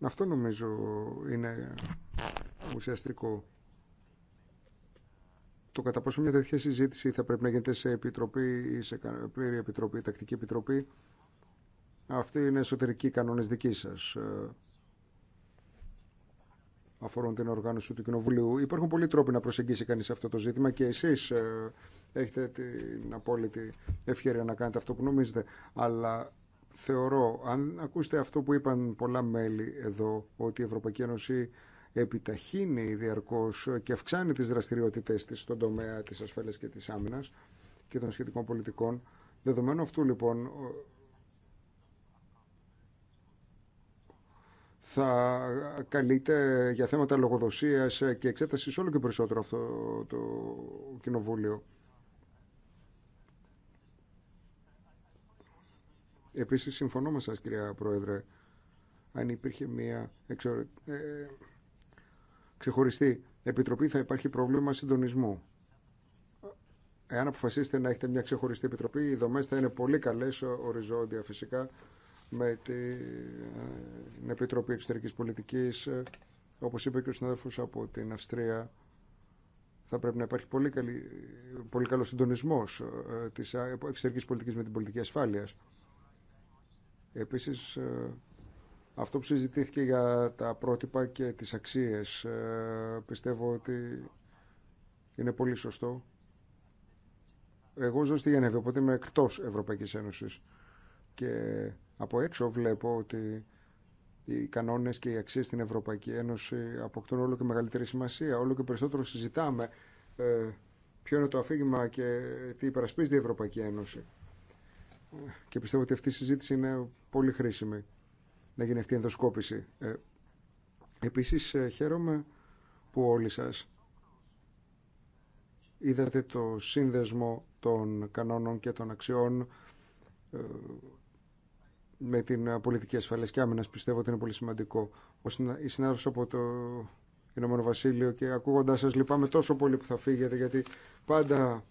Αυτό νομίζω είναι ουσιαστικό. Το κατά πόσο μια τέτοια συζήτηση θα πρέπει να γίνεται σε επιτροπή ή σε πλήρη επιτροπή, τακτική επιτροπή, αυτοί είναι εσωτερικοί κανόνες δικοί σας. Ε, αφορούν την οργάνωση του Κοινοβουλίου. Υπάρχουν πολλοί τρόποι να προσεγγίσει κανείς αυτό το ζήτημα και εσείς ε, έχετε την απόλυτη ευκαιρία να κάνετε αυτό που νομίζετε. Αλλά θεωρώ, αν ακούσετε αυτό που είπαν πολλά μέλη εδώ, ότι η σε πληρη επιτροπη τακτικη επιτροπη αυτοι ειναι εσωτερικοι κανονες δικης σας αφορουν την οργανωση του κοινοβουλιου υπαρχουν πολλοι τροποι να προσεγγισει κανει αυτο το ζητημα Ένωση επιταχύνει διαρκώς και αυξάνει τις δραστηριότητές της στον τομέα της ασφάλειας και της άμυνας και των σχετικών πολιτικών. Δεδομένου αυτού λοιπόν θα καλείται για θέματα λογοδοσίας και εξέτασης όλο και περισσότερο αυτό το κοινοβούλιο. Επίσης συμφωνώ με σας κυρία Πρόεδρε αν υπήρχε μια εξορρυκτική ε, ξεχωριστή επιτροπή θα υπάρχει πρόβλημα συντονισμού. Εάν αποφασίσετε να έχετε μια ξεχωριστή επιτροπή, οι δομέ θα είναι πολύ καλέ, οριζόντια φυσικά, με την Επιτροπή Εξωτερική Πολιτική. Όπω είπε και ο συνάδελφο από την Αυστρία, θα πρέπει να υπάρχει πολύ, πολύ καλό συντονισμό ε, τη ε, εξωτερική πολιτική με την πολιτική ασφάλεια. Επίση, ε, αυτό που συζητήθηκε για τα πρότυπα και τις αξίες ε, πιστεύω ότι είναι πολύ σωστό. Εγώ ζω στη Γενέβη, οπότε είμαι εκτός Ευρωπαϊκής Ένωσης και από έξω βλέπω ότι οι κανόνες και οι αξίες στην Ευρωπαϊκή Ένωση αποκτούν όλο και μεγαλύτερη σημασία. Όλο και περισσότερο συζητάμε ε, ποιο είναι το αφήγημα και τι υπερασπίζει η Ευρωπαϊκή Ένωση. Ε, και πιστεύω ότι αυτή η συζήτηση είναι πολύ χρήσιμη να γίνει αυτή η ενδοσκόπηση. Ε, επίσης ε, χαίρομαι που όλοι σας είδατε το σύνδεσμο των κανόνων και των αξιών ε, με την πολιτική ασφαλεία και άμυνας. Πιστεύω ότι είναι πολύ σημαντικό. Ο συνάδελφος από το Ηνωμένο Βασίλειο και ακούγοντάς σας λυπάμαι τόσο πολύ που θα φύγετε γιατί πάντα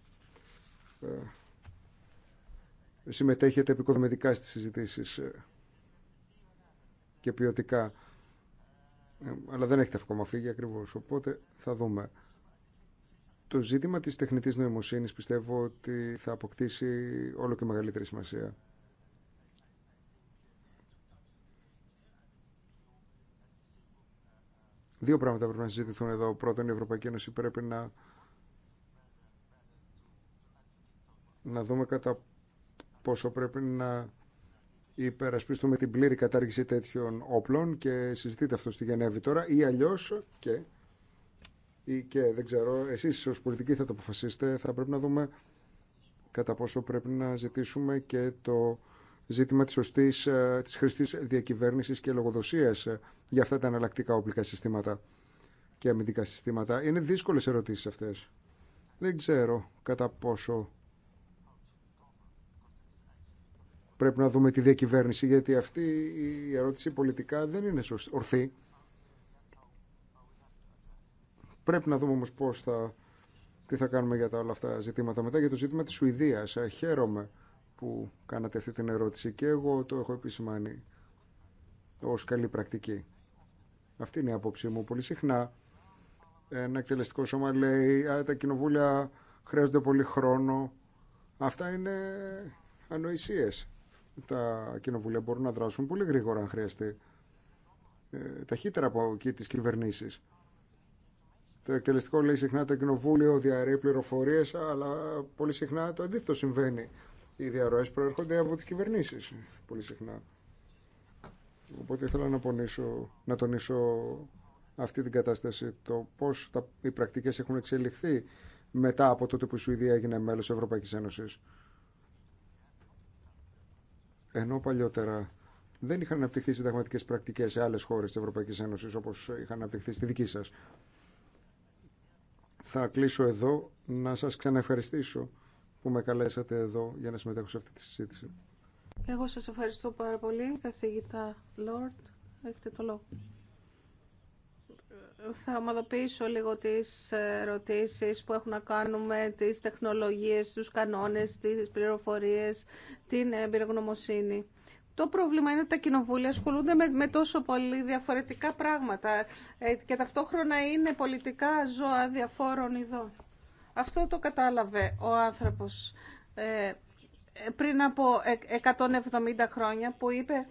ε, συμμετέχετε επικοδομητικά στις συζητήσεις και ποιοτικά. Ε, αλλά δεν έχετε ακόμα φύγει ακριβώς, οπότε θα δούμε. Το ζήτημα της τεχνητή νοημοσύνης πιστεύω ότι θα αποκτήσει όλο και μεγαλύτερη σημασία. Δύο πράγματα πρέπει να συζητηθούν εδώ. Πρώτον, η Ευρωπαϊκή Ένωση πρέπει να, να δούμε κατά πόσο πρέπει να υπερασπιστούμε την πλήρη κατάργηση τέτοιων όπλων και συζητείτε αυτό στη Γενέβη τώρα ή αλλιώς και, ή και δεν ξέρω, εσείς ως πολιτικοί θα το αποφασίσετε, θα πρέπει να δούμε κατά πόσο πρέπει να ζητήσουμε και το ζήτημα της σωστής, ε, της χρηστής διακυβέρνησης και λογοδοσίας ε, για αυτά τα εναλλακτικά οπλικά συστήματα και αμυντικά συστήματα. Είναι δύσκολες ερωτήσεις αυτές. Δεν ξέρω κατά πόσο πρέπει να δούμε τη διακυβέρνηση, γιατί αυτή η ερώτηση πολιτικά δεν είναι ορθή. Πρέπει να δούμε όμως πώς θα, τι θα κάνουμε για τα όλα αυτά ζητήματα. Μετά για το ζήτημα της Σουηδίας, ε, χαίρομαι που κάνατε αυτή την ερώτηση και εγώ το έχω επισημάνει ως καλή πρακτική. Αυτή είναι η άποψή μου. Πολύ συχνά ένα εκτελεστικό σώμα λέει τα κοινοβούλια χρειάζονται πολύ χρόνο. Αυτά είναι ανοησίες τα κοινοβουλία μπορούν να δράσουν πολύ γρήγορα αν χρειαστεί. Ε, ταχύτερα από εκεί τις κυβερνήσεις. Το εκτελεστικό λέει συχνά το κοινοβούλιο διαρρέει πληροφορίε, αλλά πολύ συχνά το αντίθετο συμβαίνει. Οι διαρροέ προέρχονται από τι κυβερνήσει πολύ συχνά. Οπότε ήθελα να, πονήσω, να τονίσω αυτή την κατάσταση, το πώ οι πρακτικέ έχουν εξελιχθεί μετά από τότε που η Σουηδία έγινε μέλο τη Ευρωπαϊκή Ένωση ενώ παλιότερα δεν είχαν αναπτυχθεί συνταγματικέ πρακτικέ σε άλλε χώρε τη Ευρωπαϊκή Ένωση όπω είχαν αναπτυχθεί στη δική σα. Θα κλείσω εδώ να σα ξαναευχαριστήσω που με καλέσατε εδώ για να συμμετέχω σε αυτή τη συζήτηση. Εγώ σας ευχαριστώ πάρα πολύ, καθηγητά Λόρτ. Έχετε το λόγο. Θα ομαδοποιήσω λίγο τις ερωτήσεις που έχουν να κάνουν με τις τεχνολογίες, τους κανόνες, τις πληροφορίες, την εμπειρογνωμοσύνη. Το πρόβλημα είναι ότι τα κοινοβούλια ασχολούνται με, με τόσο πολύ διαφορετικά πράγματα ε, και ταυτόχρονα είναι πολιτικά ζώα διαφόρων ειδών. Αυτό το κατάλαβε ο άνθρωπος ε, ε, πριν από 170 χρόνια που είπε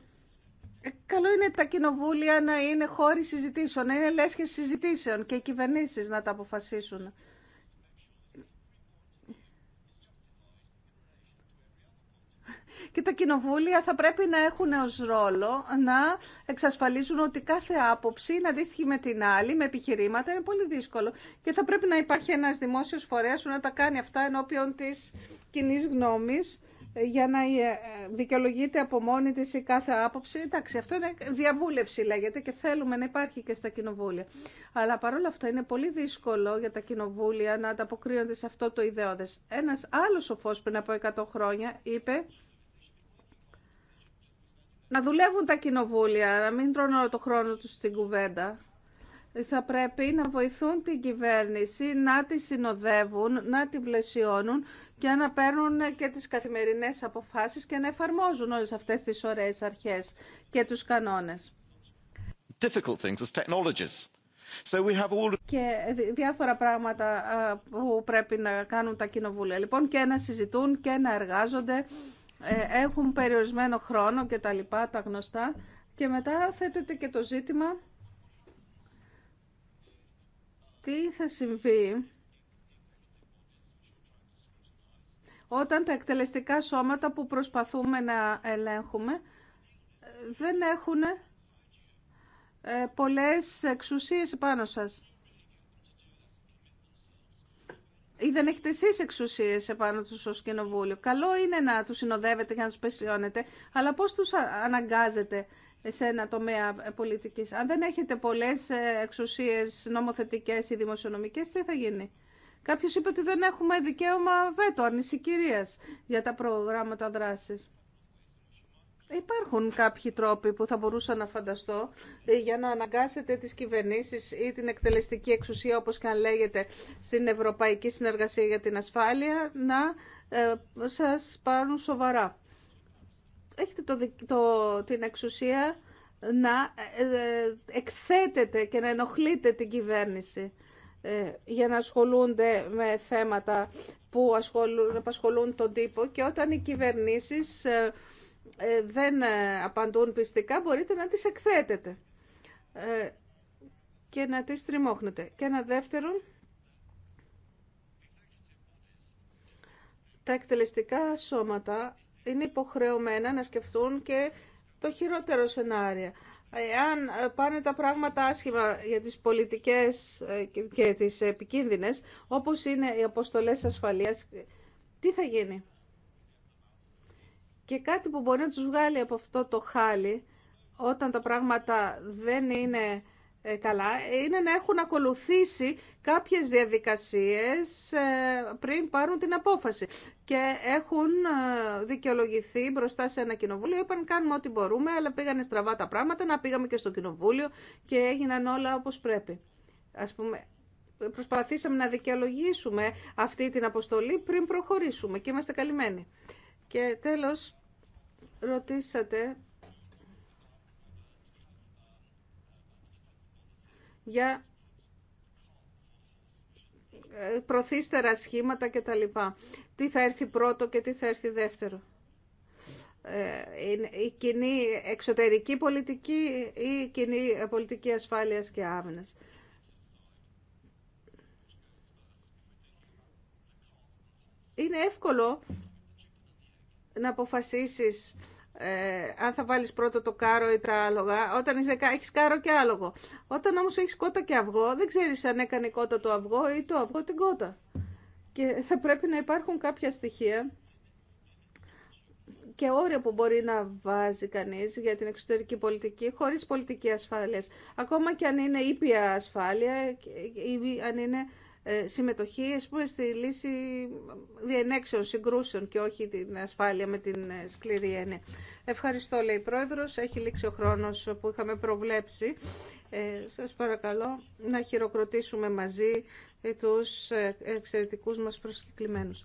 Καλό είναι τα κοινοβούλια να είναι χώροι συζητήσεων, να είναι λέσχες συζητήσεων και οι κυβερνήσεις να τα αποφασίσουν. Και τα κοινοβούλια θα πρέπει να έχουν ως ρόλο να εξασφαλίζουν ότι κάθε άποψη είναι αντίστοιχη με την άλλη, με επιχειρήματα. Είναι πολύ δύσκολο. Και θα πρέπει να υπάρχει ένας δημόσιος φορέας που να τα κάνει αυτά ενώπιον της κοινή γνώμης για να ε, ε, δικαιολογείται από μόνη της η κάθε άποψη. Εντάξει, αυτό είναι διαβούλευση λέγεται και θέλουμε να υπάρχει και στα κοινοβούλια. Αλλά παρόλα αυτά είναι πολύ δύσκολο για τα κοινοβούλια να ανταποκρίνονται σε αυτό το ιδεώδες. Ένας άλλος σοφός πριν από 100 χρόνια είπε να δουλεύουν τα κοινοβούλια, να μην τρώνε όλο το χρόνο τους στην κουβέντα θα πρέπει να βοηθούν την κυβέρνηση, να τη συνοδεύουν, να την πλαισιώνουν και να παίρνουν και τις καθημερινές αποφάσεις και να εφαρμόζουν όλες αυτές τις ωραίες αρχές και τους κανόνες. Και διάφορα πράγματα που πρέπει να κάνουν τα κοινοβούλια. Λοιπόν, και να συζητούν και να εργάζονται, ε, έχουν περιορισμένο χρόνο και τα λοιπά, τα γνωστά. Και μετά θέτεται και το ζήτημα τι θα συμβεί όταν τα εκτελεστικά σώματα που προσπαθούμε να ελέγχουμε δεν έχουν ε, πολλές εξουσίες επάνω σας. Ή δεν έχετε εσείς εξουσίες επάνω τους ως κοινοβούλιο. Καλό είναι να τους συνοδεύετε και να τους πεσιώνετε, αλλά πώς τους αναγκάζετε σε ένα τομέα ε, πολιτικής. Αν δεν έχετε πολλές ε, εξουσίες νομοθετικές ή δημοσιονομικές, τι θα γίνει. Κάποιο είπε ότι δεν έχουμε δικαίωμα βέτο, κυρίας για τα προγράμματα δράσης. Υπάρχουν κάποιοι τρόποι που θα μπορούσα να φανταστώ ε, για να αναγκάσετε τις κυβερνήσεις ή την εκτελεστική εξουσία, όπως και αν λέγεται, στην Ευρωπαϊκή Συνεργασία για την Ασφάλεια, να σας πάρουν σοβαρά έχετε το, το, την εξουσία να ε, ε, εκθέτετε και να ενοχλείτε την κυβέρνηση ε, για να ασχολούνται με θέματα που ασχολούν, απασχολούν τον τύπο και όταν οι κυβερνήσεις δεν απαντούν πιστικά μπορείτε να τις εκθέτετε και να τις τριμώχνετε. Και ένα δεύτερο, τα εκτελεστικά σώματα είναι υποχρεωμένα να σκεφτούν και το χειρότερο σενάριο. Εάν ε, πάνε τα πράγματα άσχημα για τις πολιτικές ε, και τις επικίνδυνες, όπως είναι οι αποστολές ασφαλείας, τι θα γίνει. Και κάτι που μπορεί να τους βγάλει από αυτό το χάλι, όταν τα πράγματα δεν είναι ε, καλά είναι να έχουν ακολουθήσει κάποιες διαδικασίες ε, πριν πάρουν την απόφαση και έχουν ε, δικαιολογηθεί μπροστά σε ένα κοινοβούλιο. Είπαν κάνουμε ό,τι μπορούμε, αλλά πήγανε στραβά τα πράγματα, να πήγαμε και στο κοινοβούλιο και έγιναν όλα όπως πρέπει. Ας πούμε, προσπαθήσαμε να δικαιολογήσουμε αυτή την αποστολή πριν προχωρήσουμε και είμαστε καλυμμένοι. Και τέλος, ρωτήσατε για ε, προθύστερα σχήματα και τα λοιπά. Τι θα έρθει πρώτο και τι θα έρθει δεύτερο. Ε, η κοινή εξωτερική πολιτική ή η κοινή πολιτική ασφάλειας και άμυνας. Είναι εύκολο να αποφασίσεις ε, αν θα βάλεις πρώτα το κάρο ή τα άλογα, όταν είσαι, έχεις κάρο και άλογο. Όταν όμως έχεις κότα και αυγό, δεν ξέρεις αν έκανε κότα το αυγό ή το αυγό την κότα. Και θα πρέπει να υπάρχουν κάποια στοιχεία και όρια που μπορεί να βάζει κανείς για την εξωτερική πολιτική χωρίς πολιτική ασφάλεια. Ακόμα και αν είναι ήπια ασφάλεια ή αν είναι ε, συμμετοχή ας πούμε, στη λύση διενέξεων, συγκρούσεων και όχι την ασφάλεια με την ε, σκληρή έννοια. Ευχαριστώ, λέει η Πρόεδρος. Έχει λήξει ο χρόνος που είχαμε προβλέψει. Ε, σας παρακαλώ να χειροκροτήσουμε μαζί τους ε, εξαιρετικούς μας προσκεκλημένους.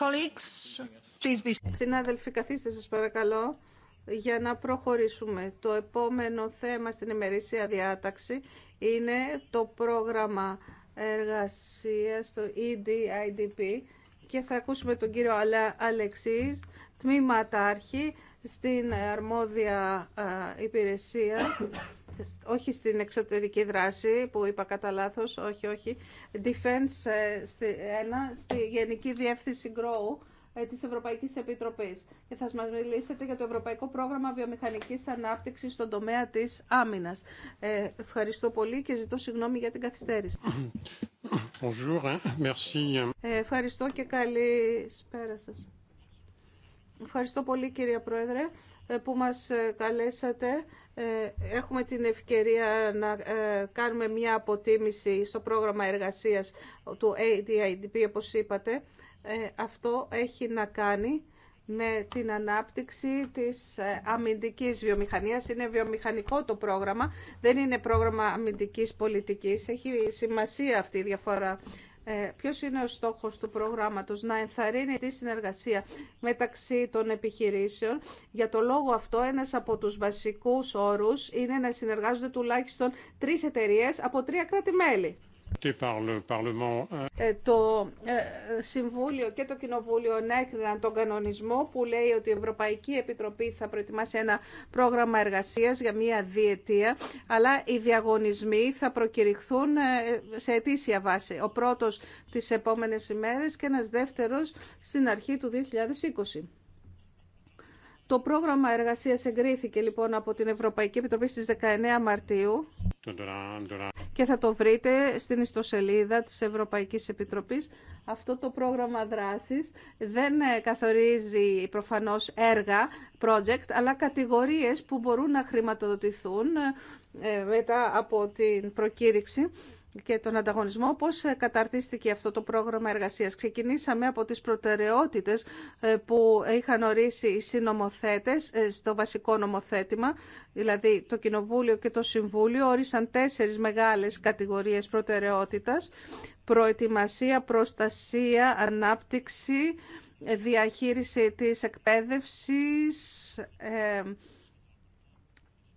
Colleagues, please be... Συνάδελφοι, καθίστε σας παρακαλώ για να προχωρήσουμε. Το επόμενο θέμα στην ημερήσια διάταξη είναι το πρόγραμμα εργασίας, το EDIDP και θα ακούσουμε τον κύριο Αλεξής, τμήματάρχη στην αρμόδια υπηρεσία όχι στην εξωτερική δράση που είπα κατά λάθο, όχι, όχι, defense ε, στη, ένα, στη Γενική Διεύθυνση Grow ε, της Ευρωπαϊκής Επιτροπής. Και θα μας μιλήσετε για το Ευρωπαϊκό Πρόγραμμα Βιομηχανικής Ανάπτυξης στον τομέα της άμυνας. Ε, ευχαριστώ πολύ και ζητώ συγγνώμη για την καθυστέρηση. Bonjour, merci. ευχαριστώ και καλή σπέρα σας. Ευχαριστώ πολύ κυρία Πρόεδρε ε, που μας ε, καλέσατε. Ε, έχουμε την ευκαιρία να κάνουμε μια αποτίμηση στο πρόγραμμα εργασίας του ADIDP, όπως είπατε. Αυτό έχει να κάνει με την ανάπτυξη της αμυντικής βιομηχανίας. Είναι βιομηχανικό το πρόγραμμα, δεν είναι πρόγραμμα αμυντικής πολιτικής. Έχει σημασία αυτή η διαφορά ε, ποιος είναι ο στόχος του προγράμματος να ενθαρρύνει τη συνεργασία μεταξύ των επιχειρήσεων. Για το λόγο αυτό ένας από τους βασικούς όρους είναι να συνεργάζονται τουλάχιστον τρεις εταιρείες από τρία κράτη-μέλη. Ε, ε, το ε, Συμβούλιο και το Κοινοβούλιο ενέκριναν τον κανονισμό που λέει ότι η Ευρωπαϊκή Επιτροπή θα προετοιμάσει ένα πρόγραμμα εργασίας για μία διετία, αλλά οι διαγωνισμοί θα προκηρυχθούν σε αιτήσια βάση. Ο πρώτος τις επόμενες ημέρες και ένας δεύτερος στην αρχή του 2020. Το πρόγραμμα εργασίας εγκρίθηκε λοιπόν από την Ευρωπαϊκή Επιτροπή στις 19 Μαρτίου και θα το βρείτε στην ιστοσελίδα της Ευρωπαϊκής Επιτροπής. Αυτό το πρόγραμμα δράσης δεν ε, καθορίζει προφανώς έργα, project, αλλά κατηγορίες που μπορούν να χρηματοδοτηθούν ε, μετά από την προκήρυξη και τον ανταγωνισμό, πώς ε, καταρτίστηκε αυτό το πρόγραμμα εργασίας. Ξεκινήσαμε από τις προτεραιότητες ε, που είχαν ορίσει οι συνομοθέτες ε, στο βασικό νομοθέτημα, δηλαδή το Κοινοβούλιο και το Συμβούλιο όρισαν τέσσερις μεγάλες κατηγορίες προτεραιότητας, προετοιμασία, προστασία, ανάπτυξη, διαχείριση της εκπαίδευσης,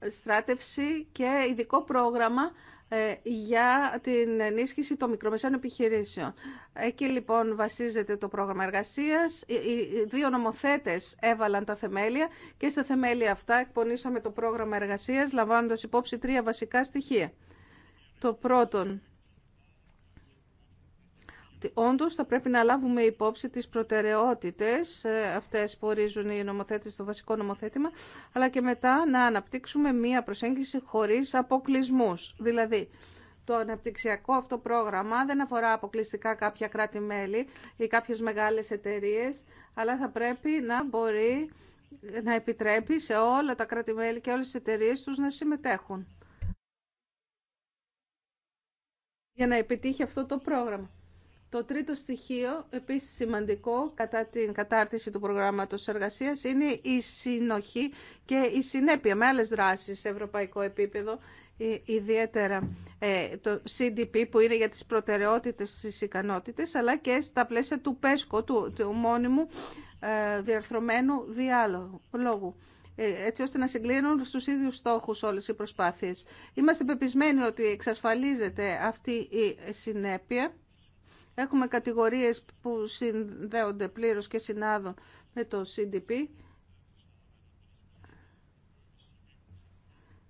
στράτευση και ειδικό πρόγραμμα ε, για την ενίσχυση των μικρομεσαίων επιχειρήσεων. Εκεί λοιπόν βασίζεται το πρόγραμμα εργασίας. Οι δύο νομοθέτες έβαλαν τα θεμέλια και στα θεμέλια αυτά εκπονήσαμε το πρόγραμμα εργασίας λαμβάνοντας υπόψη τρία βασικά στοιχεία. Το πρώτον, Όντως θα πρέπει να λάβουμε υπόψη τις προτεραιότητες ε, αυτές που ορίζουν οι νομοθέτες στο βασικό νομοθέτημα, αλλά και μετά να αναπτύξουμε μία προσέγγιση χωρίς αποκλεισμούς. Δηλαδή, το αναπτυξιακό αυτό πρόγραμμα δεν αφορά αποκλειστικά κάποια κράτη-μέλη ή κάποιες μεγάλες εταιρείες, αλλά θα πρέπει να μπορεί να επιτρέπει σε όλα τα κράτη-μέλη και όλες τις εταιρείες τους να συμμετέχουν για να επιτύχει αυτό το πρόγραμμα. Το τρίτο στοιχείο, επίσης σημαντικό κατά την κατάρτιση του προγράμματος εργασίας, είναι η συνοχή και η συνέπεια με άλλες δράσεις σε ευρωπαϊκό επίπεδο, ε, ιδιαίτερα ε, το CDP που είναι για τις προτεραιότητες της ικανότητες, αλλά και στα πλαίσια του ΠΕΣΚΟ, του, του μόνιμου ε, διαρθρωμένου διάλογου έτσι ώστε να συγκλίνουν στους ίδιους στόχους όλες οι προσπάθειες. Είμαστε πεπισμένοι ότι εξασφαλίζεται αυτή η συνέπεια Έχουμε κατηγορίες που συνδέονται πλήρως και συνάδουν με το CDP.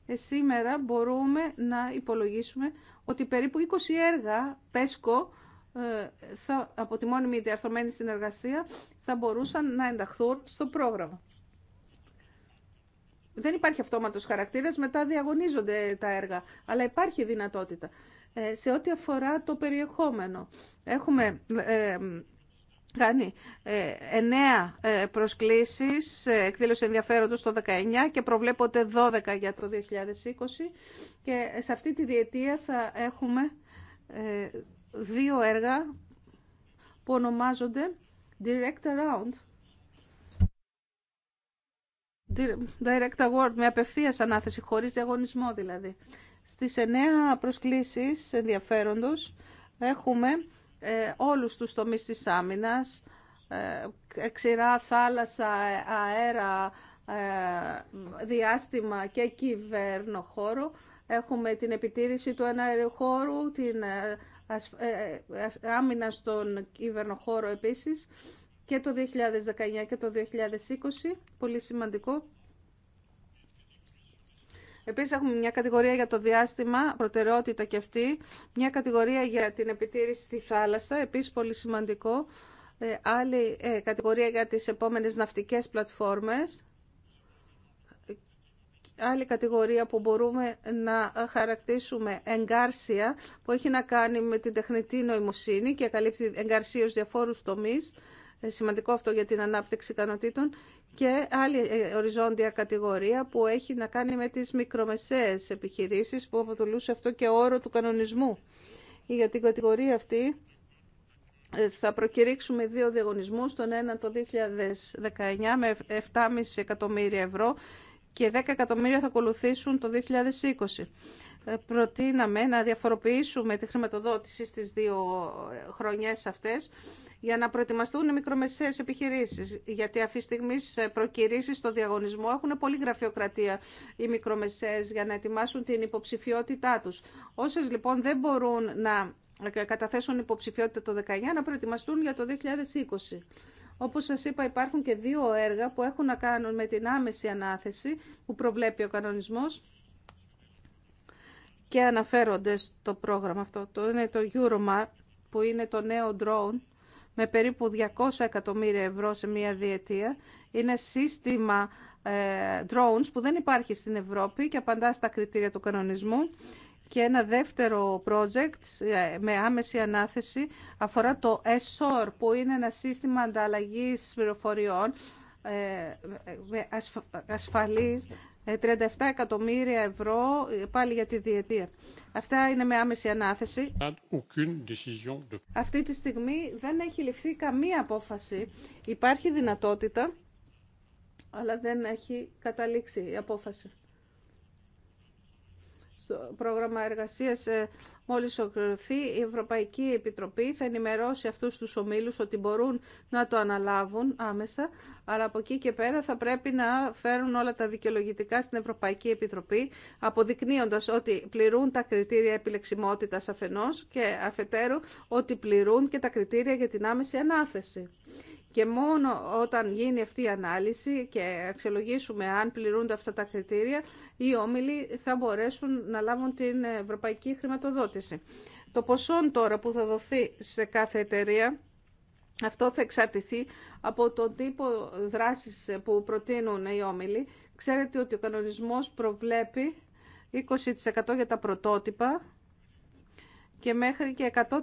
Ε, σήμερα μπορούμε να υπολογίσουμε ότι περίπου 20 έργα ΠΕΣΚΟ ε, θα, από τη μόνιμη διαρθρωμένη συνεργασία θα μπορούσαν να ενταχθούν στο πρόγραμμα. Δεν υπάρχει αυτόματος χαρακτήρας, μετά διαγωνίζονται τα έργα, αλλά υπάρχει δυνατότητα. Ε, σε ό,τι αφορά το περιεχόμενο. Έχουμε ε, κάνει ε, εννέα προσκλήσεις, εκδήλωση ενδιαφέροντος το 19 και προβλέπονται 12 για το 2020 και σε αυτή τη διετία θα έχουμε δύο έργα που ονομάζονται Direct Around Direct Award με απευθείας ανάθεση, χωρίς διαγωνισμό δηλαδή στις εννέα προσκλήσεις ενδιαφέροντος έχουμε ε, όλους τους τομείς της άμυνας, ε, ξηρά, θάλασσα, ε, αέρα, ε, διάστημα και κυβέρνοχώρο. Έχουμε την επιτήρηση του αναέριου χώρου, την άμυνα στον κυβερνοχώρο επίσης και το 2019 και το 2020, πολύ σημαντικό. Επίσης έχουμε μια κατηγορία για το διάστημα, προτεραιότητα και αυτή, μια κατηγορία για την επιτήρηση στη θάλασσα, επίσης πολύ σημαντικό, ε, άλλη ε, κατηγορία για τις επόμενες ναυτικές πλατφόρμες, άλλη κατηγορία που μπορούμε να χαρακτήσουμε εγκάρσια, που έχει να κάνει με την τεχνητή νοημοσύνη και καλύπτει εγκαρσίως διαφόρους τομείς, ε, σημαντικό αυτό για την ανάπτυξη ικανοτήτων, και άλλη ε, οριζόντια κατηγορία που έχει να κάνει με τις μικρομεσαίες επιχειρήσεις που αποτελούσε αυτό και όρο του κανονισμού. Για την κατηγορία αυτή ε, θα προκηρύξουμε δύο διαγωνισμούς, τον ένα το 2019 με 7,5 εκατομμύρια ευρώ και 10 εκατομμύρια θα ακολουθήσουν το 2020. Ε, προτείναμε να διαφοροποιήσουμε τη χρηματοδότηση στις δύο χρονιές αυτές για να προετοιμαστούν οι μικρομεσαίες επιχειρήσει, Γιατί αυτή τη στιγμή προκυρήσεις στο διαγωνισμό έχουν πολύ γραφειοκρατία οι μικρομεσαίες για να ετοιμάσουν την υποψηφιότητά του. Όσε λοιπόν δεν μπορούν να καταθέσουν υποψηφιότητα το 19 να προετοιμαστούν για το 2020. Όπως σας είπα υπάρχουν και δύο έργα που έχουν να κάνουν με την άμεση ανάθεση που προβλέπει ο κανονισμός και αναφέρονται στο πρόγραμμα αυτό. Το είναι το Euromar που είναι το νέο drone με περίπου 200 εκατομμύρια ευρώ σε μία διετία. Είναι σύστημα ε, drones που δεν υπάρχει στην Ευρώπη και απαντά στα κριτήρια του κανονισμού. Και ένα δεύτερο project ε, με άμεση ανάθεση αφορά το ESOR που είναι ένα σύστημα ανταλλαγής πληροφοριών ε, ασφαλής 37 ε, εκατομμύρια ευρώ ε, πάλι για τη διετία. Αυτά είναι με άμεση ανάθεση. Αυτή τη στιγμή δεν έχει ληφθεί καμία απόφαση. Υπάρχει δυνατότητα, αλλά δεν έχει καταλήξει η απόφαση στο πρόγραμμα εργασίας ε, μόλις ολοκληρωθεί, η Ευρωπαϊκή Επιτροπή θα ενημερώσει αυτούς τους ομίλους ότι μπορούν να το αναλάβουν άμεσα, αλλά από εκεί και πέρα θα πρέπει να φέρουν όλα τα δικαιολογητικά στην Ευρωπαϊκή Επιτροπή, αποδεικνύοντας ότι πληρούν τα κριτήρια επιλεξιμότητας αφενός και αφετέρου ότι πληρούν και τα κριτήρια για την άμεση ανάθεση. Και μόνο όταν γίνει αυτή η ανάλυση και αξιολογήσουμε αν πληρούνται αυτά τα κριτήρια, οι όμιλοι θα μπορέσουν να λάβουν την ευρωπαϊκή χρηματοδότηση. Το ποσό τώρα που θα δοθεί σε κάθε εταιρεία, αυτό θα εξαρτηθεί από τον τύπο δράσης που προτείνουν οι όμιλοι. Ξέρετε ότι ο κανονισμός προβλέπει 20% για τα πρωτότυπα και μέχρι και 100%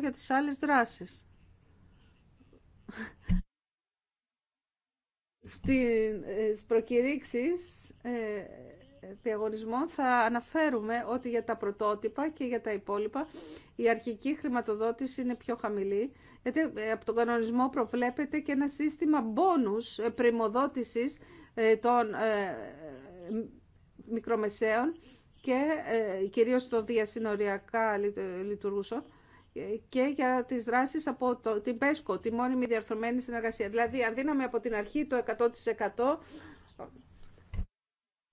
για τις άλλες δράσεις. Ε, στις προκηρύξεις διαγωνισμών ε, θα αναφέρουμε ότι για τα πρωτότυπα και για τα υπόλοιπα η αρχική χρηματοδότηση είναι πιο χαμηλή. Γιατί ε, από τον κανονισμό προβλέπεται και ένα σύστημα μπόνους πρημοδότησης των μικρομεσαίων και κυρίως των διασυνοριακά λειτουργούσα και για τις δράσει από το, την ΠΕΣΚΟ, τη μόνιμη διαρθρωμένη συνεργασία. Δηλαδή, αν δίναμε από την αρχή το 100%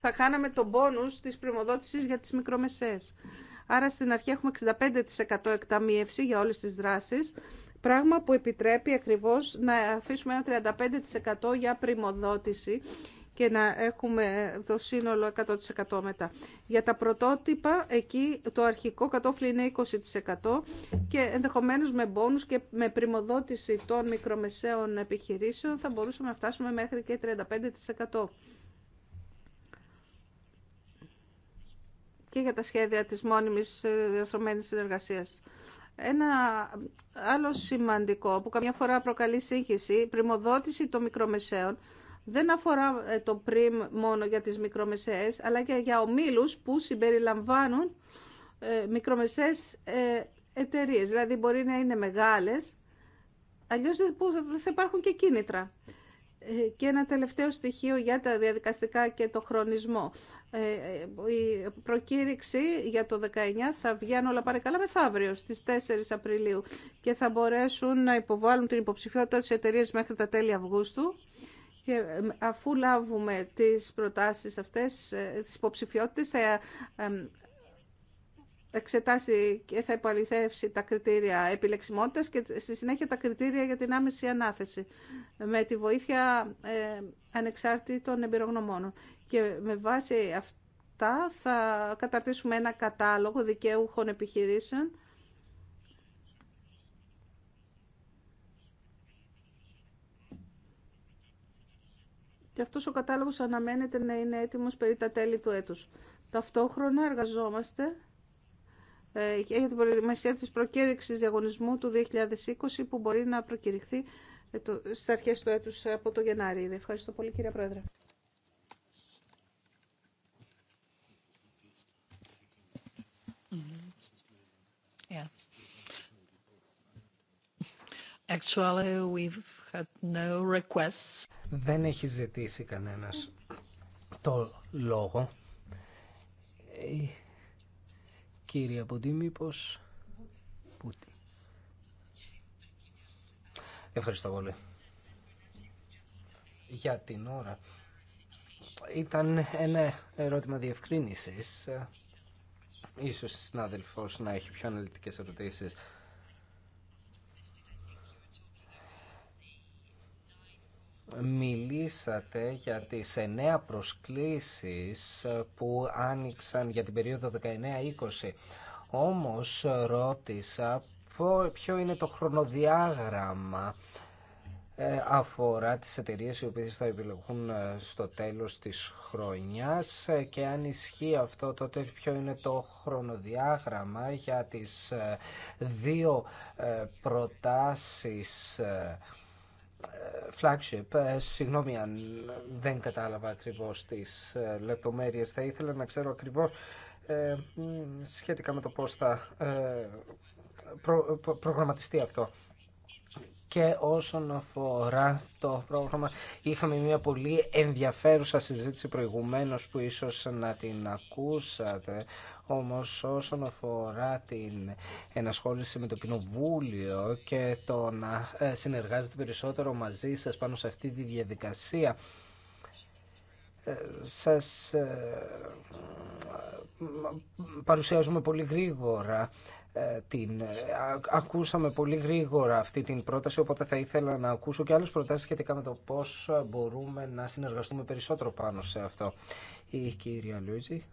θα χάναμε τον πόνου της πρημοδότηση για τις μικρομεσαίες. Άρα στην αρχή έχουμε 65% εκταμίευση για όλες τις δράσει, πράγμα που επιτρέπει ακριβώς να αφήσουμε ένα 35% για πρημοδότηση και να έχουμε το σύνολο 100% μετά. Για τα πρωτότυπα, εκεί το αρχικό κατόφλι είναι 20% και ενδεχομένως με μπόνους και με πρημοδότηση των μικρομεσαίων επιχειρήσεων θα μπορούσαμε να φτάσουμε μέχρι και 35%. και για τα σχέδια της μόνιμης ε, διορθωμένης συνεργασίας. Ένα άλλο σημαντικό που καμιά φορά προκαλεί σύγχυση, πρημοδότηση των μικρομεσαίων δεν αφορά ε, το πριμ μόνο για τις μικρομεσαίες, αλλά και για ομίλους που συμπεριλαμβάνουν ε, μικρομεσαίες ε, εταιρείε. Δηλαδή μπορεί να είναι μεγάλες, αλλιώς δεν θα υπάρχουν και κίνητρα. Και ένα τελευταίο στοιχείο για τα διαδικαστικά και το χρονισμό. Η προκήρυξη για το 19 θα βγαίνει όλα πάρα καλά μεθαύριο στις 4 Απριλίου και θα μπορέσουν να υποβάλουν την υποψηφιότητα της εταιρείας μέχρι τα τέλη Αυγούστου και αφού λάβουμε τις προτάσεις αυτές, ε, τις υποψηφιότητες, θα εξετάσει και θα επαληθεύσει τα κριτήρια επιλεξιμότητας και στη συνέχεια τα κριτήρια για την άμεση ανάθεση με τη βοήθεια ε, ανεξάρτητων εμπειρογνωμών. Και με βάση αυτά θα καταρτήσουμε ένα κατάλογο δικαίουχων επιχειρήσεων και αυτός ο κατάλογος αναμένεται να είναι έτοιμος περί τα τέλη του έτους. Ταυτόχρονα εργαζόμαστε ε, για την προετοιμασία της προκήρυξης διαγωνισμού του 2020 που μπορεί να προκηρυχθεί ε, στις αρχές του έτους από το Γενάρη. Ευχαριστώ πολύ κύριε Πρόεδρε. Mm-hmm. Actually, δεν έχει ζητήσει κανένας το λόγο. Ε, κύριε Ποντή, μήπως... Ευχαριστώ πολύ. Για την ώρα. Ήταν ένα ερώτημα διευκρίνησης. Ίσως η συνάδελφος να έχει πιο αναλυτικές ερωτήσεις. μιλήσατε για τις εννέα προσκλήσεις που άνοιξαν για την περίοδο 19-20. Όμως ρώτησα ποιο είναι το χρονοδιάγραμμα ε, αφορά τις εταιρείες οι οποίες θα επιλεγούν ε, στο τέλος της χρονιάς ε, και αν ισχύει αυτό τότε ποιο είναι το χρονοδιάγραμμα για τις δύο προτάσεις flagship. Ε, συγγνώμη αν δεν κατάλαβα ακριβώς τις ε, λεπτομέρειες. Θα ήθελα να ξέρω ακριβώς ε, σχετικά με το πώς θα προγραμματιστεί αυτό. Και όσον αφορά το πρόγραμμα, είχαμε μια πολύ ενδιαφέρουσα συζήτηση προηγουμένως που ίσως να την ακούσατε όμως όσον αφορά την ενασχόληση με το Κοινοβούλιο και το να ε, συνεργάζεται περισσότερο μαζί σας πάνω σε αυτή τη διαδικασία, ε, σας ε, παρουσιάζουμε πολύ γρήγορα την... Ακούσαμε πολύ γρήγορα αυτή την πρόταση, οπότε θα ήθελα να ακούσω και άλλες προτάσεις σχετικά με το πώς μπορούμε να συνεργαστούμε περισσότερο πάνω σε αυτό. Η κυρία Λούιζη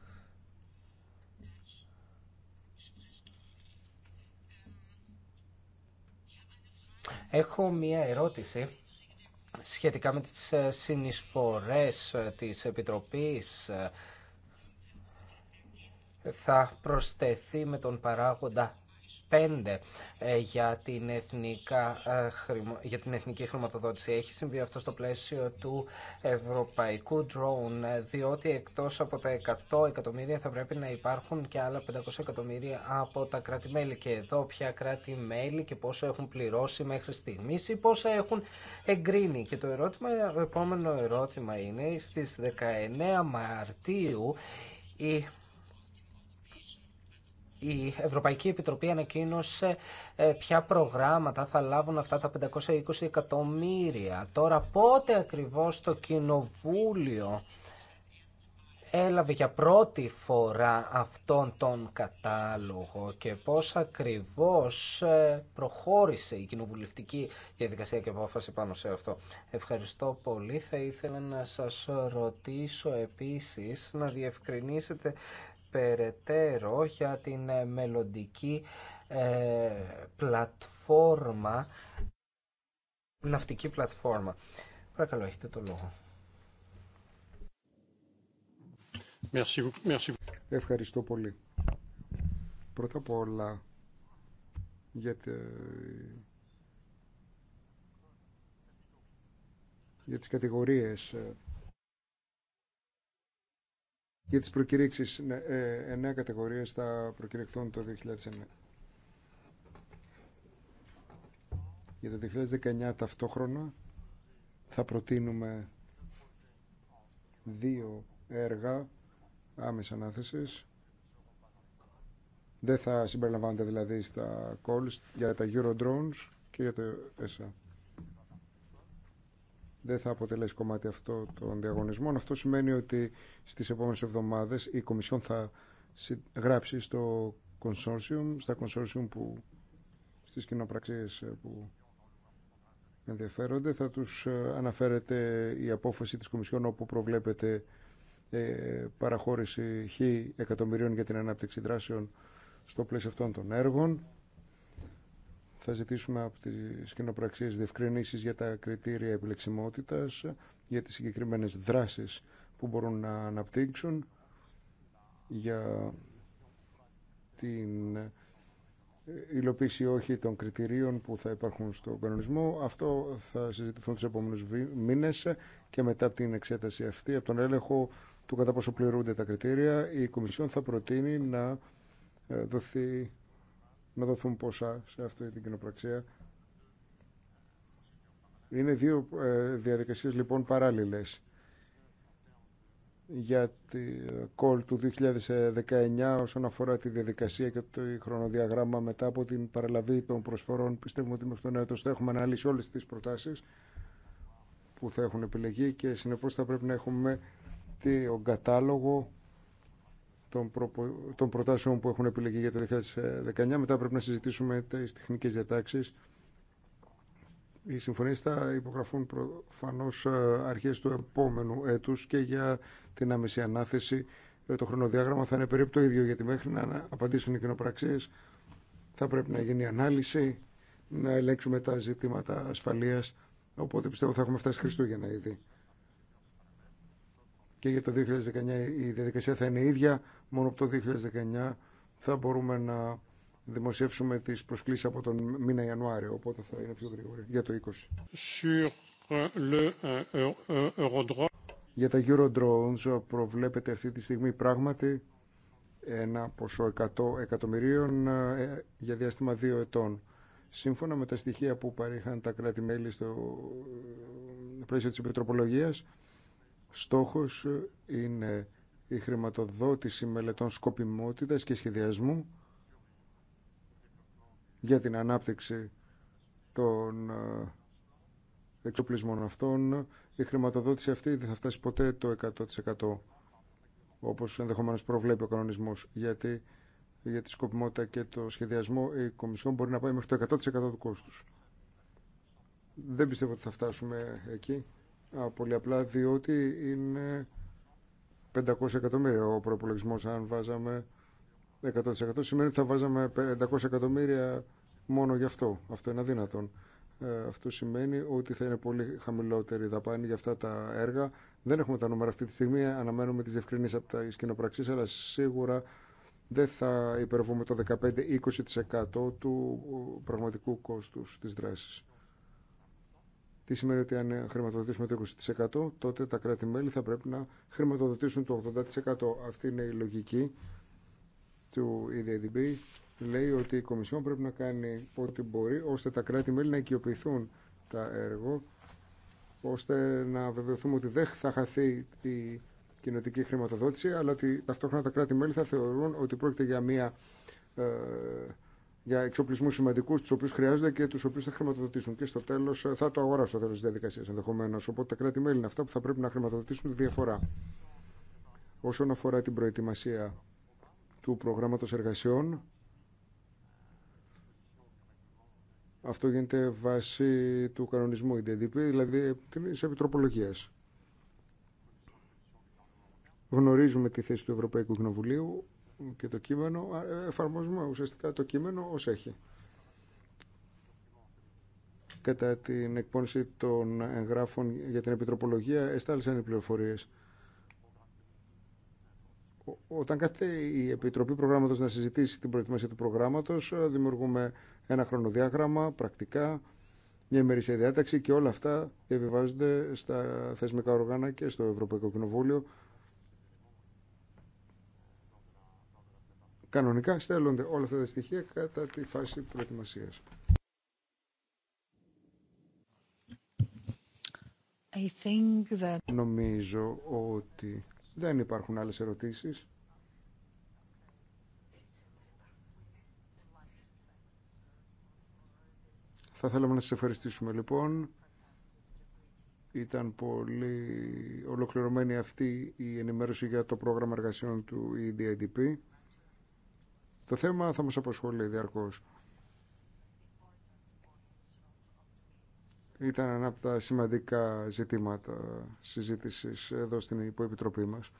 Έχω μία ερώτηση σχετικά με τις ε, συνεισφορές ε, της Επιτροπής ε, θα προσθεθεί με τον παράγοντα 5 ε, για την, εθνικά, ε, για την εθνική χρηματοδότηση. Έχει συμβεί αυτό στο πλαίσιο του ευρωπαϊκού drone, ε, διότι εκτός από τα 100 εκατομμύρια θα πρέπει να υπάρχουν και άλλα 500 εκατομμύρια από τα κράτη-μέλη. Και εδώ ποια κράτη-μέλη και πόσο έχουν πληρώσει μέχρι στιγμής ή πόσα έχουν εγκρίνει. Και το ερώτημα, επόμενο ερώτημα είναι στις 19 Μαρτίου η η Ευρωπαϊκή Επιτροπή ανακοίνωσε ε, ποια προγράμματα θα λάβουν αυτά τα 520 εκατομμύρια. Τώρα πότε ακριβώς το Κοινοβούλιο έλαβε για πρώτη φορά αυτόν τον κατάλογο και πώς ακριβώς ε, προχώρησε η κοινοβουλευτική διαδικασία και απόφαση πάνω σε αυτό. Ευχαριστώ πολύ. Θα ήθελα να σας ρωτήσω επίσης να διευκρινίσετε περαιτέρω για την ε, μελλοντική ε, πλατφόρμα, ναυτική πλατφόρμα. Παρακαλώ, έχετε το λόγο. Ευχαριστώ πολύ. Πρώτα απ' όλα για, για τις κατηγορίες ε, για τις προκηρύξεις, ναι, ε, εννέα κατηγορίες θα προκηρυχθούν το 2009. Για το 2019 ταυτόχρονα θα προτείνουμε δύο έργα άμεσα ανάθεσης. Δεν θα συμπεριλαμβάνονται δηλαδή στα calls για τα Eurodrones και για το ESA δεν θα αποτελέσει κομμάτι αυτό των διαγωνισμών. Αυτό σημαίνει ότι στις επόμενες εβδομάδες η Κομισιόν θα γράψει στο consortium, στα consortium που στις κοινοπραξίες που ενδιαφέρονται. Θα τους ε, αναφέρεται η απόφαση της Κομισιόν όπου προβλέπεται ε, παραχώρηση χ εκατομμυρίων για την ανάπτυξη δράσεων στο πλαίσιο αυτών των έργων θα ζητήσουμε από τις κοινοπραξίες διευκρινήσεις για τα κριτήρια επιλεξιμότητας, για τις συγκεκριμένες δράσεις που μπορούν να αναπτύξουν, για την υλοποίηση όχι των κριτηρίων που θα υπάρχουν στον κανονισμό. Αυτό θα συζητηθούν τους επόμενους μήνες και μετά από την εξέταση αυτή, από τον έλεγχο του κατά πόσο πληρούνται τα κριτήρια, η Κομισιόν θα προτείνει να ε, δοθεί να δοθούν ποσά σε αυτή την κοινοπραξία. Είναι δύο ε, διαδικασίες λοιπόν παράλληλες. Για τη ε, call του 2019 όσον αφορά τη διαδικασία και το χρονοδιαγράμμα μετά από την παραλαβή των προσφορών πιστεύουμε ότι μέχρι τον έτος θα έχουμε αναλύσει όλες τις προτάσεις που θα έχουν επιλεγεί και συνεπώς θα πρέπει να έχουμε τον κατάλογο των, προπο... των προτάσεων που έχουν επιλεγεί για το 2019. Μετά πρέπει να συζητήσουμε τις τεχνικές διατάξεις. Οι συμφωνίες θα υπογραφούν προφανώς ε, αρχές του επόμενου έτους και για την άμεση ανάθεση. Ε, το χρονοδιάγραμμα θα είναι περίπου το ίδιο γιατί μέχρι να απαντήσουν οι κοινοπραξίες θα πρέπει να γίνει ανάλυση, να ελέγξουμε τα ζητήματα ασφαλείας. Οπότε πιστεύω θα έχουμε φτάσει Χριστούγεννα ήδη. Και για το 2019 η διαδικασία θα είναι ίδια μόνο από το 2019 θα μπορούμε να δημοσιεύσουμε τις προσκλήσεις από τον μήνα Ιανουάριο, οπότε θα είναι πιο γρήγορη για το 20. Euh, euh, euh, για τα Eurodrones προβλέπεται αυτή τη στιγμή πράγματι ένα ποσό 100 εκατομμυρίων ε, για διάστημα δύο ετών. Σύμφωνα με τα στοιχεία που παρήχαν τα κράτη-μέλη στο ε, πλαίσιο της Επιτροπολογίας, στόχος ε, είναι η χρηματοδότηση μελετών σκοπιμότητας και σχεδιασμού για την ανάπτυξη των ε, εξοπλισμών αυτών. Η χρηματοδότηση αυτή δεν θα φτάσει ποτέ το 100% όπως ενδεχομένως προβλέπει ο κανονισμός γιατί για τη σκοπιμότητα και το σχεδιασμό η Κομισιόν μπορεί να πάει μέχρι το 100% του κόστους. Δεν πιστεύω ότι θα φτάσουμε εκεί, πολύ απλά διότι είναι 500 εκατομμύρια ο προπολογισμό. Αν βάζαμε 100% σημαίνει ότι θα βάζαμε 500 εκατομμύρια μόνο γι' αυτό. Αυτό είναι αδύνατον. Ε, αυτό σημαίνει ότι θα είναι πολύ χαμηλότερη δαπάνη για αυτά τα έργα. Δεν έχουμε τα νούμερα αυτή τη στιγμή. Αναμένουμε τι διευκρινήσει από τα κοινοπραξίε, αλλά σίγουρα δεν θα υπερβούμε το 15-20% του πραγματικού κόστου τη δράση. Τι σημαίνει ότι αν χρηματοδοτήσουμε το 20% τότε τα κράτη-μέλη θα πρέπει να χρηματοδοτήσουν το 80%. Αυτή είναι η λογική του EDDB. Λέει ότι η Κομισιόν πρέπει να κάνει ό,τι μπορεί ώστε τα κράτη-μέλη να οικειοποιηθούν τα έργο ώστε να βεβαιωθούμε ότι δεν θα χαθεί η κοινωτική χρηματοδότηση αλλά ότι ταυτόχρονα τα κράτη-μέλη θα θεωρούν ότι πρόκειται για μια ε, για εξοπλισμού σημαντικού, του οποίου χρειάζονται και του οποίου θα χρηματοδοτήσουν. Και στο τέλο ε, θα το αγοράσω, στο τέλο τη διαδικασία ενδεχομένω. Οπότε τα κράτη-μέλη είναι αυτά που θα πρέπει να χρηματοδοτήσουν τη διαφορά. Όσον αφορά την προετοιμασία του προγράμματος εργασιών, αυτό γίνεται βάσει του κανονισμού IDDP, δηλαδή της επιτροπολογία. Γνωρίζουμε τη θέση του Ευρωπαϊκού Κοινοβουλίου, και το κείμενο, εφαρμόζουμε ουσιαστικά το κείμενο ως έχει. Κατά την εκπόνηση των εγγράφων για την επιτροπολογία εστάλησαν οι πληροφορίες. Όταν κάθε η Επιτροπή Προγράμματος να συζητήσει την προετοιμασία του προγράμματος, δημιουργούμε ένα χρονοδιάγραμμα, πρακτικά, μια ημερήσια διάταξη και όλα αυτά διαβιβάζονται στα θεσμικά οργάνα και στο Ευρωπαϊκό Κοινοβούλιο Κανονικά στέλνονται όλα αυτά τα στοιχεία κατά τη φάση προετοιμασίας. that... Νομίζω ότι δεν υπάρχουν άλλες ερωτήσεις. Θα θέλαμε να σας ευχαριστήσουμε λοιπόν. Ήταν πολύ ολοκληρωμένη αυτή η ενημέρωση για το πρόγραμμα εργασιών του EDIDP. Το θέμα θα μας απασχολεί διαρκώς. Ήταν ένα από τα σημαντικά ζητήματα συζήτησης εδώ στην υποεπιτροπή μας.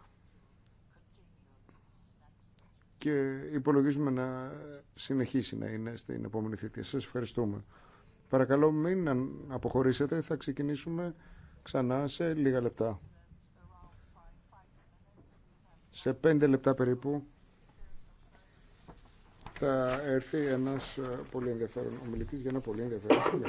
Και υπολογίζουμε να συνεχίσει να είναι στην επόμενη θητεία. Σας ευχαριστούμε. Παρακαλώ μην αποχωρήσετε, θα ξεκινήσουμε ξανά σε λίγα λεπτά. Σε πέντε λεπτά περίπου θα έρθει ένας ε, πολύ ενδιαφέρον ομιλητής για ένα πολύ ενδιαφέρον σχολείο.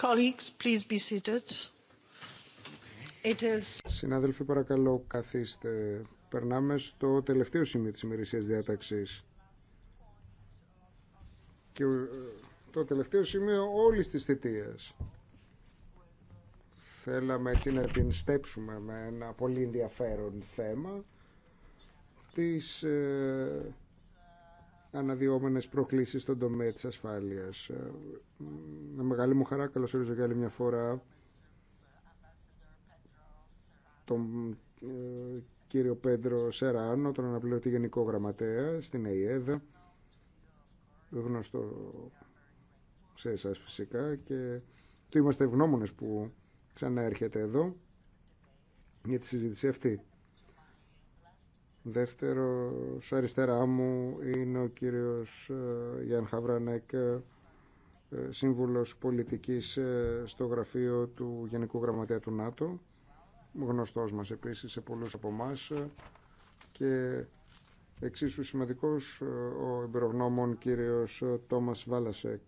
Colleagues, Συνάδελφοι, παρακαλώ, καθίστε. Περνάμε στο τελευταίο σημείο της ημερησίας διάταξης. Και ε, το τελευταίο σημείο όλης της θητείας. Θέλαμε έτσι να την στέψουμε με ένα πολύ ενδιαφέρον θέμα της ε, αναδυόμενες προκλήσεις στον τομέα της ασφάλειας. Ε, με μεγάλη μου χαρά καλωσορίζω για άλλη μια φορά τον ε, κύριο Πέντρο Σεράνο, τον αναπληρωτή Γενικό Γραμματέα στην ΕΙΕΔ, γνωστό σε εσάς φυσικά και του είμαστε ευγνώμονες που ξανά έρχεται εδώ για τη συζήτηση αυτή. Δεύτερο, αριστερά μου είναι ο κύριος ε, Γιάν Χαβρανέκ, ε, σύμβουλος πολιτικής ε, στο γραφείο του Γενικού Γραμματέα του ΝΑΤΟ, γνωστός μας επίσης σε πολλούς από εμά και εξίσου σημαντικός ο εμπειρογνώμων κύριος Τόμας Βάλασεκ,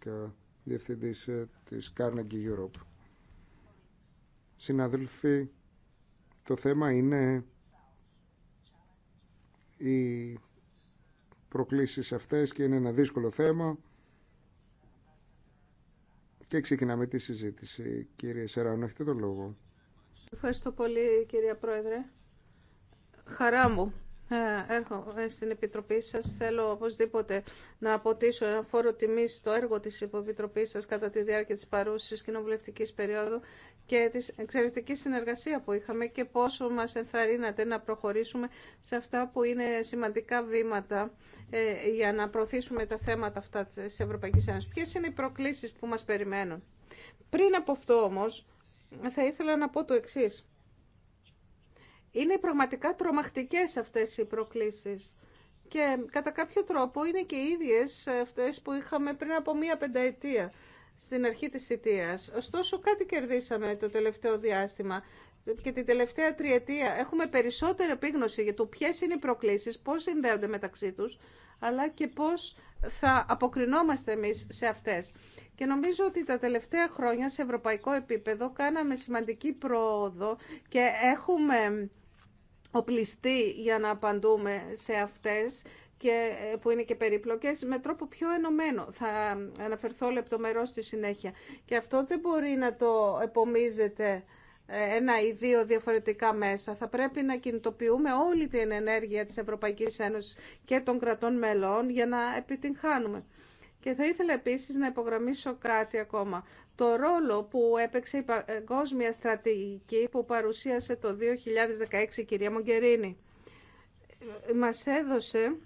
διευθυντής της Carnegie Europe. Συναδελφοί, το θέμα είναι οι προκλήσεις αυτές και είναι ένα δύσκολο θέμα και ξεκινάμε τη συζήτηση. Κύριε Σεράνο, έχετε το λόγο. Ευχαριστώ πολύ κυρία Πρόεδρε. Χαρά μου. Ε, έρχομαι στην Επιτροπή σας. Θέλω οπωσδήποτε να αποτίσω ένα φόρο τιμής στο έργο της Επιτροπής σας κατά τη διάρκεια της παρούσης κοινοβουλευτικής περίοδου και τη εξαιρετική συνεργασία που είχαμε και πόσο μας ενθαρρύνατε να προχωρήσουμε σε αυτά που είναι σημαντικά βήματα ε, για να προωθήσουμε τα θέματα αυτά της Ευρωπαϊκής Ένωσης. Ποιες είναι οι προκλήσεις που μας περιμένουν. Πριν από αυτό όμως, θα ήθελα να πω το εξής. Είναι πραγματικά τρομακτικές αυτές οι προκλήσεις. Και κατά κάποιο τρόπο είναι και οι ίδιες αυτές που είχαμε πριν από μία πενταετία στην αρχή της θητείας. Ωστόσο κάτι κερδίσαμε το τελευταίο διάστημα και την τελευταία τριετία. Έχουμε περισσότερη επίγνωση για το ποιες είναι οι προκλήσεις, πώς συνδέονται μεταξύ τους, αλλά και πώς θα αποκρινόμαστε εμείς σε αυτές. Και νομίζω ότι τα τελευταία χρόνια σε ευρωπαϊκό επίπεδο κάναμε σημαντική πρόοδο και έχουμε οπλιστεί για να απαντούμε σε αυτές ε, που είναι και περίπλοκες με τρόπο πιο ενωμένο. Θα αναφερθώ λεπτομερώς στη συνέχεια. Και αυτό δεν μπορεί να το επομίζεται ε, ένα ή δύο διαφορετικά μέσα. Θα πρέπει να κινητοποιούμε όλη την ενέργεια της Ευρωπαϊκής Ένωσης και των κρατών μελών για να επιτυγχάνουμε. Και θα ήθελα επίσης να υπογραμμίσω κάτι ακόμα. Το ρόλο που έπαιξε η παγκόσμια στρατηγική που παρουσίασε το 2016 η κυρία Μογκερίνη ε, μας έδωσε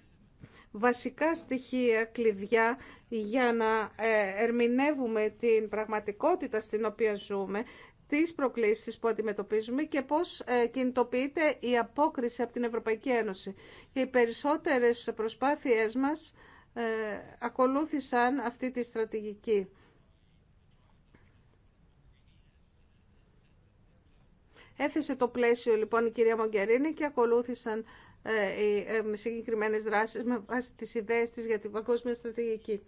βασικά στοιχεία, κλειδιά για να ε, ερμηνεύουμε την πραγματικότητα στην οποία ζούμε, τις προκλήσεις που αντιμετωπίζουμε και πώς ε, κινητοποιείται η απόκριση από την Ευρωπαϊκή Ένωση. Και οι περισσότερες προσπάθειές μας ε, ακολούθησαν αυτή τη στρατηγική. Έθεσε το πλαίσιο λοιπόν η κυρία Μογκερίνη και ακολούθησαν ε, ε, με συγκεκριμένες δράσεις με βάση τις ιδέες της για την παγκόσμια στρατηγική.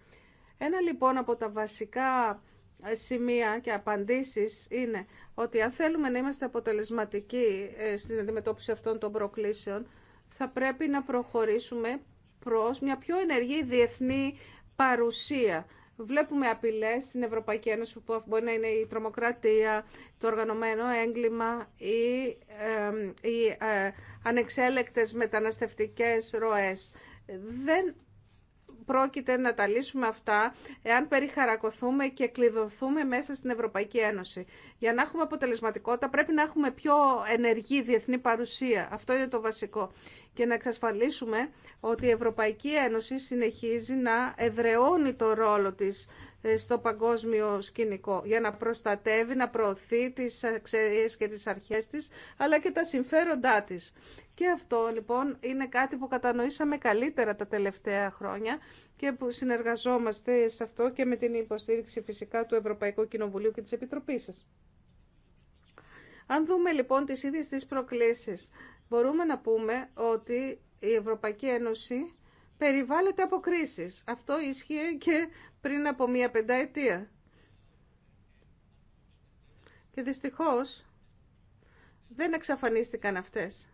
Ένα λοιπόν από τα βασικά ε, σημεία και απαντήσεις είναι ότι αν θέλουμε να είμαστε αποτελεσματικοί στην αντιμετώπιση αυτών των προκλήσεων, θα πρέπει να προχωρήσουμε προς μια πιο ενεργή διεθνή παρουσία Βλέπουμε απειλέ στην Ευρωπαϊκή Ένωση που μπορεί να είναι η τρομοκρατία, το οργανωμένο έγκλημα ή οι ε, ανεξέλεκτες μεταναστευτικές ροές. Δεν πρόκειται να τα λύσουμε αυτά εάν περιχαρακωθούμε και κλειδωθούμε μέσα στην Ευρωπαϊκή Ένωση. Για να έχουμε αποτελεσματικότητα πρέπει να έχουμε πιο ενεργή διεθνή παρουσία. Αυτό είναι το βασικό. Και να εξασφαλίσουμε ότι η Ευρωπαϊκή Ένωση συνεχίζει να εδρεώνει το ρόλο της ε, στο παγκόσμιο σκηνικό για να προστατεύει, να προωθεί τις αξίες και τις αρχές της αλλά και τα συμφέροντά της και αυτό λοιπόν είναι κάτι που κατανοήσαμε καλύτερα τα τελευταία χρόνια και που συνεργαζόμαστε σε αυτό και με την υποστήριξη φυσικά του Ευρωπαϊκού Κοινοβουλίου και της Επιτροπής σας. Αν δούμε λοιπόν τις ίδιες τις προκλήσεις, μπορούμε να πούμε ότι η Ευρωπαϊκή Ένωση περιβάλλεται από κρίσεις. Αυτό ίσχυε και πριν από μία πενταετία. Και δυστυχώς δεν εξαφανίστηκαν αυτές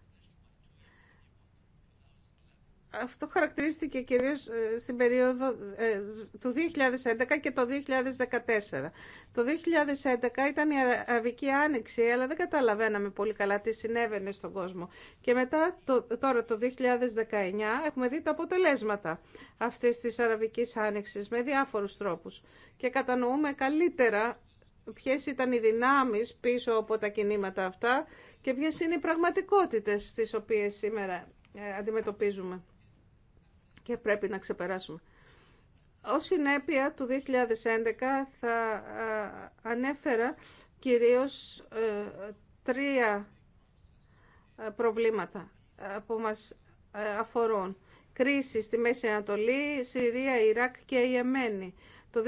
αυτό χαρακτηρίστηκε κυρίως ε, στην περίοδο ε, του 2011 και το 2014. Το 2011 ήταν η Αραβική Άνοιξη, αλλά δεν καταλαβαίναμε πολύ καλά τι συνέβαινε στον κόσμο. Και μετά τώρα το 2019 έχουμε δει τα αποτελέσματα αυτής της Αραβικής Άνοιξης με διάφορους τρόπους. Και κατανοούμε καλύτερα ποιες ήταν οι δυνάμεις πίσω από τα κινήματα αυτά και ποιες είναι οι πραγματικότητες στις οποίες σήμερα ε, αντιμετωπίζουμε και πρέπει να ξεπεράσουμε. Ως συνέπεια του 2011 θα ανέφερα κυρίως ε, τρία ε, προβλήματα ε, που μας αφορούν. Κρίση στη Μέση Ανατολή, Συρία, Ιράκ και η Εμένη. Το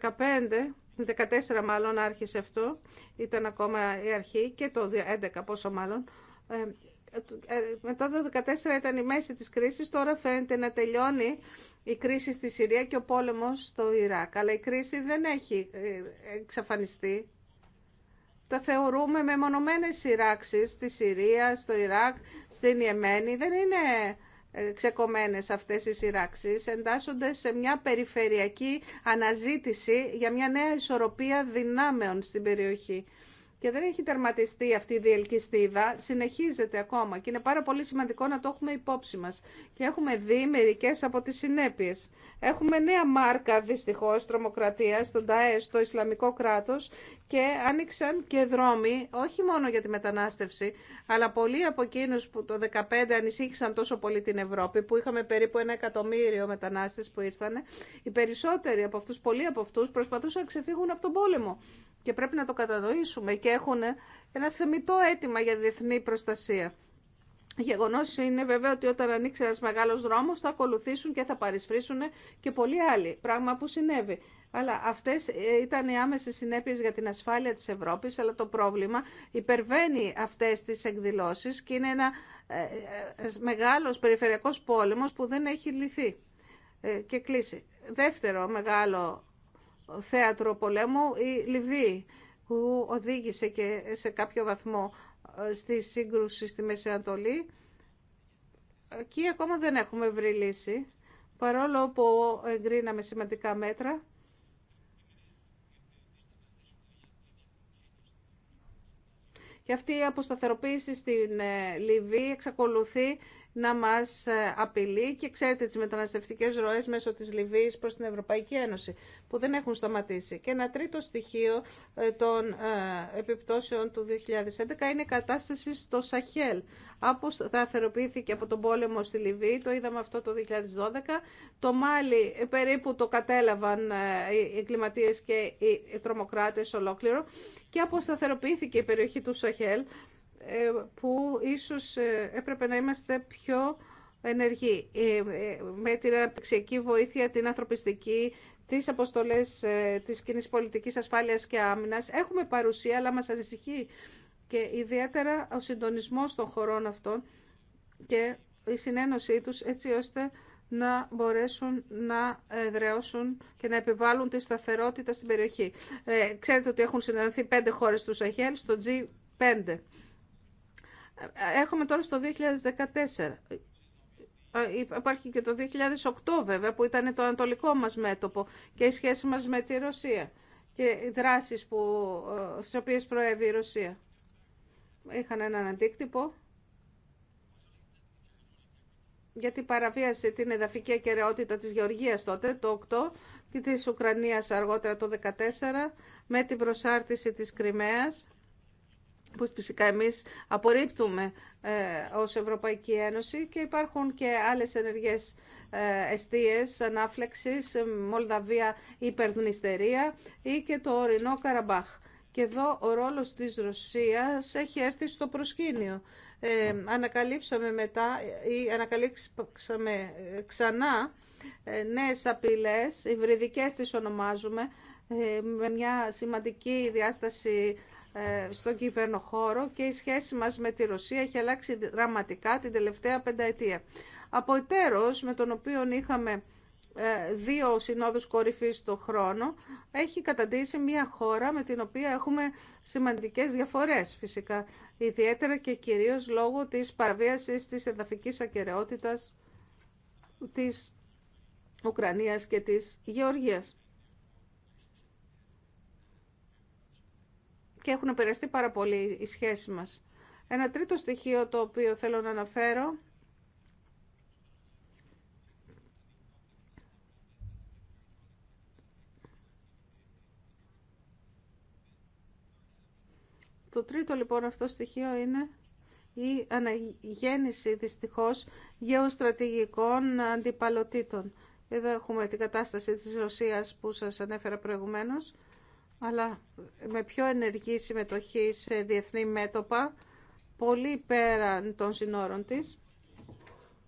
2015, 14 μάλλον άρχισε αυτό, ήταν ακόμα η αρχή και το 2011 πόσο μάλλον, μετά το 2014 ήταν η μέση της κρίσης, τώρα φαίνεται να τελειώνει η κρίση στη Συρία και ο πόλεμος στο Ιράκ. Αλλά η κρίση δεν έχει ε, εξαφανιστεί. Τα θεωρούμε με μονομένες σειράξεις στη Συρία, στο Ιράκ, στην Ιεμένη. Δεν είναι ε, ξεκομμένες αυτές οι σειράξεις, εντάσσονται σε μια περιφερειακή αναζήτηση για μια νέα ισορροπία δυνάμεων στην περιοχή και δεν έχει τερματιστεί αυτή η διελκυστίδα, συνεχίζεται ακόμα και είναι πάρα πολύ σημαντικό να το έχουμε υπόψη μας. Και έχουμε δει μερικέ από τις συνέπειες. Έχουμε νέα μάρκα δυστυχώς τρομοκρατία στον ΤΑΕΣ, στο Ισλαμικό κράτος και άνοιξαν και δρόμοι όχι μόνο για τη μετανάστευση, αλλά πολλοί από εκείνου που το 2015 ανησύχησαν τόσο πολύ την Ευρώπη, που είχαμε περίπου ένα εκατομμύριο μετανάστες που ήρθαν, οι περισσότεροι από αυτούς, πολλοί από αυτούς προσπαθούσαν να ξεφύγουν από τον πόλεμο και πρέπει να το κατανοήσουμε και έχουν ένα θεμητό αίτημα για διεθνή προστασία. Γεγονό είναι βέβαια ότι όταν ανοίξει ένα μεγάλο δρόμο θα ακολουθήσουν και θα παρισφρήσουν και πολλοί άλλοι. Πράγμα που συνέβη. Αλλά αυτέ ε, ήταν οι άμεσε συνέπειε για την ασφάλεια τη Ευρώπη. Αλλά το πρόβλημα υπερβαίνει αυτέ τι εκδηλώσει και είναι ένα ε, ε, μεγάλο περιφερειακό πόλεμο που δεν έχει λυθεί και κλείσει. Δεύτερο μεγάλο θέατρο πολέμου η Λιβύη που οδήγησε και σε κάποιο βαθμό ε, στη σύγκρουση στη Μέση Ανατολή. Εκεί ακόμα δεν έχουμε βρει λύση, παρόλο που εγκρίναμε σημαντικά μέτρα. Και αυτή η αποσταθεροποίηση στην ε, Λιβύη εξακολουθεί να μας ε, απειλεί και ξέρετε τις μεταναστευτικές ροές μέσω της Λιβύης προς την Ευρωπαϊκή Ένωση που δεν έχουν σταματήσει. Και ένα τρίτο στοιχείο ε, των ε, επιπτώσεων του 2011 είναι η κατάσταση στο Σαχέλ. Από σταθεροποιήθηκε από τον πόλεμο στη Λιβύη, το είδαμε αυτό το 2012. Το Μάλι περίπου το κατέλαβαν οι εγκληματίες και οι τρομοκράτες ολόκληρο και αποσταθεροποιήθηκε η περιοχή του Σαχέλ ε, που ίσως ε, έπρεπε να είμαστε πιο ενεργοί ε, με την αναπτυξιακή βοήθεια, την ανθρωπιστική, τις αποστολές της κοινή πολιτικής ασφάλειας και άμυνας. Έχουμε παρουσία, αλλά μας ανησυχεί και ιδιαίτερα ο συντονισμός των χωρών αυτών και η συνένωσή τους έτσι ώστε να μπορέσουν να εδραιώσουν και να επιβάλλουν τη σταθερότητα στην περιοχή. ξέρετε ότι έχουν συνενωθεί πέντε χώρες του Σαχέλ στο G5. Έρχομαι τώρα στο 2014. Ε, υπάρχει και το 2008 βέβαια που ήταν το ανατολικό μας μέτωπο και η σχέση μας με τη Ρωσία και οι δράσεις που, ε, στις οποίες προέβη η Ρωσία. Είχαν έναν αντίκτυπο γιατί παραβίασε την εδαφική ακαιρεότητα της Γεωργίας τότε, το 8, και της Ουκρανίας αργότερα το 14, με την προσάρτηση της Κρυμαίας που φυσικά εμείς απορρίπτουμε ε, ως Ευρωπαϊκή Ένωση και υπάρχουν και άλλες ενεργές εστίες ανάφλεξης, ε, Μολδαβία, Υπερδνηστερία ή και το ορεινό Καραμπάχ. Και εδώ ο ρόλος της Ρωσίας έχει έρθει στο προσκήνιο. Ε, ανακαλύψαμε μετά ή ανακαλύψαμε ε, ξανά νέες απειλές, υβριδικές τις ονομάζουμε, με μια σημαντική διάσταση ε, στον κυβέρνοχώρο και η σχέση μας με τη Ρωσία έχει αλλάξει δραματικά την τελευταία πενταετία. Από εταίρος με τον οποίο είχαμε ε, δύο συνόδους κορυφής το χρόνο, έχει καταντήσει μια χώρα με την οποία έχουμε σημαντικές διαφορές φυσικά, ιδιαίτερα και κυρίως λόγω της παραβίασης της εδαφικής ακαιρεότητας της Ουκρανίας και της Γεωργίας. και έχουν επηρεαστεί πάρα πολύ οι σχέσεις μας. Ένα τρίτο στοιχείο το οποίο θέλω να αναφέρω Το τρίτο λοιπόν αυτό στοιχείο είναι η αναγέννηση δυστυχώς γεωστρατηγικών αντιπαλωτήτων. Εδώ έχουμε την κατάσταση της Ρωσίας που σας ανέφερα προηγουμένως αλλά με πιο ενεργή συμμετοχή σε διεθνή μέτωπα, πολύ πέραν των συνόρων της.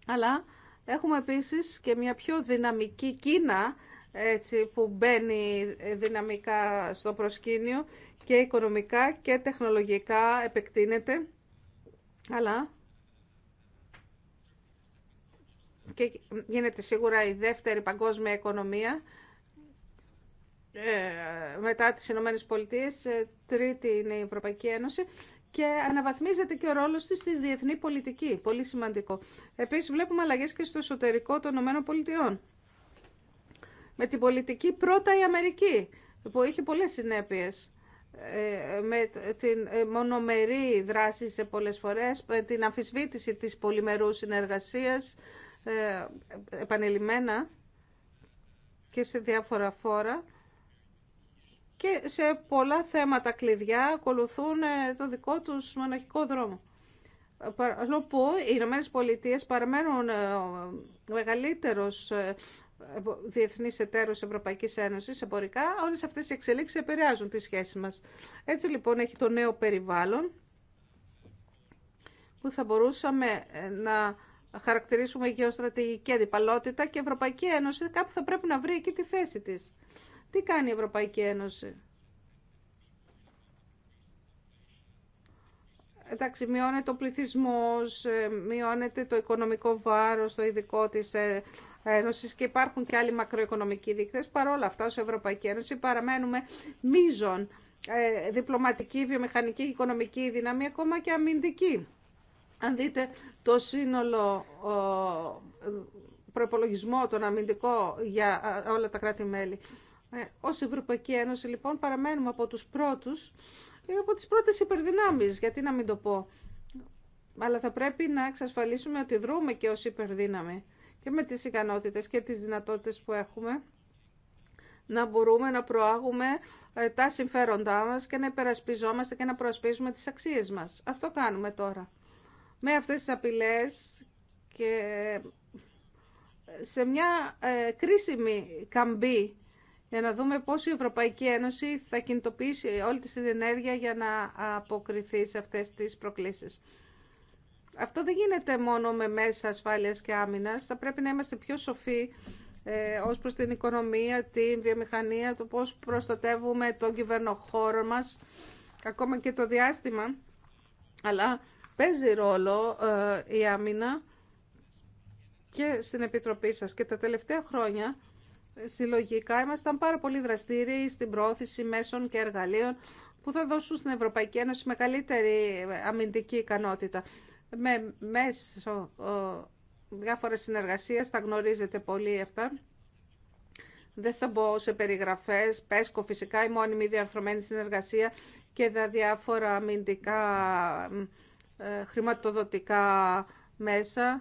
Αλλά έχουμε επίσης και μια πιο δυναμική Κίνα, έτσι, που μπαίνει δυναμικά στο προσκήνιο και οικονομικά και τεχνολογικά επεκτείνεται, αλλά και γίνεται σίγουρα η δεύτερη παγκόσμια οικονομία ε, μετά τις Ηνωμένες Πολιτείες, ε, τρίτη είναι η Ευρωπαϊκή Ένωση και αναβαθμίζεται και ο ρόλος της στη διεθνή πολιτική. Πολύ σημαντικό. Επίσης βλέπουμε αλλαγές και στο εσωτερικό των Ηνωμένων Πολιτειών. Με την πολιτική πρώτα η Αμερική, που είχε πολλές συνέπειες ε, με την μονομερή δράση σε πολλές φορές, με την αμφισβήτηση της πολυμερού συνεργασίας επανελειμμένα και σε διάφορα φόρα και σε πολλά θέματα κλειδιά ακολουθούν ε, το δικό τους μοναχικό δρόμο. Παρόλο που οι Ηνωμένε Πολιτείε παραμένουν ε, ο μεγαλύτερος ε, διεθνή εταίρο Ευρωπαϊκή Ένωση εμπορικά, όλε αυτέ οι εξελίξει επηρεάζουν τη σχέση μα. Έτσι λοιπόν έχει το νέο περιβάλλον που θα μπορούσαμε να χαρακτηρίσουμε γεωστρατηγική αντιπαλότητα και η Ευρωπαϊκή Ένωση κάπου θα πρέπει να βρει εκεί τη θέση της. Τι κάνει η Ευρωπαϊκή Ένωση. Εντάξει, μειώνεται ο πληθυσμός, ε, μειώνεται το οικονομικό βάρος, το ειδικό της ε, Ένωσης και υπάρχουν και άλλοι μακροοικονομικοί δείκτες. Παρ' όλα αυτά, ως Ευρωπαϊκή Ένωση παραμένουμε μίζων ε, διπλωματική, βιομηχανική, οικονομική δύναμη, ακόμα και αμυντική. Αν δείτε το σύνολο προπολογισμό, τον αμυντικό για όλα τα κράτη-μέλη, ε, ως Ευρωπαϊκή Ένωση λοιπόν παραμένουμε από τους πρώτους ή ε, από τις πρώτες υπερδυνάμεις, γιατί να μην το πω. Αλλά θα πρέπει να εξασφαλίσουμε ότι δρούμε και ως υπερδύναμη και με τις ικανότητες και τις δυνατότητες που έχουμε να μπορούμε να προάγουμε ε, τα συμφέροντά μας και να υπερασπιζόμαστε και να προασπίζουμε τις αξίες μας. Αυτό κάνουμε τώρα. Με αυτές τις απειλές και ε, σε μια κρίσιμη καμπή για να δούμε πώς η Ευρωπαϊκή Ένωση θα κινητοποιήσει όλη τη την ενέργεια για να αποκριθεί σε αυτές τις προκλήσεις. Αυτό δεν γίνεται μόνο με μέσα ασφάλειας και άμυνας. Θα πρέπει να είμαστε πιο σοφοί ε, ως προς την οικονομία, την βιομηχανία, το πώς προστατεύουμε τον κυβερνοχώρο μας, ακόμα και το διάστημα. Αλλά παίζει ρόλο ε, η άμυνα και στην Επιτροπή σας. Και τα τελευταία χρόνια συλλογικά ήμασταν πάρα πολύ δραστήριοι στην πρόθεση μέσων και εργαλείων που θα δώσουν στην Ευρωπαϊκή Ένωση μεγαλύτερη αμυντική ικανότητα. Με μέσο διάφορα συνεργασία, τα γνωρίζετε πολύ αυτά. Δεν θα μπω σε περιγραφές, πέσκο φυσικά, η μόνιμη διαρθρωμένη συνεργασία και τα διάφορα αμυντικά ε, χρηματοδοτικά μέσα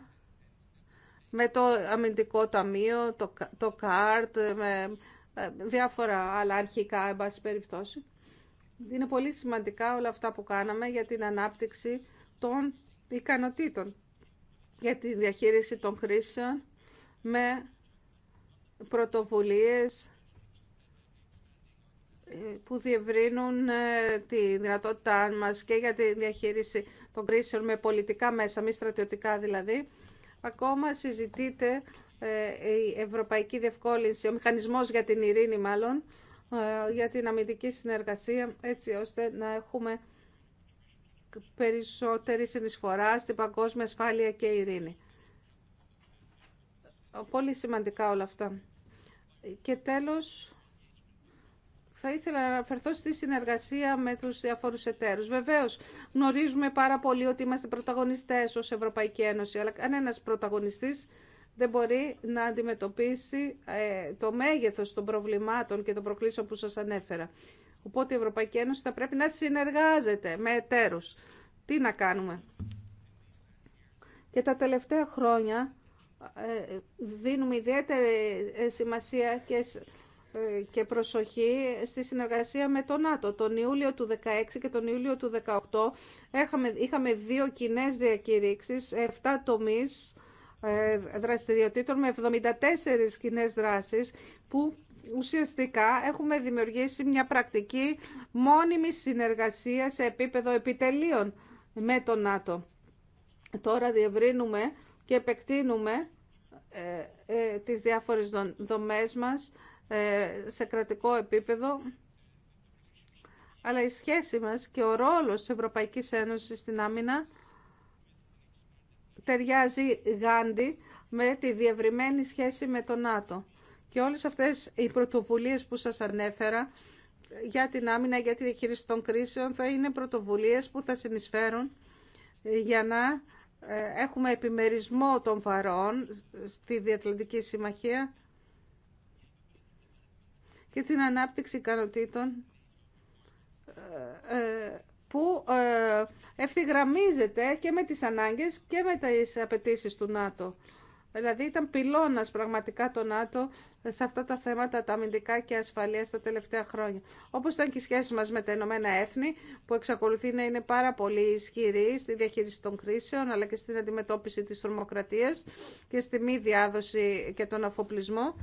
με το αμυντικό ταμείο, το, το ΚΑΡΤ, με ε, διάφορα άλλα αρχικά, εν πάση περιπτώσει. Είναι πολύ σημαντικά όλα αυτά που κάναμε για την ανάπτυξη των ικανοτήτων, για τη διαχείριση των χρήσεων με πρωτοβουλίες ε, που διευρύνουν ε, τη δυνατότητά μας και για τη διαχείριση των κρίσεων με πολιτικά μέσα, μη στρατιωτικά δηλαδή, Ακόμα συζητείται ε, η Ευρωπαϊκή Διευκόλυνση, ο Μηχανισμός για την Ειρήνη μάλλον, ε, για την αμυντική συνεργασία, έτσι ώστε να έχουμε περισσότερη συνεισφορά στην παγκόσμια ασφάλεια και ειρήνη. Πολύ σημαντικά όλα αυτά. Και τέλος, θα ήθελα να αναφερθώ στη συνεργασία με τους διαφορού εταίρου. Βεβαίως, γνωρίζουμε πάρα πολύ ότι είμαστε πρωταγωνιστές ως Ευρωπαϊκή Ένωση, αλλά κανένα πρωταγωνιστής δεν μπορεί να αντιμετωπίσει ε, το μέγεθος των προβλημάτων και των προκλήσεων που σας ανέφερα. Οπότε η Ευρωπαϊκή Ένωση θα πρέπει να συνεργάζεται με εταίρου. Τι να κάνουμε. Και τα τελευταία χρόνια ε, ε, δίνουμε ιδιαίτερη σημασία και ε, και προσοχή στη συνεργασία με τον ΝΑΤΟ. Τον Ιούλιο του 2016 και τον Ιούλιο του 2018 είχαμε, είχαμε δύο κοινέ διακηρύξεις, 7 τομείς ε, δραστηριοτήτων με 74 κοινέ δράσεις που ουσιαστικά έχουμε δημιουργήσει μια πρακτική μόνιμη συνεργασία σε επίπεδο επιτελείων με τον ΝΑΤΟ. Τώρα διευρύνουμε και επεκτείνουμε ε, τις διάφορες δομές μας ε, σε κρατικό επίπεδο, αλλά η σχέση μας και ο ρόλος της Ευρωπαϊκής Ένωσης στην άμυνα ταιριάζει γάντι με τη διευρυμένη σχέση με τον ΝΑΤΟ. Και όλες αυτές οι πρωτοβουλίες που σας ανέφερα για την άμυνα, για τη διαχείριση των κρίσεων θα είναι πρωτοβουλίες που θα συνεισφέρουν για να ε, έχουμε επιμερισμό των βαρών στη Διατλαντική Συμμαχία και την ανάπτυξη ικανοτήτων ε, ε, που ε, ευθυγραμμίζεται και με τις ανάγκες και με τις απαιτήσει του ΝΑΤΟ. Δηλαδή ήταν πυλώνας πραγματικά το ΝΑΤΟ σε αυτά τα θέματα τα αμυντικά και ασφαλεία τα τελευταία χρόνια. Όπως ήταν και η σχέση μας με τα Ηνωμένα Έθνη που εξακολουθεί να είναι πάρα πολύ ισχυρή στη διαχείριση των κρίσεων αλλά και στην αντιμετώπιση της τρομοκρατίας και στη μη διάδοση και τον αφοπλισμό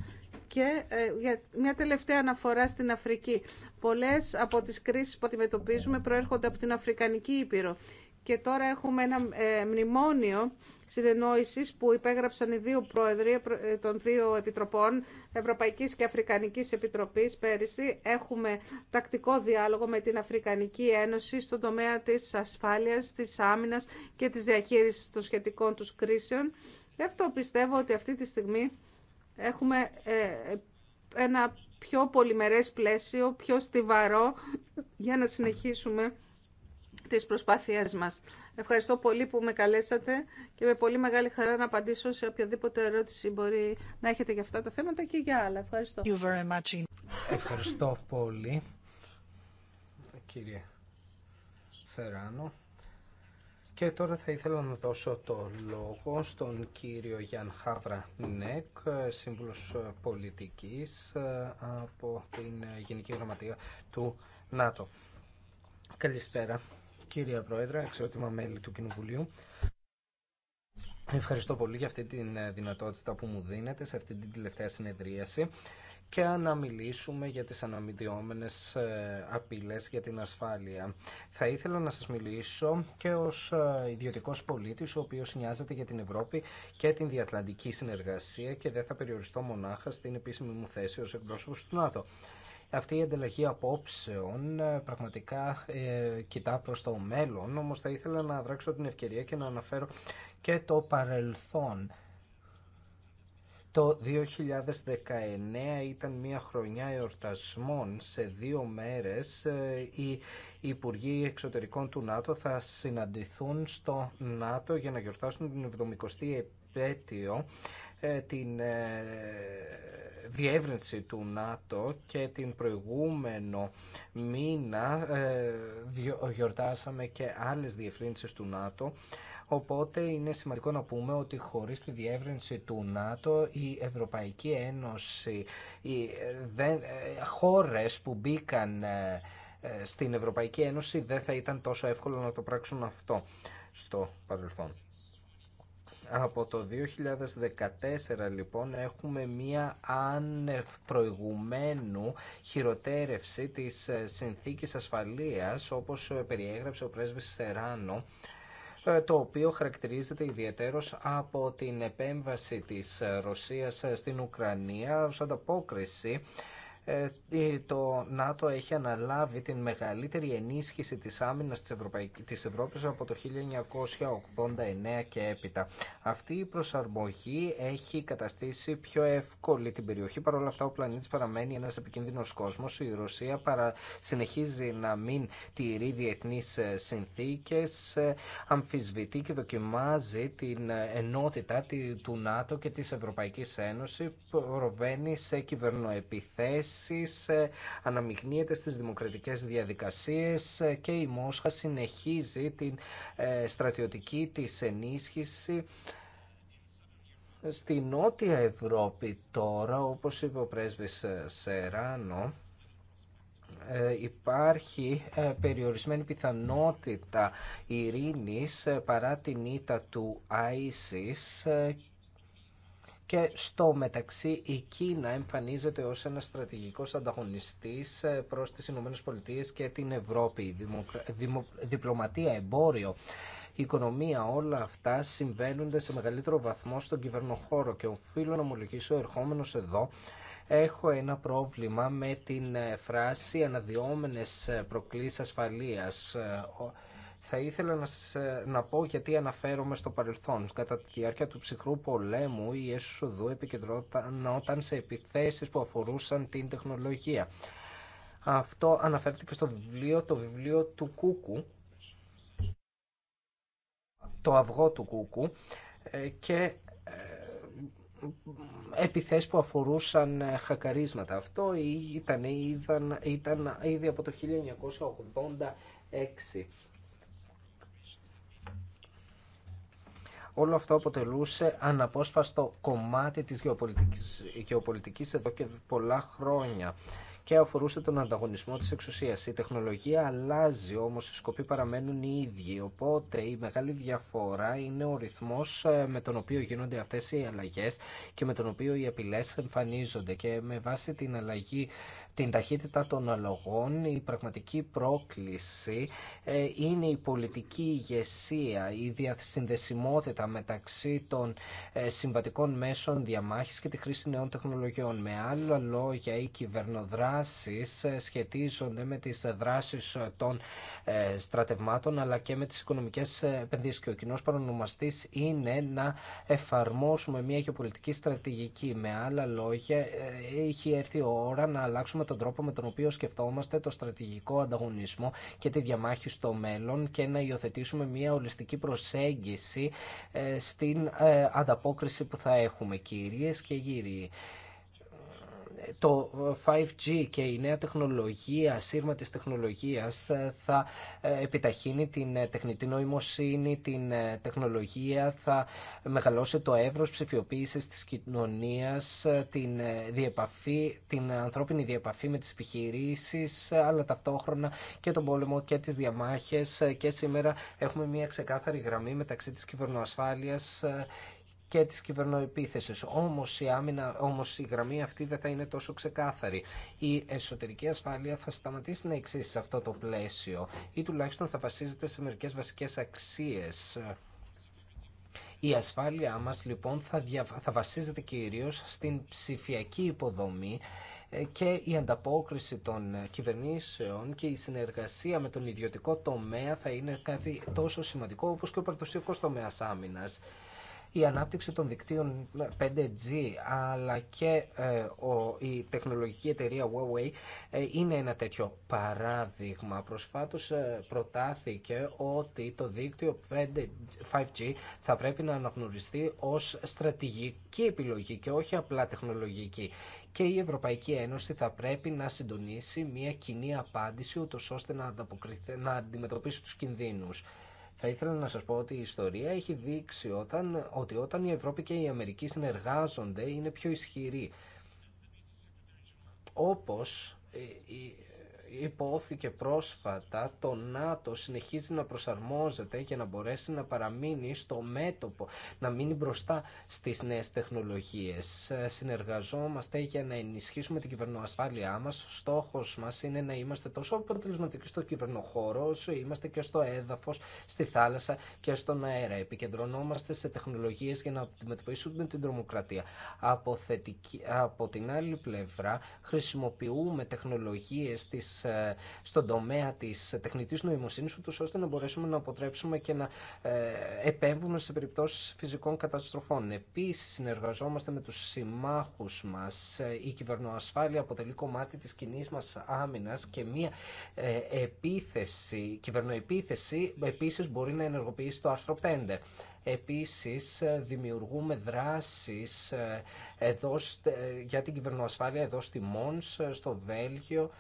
και ε, για μια τελευταία αναφορά στην Αφρική. Πολλές από τις κρίσεις που αντιμετωπίζουμε προέρχονται από την Αφρικανική Ήπειρο. Και τώρα έχουμε ένα ε, μνημόνιο συνεννόησης που υπέγραψαν οι δύο πρόεδροι ε, των δύο επιτροπών Ευρωπαϊκής και Αφρικανικής Επιτροπής πέρυσι. Έχουμε τακτικό διάλογο με την Αφρικανική Ένωση στον τομέα της ασφάλειας, της άμυνας και της διαχείρισης των σχετικών τους κρίσεων. Γι' αυτό πιστεύω ότι αυτή τη στιγμή έχουμε ε, ένα πιο πολυμερές πλαίσιο, πιο στιβαρό για να συνεχίσουμε τις προσπάθειές μας. Ευχαριστώ πολύ που με καλέσατε και με πολύ μεγάλη χαρά να απαντήσω σε οποιαδήποτε ερώτηση μπορεί να έχετε για αυτά τα θέματα και για άλλα. Ευχαριστώ. Ευχαριστώ πολύ, κύριε Σεράνο. Και τώρα θα ήθελα να δώσω το λόγο στον κύριο Γιάν Χάβρα Νέκ, Σύμβουλος Πολιτικής ε, από την Γενική Γραμματεία του ΝΑΤΟ. Καλησπέρα κύριε Πρόεδρε, αξιότιμα μέλη του Κοινοβουλίου. Ευχαριστώ πολύ για αυτή τη ε, δυνατότητα που μου δίνετε σε αυτή την τελευταία συνεδρίαση και να μιλήσουμε για τις αναμειδιόμενες ε, απειλές για την ασφάλεια. Θα ήθελα να σας μιλήσω και ως ε, ιδιωτικός πολίτης, ο οποίος νοιάζεται για την Ευρώπη και την διατλαντική συνεργασία και δεν θα περιοριστώ μονάχα στην επίσημη μου θέση ως εκπρόσωπος του ΝΑΤΟ. Αυτή η ανταλλαγή απόψεων ε, πραγματικά ε, κοιτά προς το μέλλον, όμως θα ήθελα να δράξω την ευκαιρία και να αναφέρω και το παρελθόν. Το 2019 ήταν μια χρονιά εορτασμών. Σε δύο μέρες ε, οι Υπουργοί Εξωτερικών του ΝΑΤΟ θα συναντηθούν στο ΝΑΤΟ για να γιορτάσουν την 70η επέτειο ε, την ε, διεύρυνση του ΝΑΤΟ και την προηγούμενο μήνα γιορτάσαμε και άλλες διευρύνσεις του ΝΑΤΟ Οπότε είναι σημαντικό να πούμε ότι χωρίς τη διεύρυνση του ΝΑΤΟ η Ευρωπαϊκή Ένωση, οι ε, ε, χώρες που μπήκαν ε, στην Ευρωπαϊκή Ένωση δεν θα ήταν τόσο εύκολο να το πράξουν αυτό στο παρελθόν. Από το 2014 λοιπόν έχουμε μία άνευ προηγουμένου χειροτέρευση της συνθήκης ασφαλείας όπως περιέγραψε ο πρέσβης Σεράνο ε, το οποίο χαρακτηρίζεται ιδιαίτερος από την επέμβαση της Ρωσίας ε, στην Ουκρανία ως ανταπόκριση ε, το ΝΑΤΟ έχει αναλάβει την μεγαλύτερη ενίσχυση της άμυνας της, Ευρωπαϊκής, της Ευρώπης από το 1989 και έπειτα. Αυτή η προσαρμογή έχει καταστήσει πιο εύκολη την περιοχή. Παρ' όλα αυτά ο πλανήτης παραμένει ένας επικίνδυνος κόσμος. Η Ρωσία παρα... συνεχίζει να μην τηρεί διεθνείς ε, συνθήκες, ε, αμφισβητεί και δοκιμάζει την ενότητα του ΝΑΤΟ και της Ευρωπαϊκής Ένωσης, προβαίνει σε κυβερνοεπιθέσεις επίσης ε, αναμειγνύεται στις δημοκρατικές διαδικασίες ε, και η Μόσχα συνεχίζει την ε, στρατιωτική της ενίσχυση στη Νότια Ευρώπη τώρα, όπως είπε ο πρέσβης Σεράνο, υπάρχει περιορισμένη πιθανότητα ειρήνης παρά την ήττα του ISIS και στο μεταξύ η Κίνα εμφανίζεται ως ένας στρατηγικός ανταγωνιστής ε, προς τις Ηνωμένες Πολιτείες και την Ευρώπη. Δημο, διπλωματία, εμπόριο, οικονομία, όλα αυτά συμβαίνονται σε μεγαλύτερο βαθμό στον κυβερνοχώρο και οφείλω να ομολογήσω ερχόμενος εδώ Έχω ένα πρόβλημα με την ε, φράση «αναδυόμενες ε, προκλήσεις ασφαλείας». Θα ήθελα να, ε, να πω γιατί αναφέρομαι στο παρελθόν. Κατά τη διάρκεια του ψυχρού πολέμου, η έσοδο επικεντρώταν σε επιθέσεις που αφορούσαν την τεχνολογία. Αυτό αναφέρεται στο βιβλίο, το βιβλίο του Κούκου, το αυγό του Κούκου ε, και ε, επιθέσεις που αφορούσαν χακαρίσματα. Αυτό ήταν, ήταν, ήταν ήδη από το 1986. όλο αυτό αποτελούσε αναπόσπαστο κομμάτι της γεωπολιτικής, γεωπολιτικής εδώ και πολλά χρόνια και αφορούσε τον ανταγωνισμό της εξουσίας. Η τεχνολογία αλλάζει, όμως οι σκοποί παραμένουν οι ίδιοι, οπότε η μεγάλη διαφορά είναι ο ρυθμός ε, με τον οποίο γίνονται αυτές οι αλλαγές και με τον οποίο οι απειλές εμφανίζονται και με βάση την αλλαγή την ταχύτητα των αλογών, η πραγματική πρόκληση ε, είναι η πολιτική ηγεσία, η διασυνδεσιμότητα μεταξύ των ε, συμβατικών μέσων διαμάχης και τη χρήση νέων τεχνολογιών. Με άλλα λόγια, οι κυβερνοδράσεις ε, σχετίζονται με τις δράσεις των στρατευμάτων αλλά και με τις οικονομικές επενδύσεις και ο κοινό παρονομαστής είναι να εφαρμόσουμε μια γεωπολιτική στρατηγική. Με άλλα λόγια, έχει έρθει η ώρα να αλλάξουμε αλλάξουμε τον τρόπο με τον οποίο σκεφτόμαστε το στρατηγικό ανταγωνισμό και τη διαμάχη στο μέλλον και να υιοθετήσουμε μια ολιστική προσέγγιση ε, στην ε, ανταπόκριση που θα έχουμε. Κυρίες και κύριοι, το 5G και η νέα τεχνολογία, σύρμα της τεχνολογίας θα ε, επιταχύνει την ε, τεχνητή νοημοσύνη, την ε, τεχνολογία, θα μεγαλώσει το εύρος ψηφιοποίησης της κοινωνίας, την, διεπαφή, την ανθρώπινη διεπαφή με τις επιχειρήσεις, αλλά ταυτόχρονα και τον πόλεμο και τις διαμάχες και σήμερα έχουμε μια ξεκάθαρη γραμμή μεταξύ της κυβερνοασφάλειας και της κυβερνοεπίθεσης. Όμως η, γραμμή αυτή δεν θα είναι τόσο ξεκάθαρη. Η εσωτερική ασφάλεια θα σταματήσει να εξίσει σε αυτό το πλαίσιο ή τουλάχιστον θα βασίζεται σε μερικές βασικές αξίες. Η ασφάλειά μας λοιπόν θα, θα βασίζεται κυρίως στην ψηφιακή υποδομή ε, και η ανταπόκριση των κυβερνήσεων και η συνεργασία με τον ιδιωτικό τομέα θα είναι κάτι τόσο σημαντικό όπως και ο παραδοσιακός τομέας άμυνας η ανάπτυξη των δικτύων 5G αλλά και ε, η τεχνολογική εταιρεία Huawei ε, είναι ένα τέτοιο παράδειγμα. Προσφάτως ε, προτάθηκε ότι το δίκτυο 5G θα πρέπει να αναγνωριστεί ως στρατηγική επιλογή και όχι απλά τεχνολογική και η Ευρωπαϊκή Ένωση θα πρέπει να συντονίσει μια κοινή απάντηση ώστε να, να αντιμετωπίσει τους κινδύνους. Θα ήθελα να σας πω ότι η ιστορία έχει δείξει όταν, ότι όταν η Ευρώπη και η Αμερική συνεργάζονται είναι πιο ισχυροί. Όπως ε, ε, υπόθηκε πρόσφατα, το ΝΑΤΟ συνεχίζει να προσαρμόζεται για να μπορέσει να παραμείνει στο μέτωπο, να μείνει μπροστά στις νέες τεχνολογίες. Ε, συνεργαζόμαστε για να ενισχύσουμε την κυβερνοασφάλειά μας. Ο στόχος μας είναι να είμαστε τόσο αποτελεσματικοί στο κυβερνοχώρο, όσο είμαστε και στο έδαφος, στη θάλασσα και στον αέρα. Επικεντρωνόμαστε σε τεχνολογίες για να αντιμετωπίσουμε την τρομοκρατία. Από, από την άλλη πλευρά χρησιμοποιούμε τεχνολογίες της ε, στον τομέα της τεχνητή νοημοσύνης, ούτως ώστε να μπορέσουμε να αποτρέψουμε και να ε, επέμβουμε σε περιπτώσεις φυσικών καταστροφών. Επίσης, συνεργαζόμαστε με του συμμάχου μας. Ε, η κυβερνοασφάλεια αποτελεί κομμάτι της κοινή μα Άμυνα και μία επίθεση, κυβερνοεπίθεση επίσης μπορεί να ενεργοποιήσει το άρθρο 5. Επίσης δημιουργούμε δράσεις για την κυβερνοασφάλεια εδώ στη Μόνς, στο Βέλγιο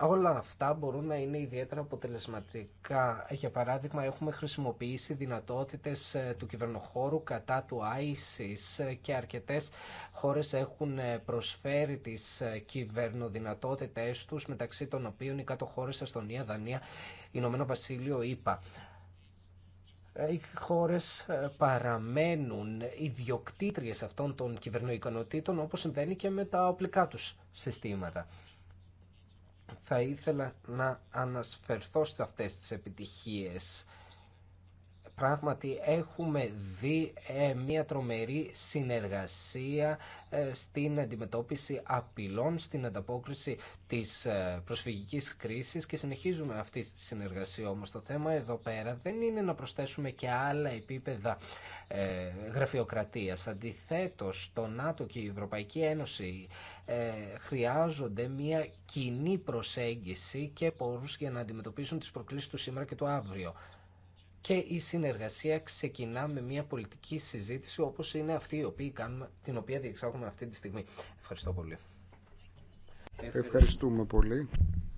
όλα αυτά μπορούν να είναι ιδιαίτερα αποτελεσματικά. Για παράδειγμα, έχουμε χρησιμοποιήσει δυνατότητες ε, του κυβερνοχώρου κατά του ISIS ε, και αρκετές χώρες έχουν ε, προσφέρει τις κυβερνοδυνατότητες τους, μεταξύ των οποίων οι κάτω χώρες Αστονία, Δανία, Ηνωμένο Βασίλειο, ΙΠΑ. οι χώρες παραμένουν ιδιοκτήτριες αυτών των κυβερνοικονοτήτων όπως συμβαίνει και με τα οπλικά τους συστήματα θα ήθελα να ανασφερθώ σε αυτές τις επιτυχίες Πράγματι έχουμε δει ε, μια τρομερή συνεργασία ε, στην αντιμετώπιση απειλών, στην ανταπόκριση της ε, προσφυγικής κρίσης και συνεχίζουμε αυτή τη συνεργασία. Όμως το θέμα εδώ πέρα δεν είναι να προσθέσουμε και άλλα επίπεδα γραφειοκρατίας. Αντιθέτως, το ΝΑΤΟ και η Ευρωπαϊκή Ένωση χρειάζονται μια κοινή προσέγγιση και πόρους για να αντιμετωπίσουν τις προκλήσεις του σήμερα και του αύριο και η συνεργασία ξεκινά με μια πολιτική συζήτηση όπως είναι αυτή οποία την οποία διεξάγουμε αυτή τη στιγμή. Ευχαριστώ πολύ. Ευχαριστούμε πολύ,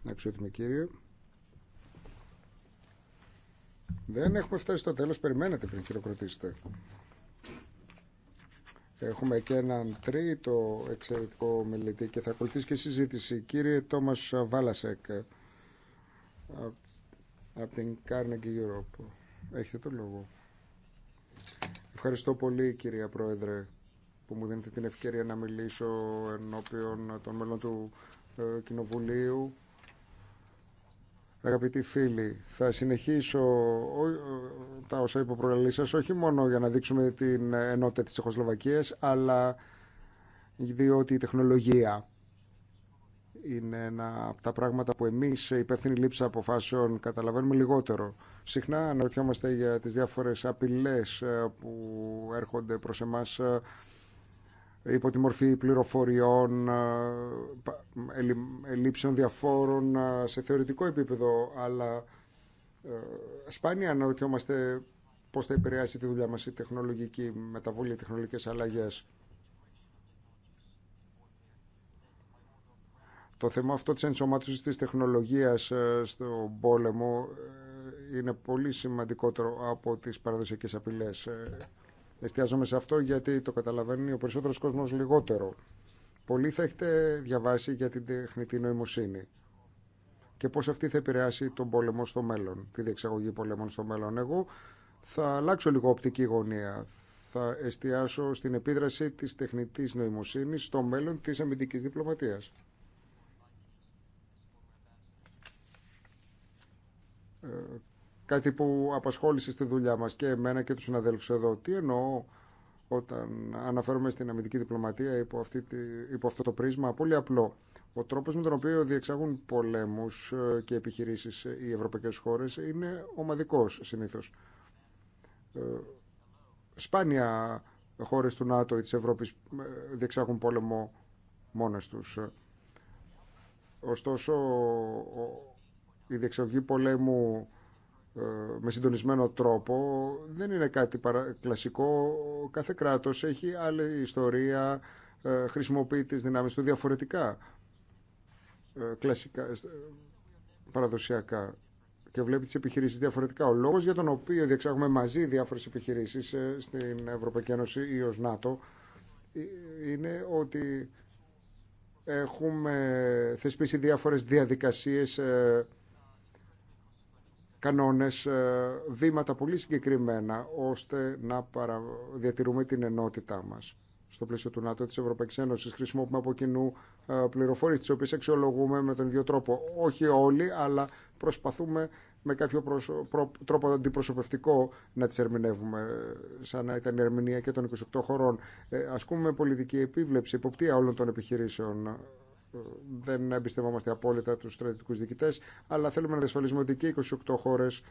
αξιότιμη κύριε. Δεν έχουμε φτάσει στο τέλος, περιμένετε πριν χειροκροτήσετε. Έχουμε και έναν τρίτο εξαιρετικό μελετή και θα ακολουθήσει και συζήτηση. Κύριε Τόμας Βάλασεκ, από την Carnegie Europe. Έχετε το λόγο. Ευχαριστώ πολύ κυρία Πρόεδρε που μου δίνετε την ευκαιρία να μιλήσω ενώπιον των μέλων του ε, Κοινοβουλίου. Αγαπητοί φίλοι, θα συνεχίσω ε, τα όσα είπα ο σας, όχι μόνο για να δείξουμε την ενότητα της Τσεχοσλοβακίας, αλλά διότι η τεχνολογία είναι ένα από τα πράγματα που εμείς υπεύθυνη λήψη αποφάσεων καταλαβαίνουμε λιγότερο. Συχνά αναρωτιόμαστε για τις διάφορε απειλέ ε, που έρχονται προς εμάς ε, υπό τη μορφή πληροφοριών, ε, ελλείψεων διαφόρων σε θεωρητικό επίπεδο, αλλά σπάνια αναρωτιόμαστε πώς θα επηρεάσει τη δουλειά μας η τεχνολογική μεταβολή, οι τεχνολογικές αλλαγές. Το θέμα αυτό της ενσωμάτωσης της τεχνολογίας ε, στον πόλεμο ε, είναι πολύ σημαντικότερο από τις παραδοσιακές απειλές. Ε, εστιάζομαι σε αυτό γιατί το καταλαβαίνει ο περισσότερος κόσμος λιγότερο. Πολλοί θα έχετε διαβάσει για την τεχνητή νοημοσύνη και πώς αυτή θα επηρεάσει τον πόλεμο στο μέλλον, τη διεξαγωγή πολέμων στο μέλλον. Εγώ θα αλλάξω λίγο οπτική γωνία. Θα εστιάσω στην επίδραση της τεχνητής νοημοσύνης στο μέλλον της αμυντικής διπλωματίας. Ε, κάτι που απασχόλησε στη δουλειά μας και εμένα και τους συναδέλφους εδώ. Τι εννοώ όταν αναφέρομαι στην αμυντική διπλωματία υπό, αυτό το πρίσμα, πολύ απλό. Ο τρόπος με τον οποίο διεξάγουν πολέμους ε, και επιχειρήσεις οι ευρωπαϊκές χώρες είναι ομαδικός συνήθως. Ε, σπάνια χώρες του ΝΑΤΟ ή της Ευρώπης διεξάγουν πόλεμο μόνες τους. Ωστόσο, η διεξαγωγή πολέμου ε, με συντονισμένο τρόπο δεν είναι κάτι παρα... κλασικό. Κάθε κράτος έχει άλλη ιστορία, ε, χρησιμοποιεί τις δυνάμεις του διαφορετικά, ε, κλασικά, παραδοσιακά και βλέπει τι επιχειρήσεις διαφορετικά. Ο λόγος για τον οποίο διεξάγουμε μαζί διάφορες επιχειρήσεις στην Ευρωπαϊκή Ένωση ή ως ΝΑΤΟ είναι ότι έχουμε θεσπίσει διάφορες διαδικασίες κανόνες, ε, βήματα πολύ συγκεκριμένα, ώστε να διατηρούμε την ενότητά μας. Στο πλαίσιο του ΝΑΤΟ της Ευρωπαϊκής Ένωσης χρησιμοποιούμε από κοινού ε, πληροφορίες, τις οποίες αξιολογούμε με τον ίδιο τρόπο. Όχι όλοι, αλλά προσπαθούμε με κάποιο τρόπο αντιπροσωπευτικό να τις ερμηνεύουμε, σαν να ήταν η ερμηνεία και των 28 χωρών. Ε, ασκούμε πολιτική επίβλεψη, υποπτία όλων των επιχειρήσεων δεν εμπιστευόμαστε απόλυτα τους στρατιωτικούς διοικητές, αλλά θέλουμε να διασφαλίσουμε ότι και οι 28 χώρες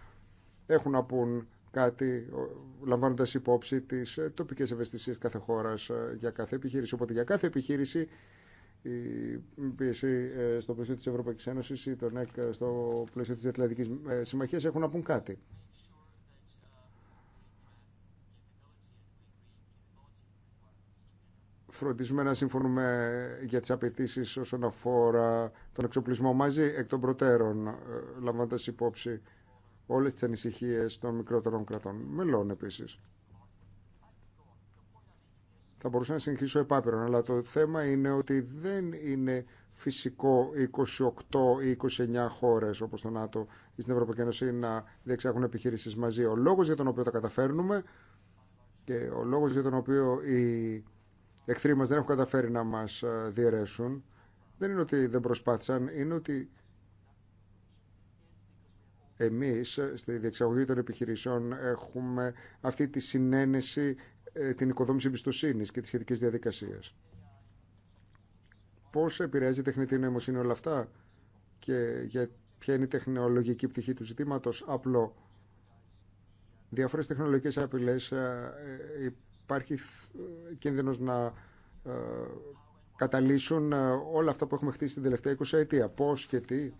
έχουν να πούν κάτι, λαμβάνοντας υπόψη τις ε, τοπικές ευαισθησίες κάθε χώρας ε, για κάθε επιχείρηση. Οπότε για κάθε επιχείρηση η πίεση στο πλαίσιο της Ευρωπαϊκής Ένωσης ή τον e ΕΚ στο πλαίσιο της Ατλαντικής ε, Συμμαχίας έχουν να πούν κάτι. φροντίζουμε να συμφωνούμε για τις απαιτήσει όσον αφορά τον εξοπλισμό μαζί εκ των προτέρων, ε, λαμβάνοντας υπόψη όλες τις ανησυχίες των μικρότερων κρατών. Μελών επίσης. Θα μπορούσα να συνεχίσω επάπειρον, αλλά το θέμα είναι ότι δεν είναι φυσικό 28 ή 29 χώρες όπως το ΝΑΤΟ ή στην Ευρωπαϊκή Ένωση να διεξάγουν επιχειρήσεις μαζί. Ο λόγος για τον οποίο τα καταφέρνουμε και ο λόγος για τον οποίο η εχθροί μα δεν έχουν καταφέρει να μας ε, διαιρέσουν, δεν είναι ότι δεν προσπάθησαν, είναι ότι εμείς ε, στη διεξαγωγή των επιχειρήσεων έχουμε αυτή τη συνένεση, ε, την οικοδόμηση εμπιστοσύνη και τη σχετική διαδικασία. Πώς επηρεάζει η τεχνητή νοημοσύνη όλα αυτά και για ποια είναι η τεχνολογική πτυχή του ζητήματο απλό. διάφορε τεχνολογικέ απειλέ υπάρχει ε, κίνδυνος να ε, καταλύσουν ε, όλα αυτά που έχουμε χτίσει την τελευταία 20 αιτία. Πώς και τι.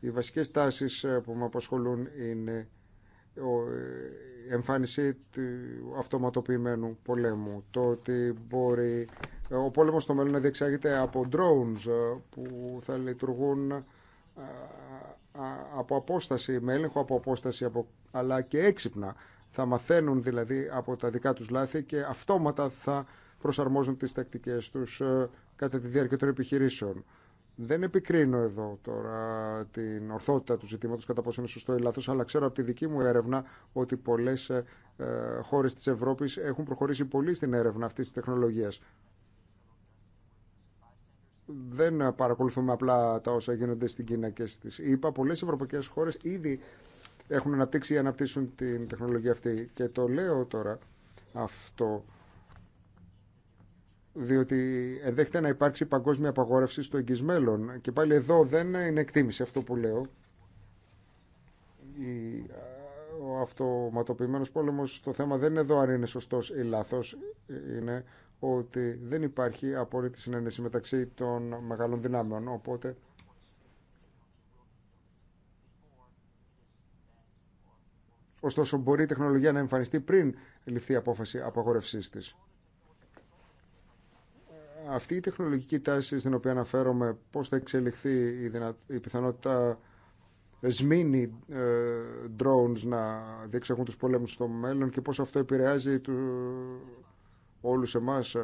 Οι βασικές τάσεις που με απασχολούν είναι η εμφάνιση του αυτοματοποιημένου πολέμου. Το ότι μπορεί ο πόλεμος στο μέλλον να διεξάγεται από drones που θα λειτουργούν από απόσταση, με έλεγχο από απόσταση, αλλά και έξυπνα θα μαθαίνουν δηλαδή από τα δικά τους λάθη και αυτόματα θα προσαρμόζουν τις τακτικές τους ε, κατά τη διάρκεια των επιχειρήσεων. Δεν επικρίνω εδώ τώρα την ορθότητα του ζητήματος κατά πόσο είναι σωστό ή λάθος, αλλά ξέρω από τη δική μου έρευνα ότι πολλές ε, ε, χώρες της Ευρώπης έχουν προχωρήσει πολύ στην έρευνα αυτής της τεχνολογίας. Δεν παρακολουθούμε απλά τα όσα γίνονται στην Κίνα και στις ΗΠΑ. Πολλές ευρωπαϊκές χώρες ήδη έχουν αναπτύξει ή αναπτύσσουν την τεχνολογία αυτή. Και το λέω τώρα αυτό διότι ενδέχεται να υπάρξει παγκόσμια απαγόρευση στο εγγύς Και πάλι εδώ δεν είναι εκτίμηση αυτό που λέω. Ο αυτοματοποιημένος πόλεμος, το θέμα δεν είναι εδώ αν είναι σωστός ή λάθος, είναι ότι δεν υπάρχει απόλυτη συνένεση μεταξύ των μεγάλων δυνάμεων, οπότε Ωστόσο, μπορεί η τεχνολογία να εμφανιστεί πριν ληφθεί η απόφαση απαγόρευσή τη. Αυτή η τεχνολογική τάση στην οποία αναφέρομαι, πώς θα εξελιχθεί η, η πιθανότητα σμήνει ε, drones να διεξαγούν τους πολέμους στο μέλλον και πώς αυτό επηρεάζει του, όλους εμάς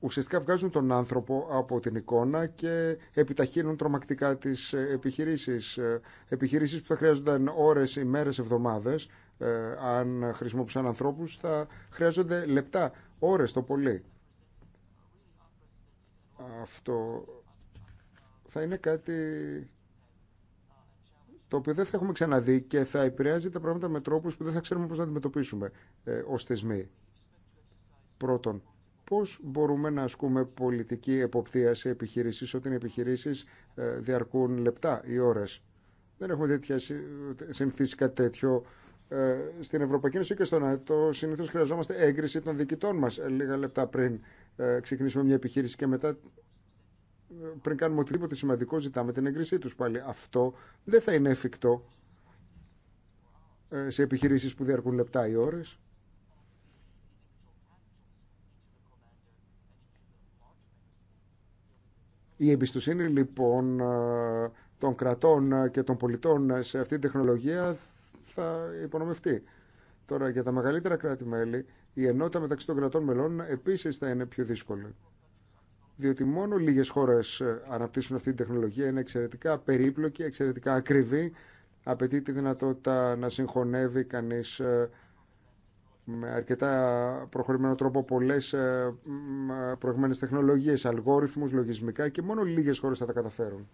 ουσιαστικά βγάζουν τον άνθρωπο από την εικόνα και επιταχύνουν τρομακτικά τις ε, επιχειρήσεις. Ε, επιχειρήσεις που θα χρειάζονταν ώρες, ημέρες, εβδομάδες, ε, αν χρησιμοποιούσαν ανθρώπους, θα χρειάζονται λεπτά, ώρες το πολύ. Αυτό θα είναι κάτι το οποίο δεν θα έχουμε ξαναδεί και θα επηρεάζει τα πράγματα με τρόπους που δεν θα ξέρουμε πώς να αντιμετωπίσουμε ε, ως θεσμοί. Πρώτον, πώς μπορούμε να ασκούμε πολιτική εποπτεία σε επιχειρήσεις όταν οι επιχειρήσεις ε, διαρκούν λεπτά ή ώρες. Δεν έχουμε τέτοια συνηθίσει κάτι τέτοιο. Ε, στην Ευρωπαϊκή Ένωση και στο ΝΑΤΟ συνήθως χρειαζόμαστε έγκριση των διοικητών μας ε, λίγα λεπτά πριν ξεκινήσουμε μια επιχείρηση και μετά πριν κάνουμε οτιδήποτε σημαντικό ζητάμε την έγκρισή τους πάλι. Αυτό δεν θα είναι εφικτό σε επιχειρήσεις που διαρκούν λεπτά ή ώρες. Η εμπιστοσύνη λοιπόν των κρατών και των πολιτών σε αυτή την τεχνολογία θα υπονομευτεί. Τώρα για τα μεγαλύτερα κράτη-μέλη η ενότητα μεταξύ των κρατών μελών επίσης θα είναι πιο δύσκολη. Διότι μόνο λίγες χώρες αναπτύσσουν αυτή την τεχνολογία, είναι εξαιρετικά περίπλοκη, εξαιρετικά ακριβή, απαιτεί τη δυνατότητα να συγχωνεύει κανείς ε, με αρκετά προχωρημένο τρόπο πολλέ ε, ε, προηγμένες τεχνολογίες, αλγόριθμους, λογισμικά και μόνο λίγες χώρες θα τα καταφέρουν.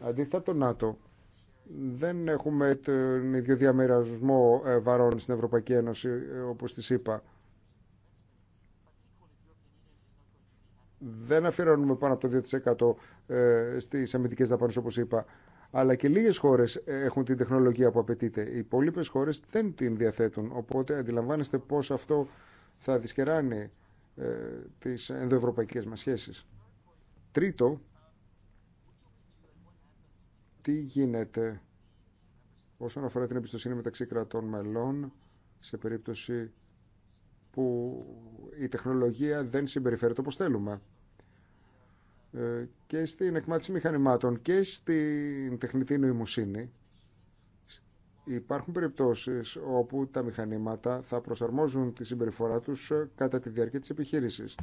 Αντίθετα από το ΝΑΤΟ, δεν έχουμε τον ίδιο διαμερισμό ε, βαρών στην Ευρωπαϊκή Ένωση, όπως τη είπα. Δεν αφιερώνουμε πάνω από το 2% στις αμυντικέ δαπάνες, όπως είπα αλλά και λίγε χώρε ε, έχουν την τεχνολογία που απαιτείται. Οι υπόλοιπε χώρε δεν την διαθέτουν. Οπότε αντιλαμβάνεστε πώ αυτό θα δυσκεράνει ε, τι ενδοευρωπαϊκέ μα σχέσει. Τρίτο, τι γίνεται όσον αφορά την εμπιστοσύνη μεταξύ κρατών μελών σε περίπτωση που η τεχνολογία δεν συμπεριφέρεται όπως θέλουμε. Ε, και στην εκμάθηση μηχανημάτων και στην τεχνητή νοημοσύνη υπάρχουν περιπτώσεις όπου τα μηχανήματα θα προσαρμόζουν τη συμπεριφορά τους ε, κατά τη διάρκεια της επιχείρησης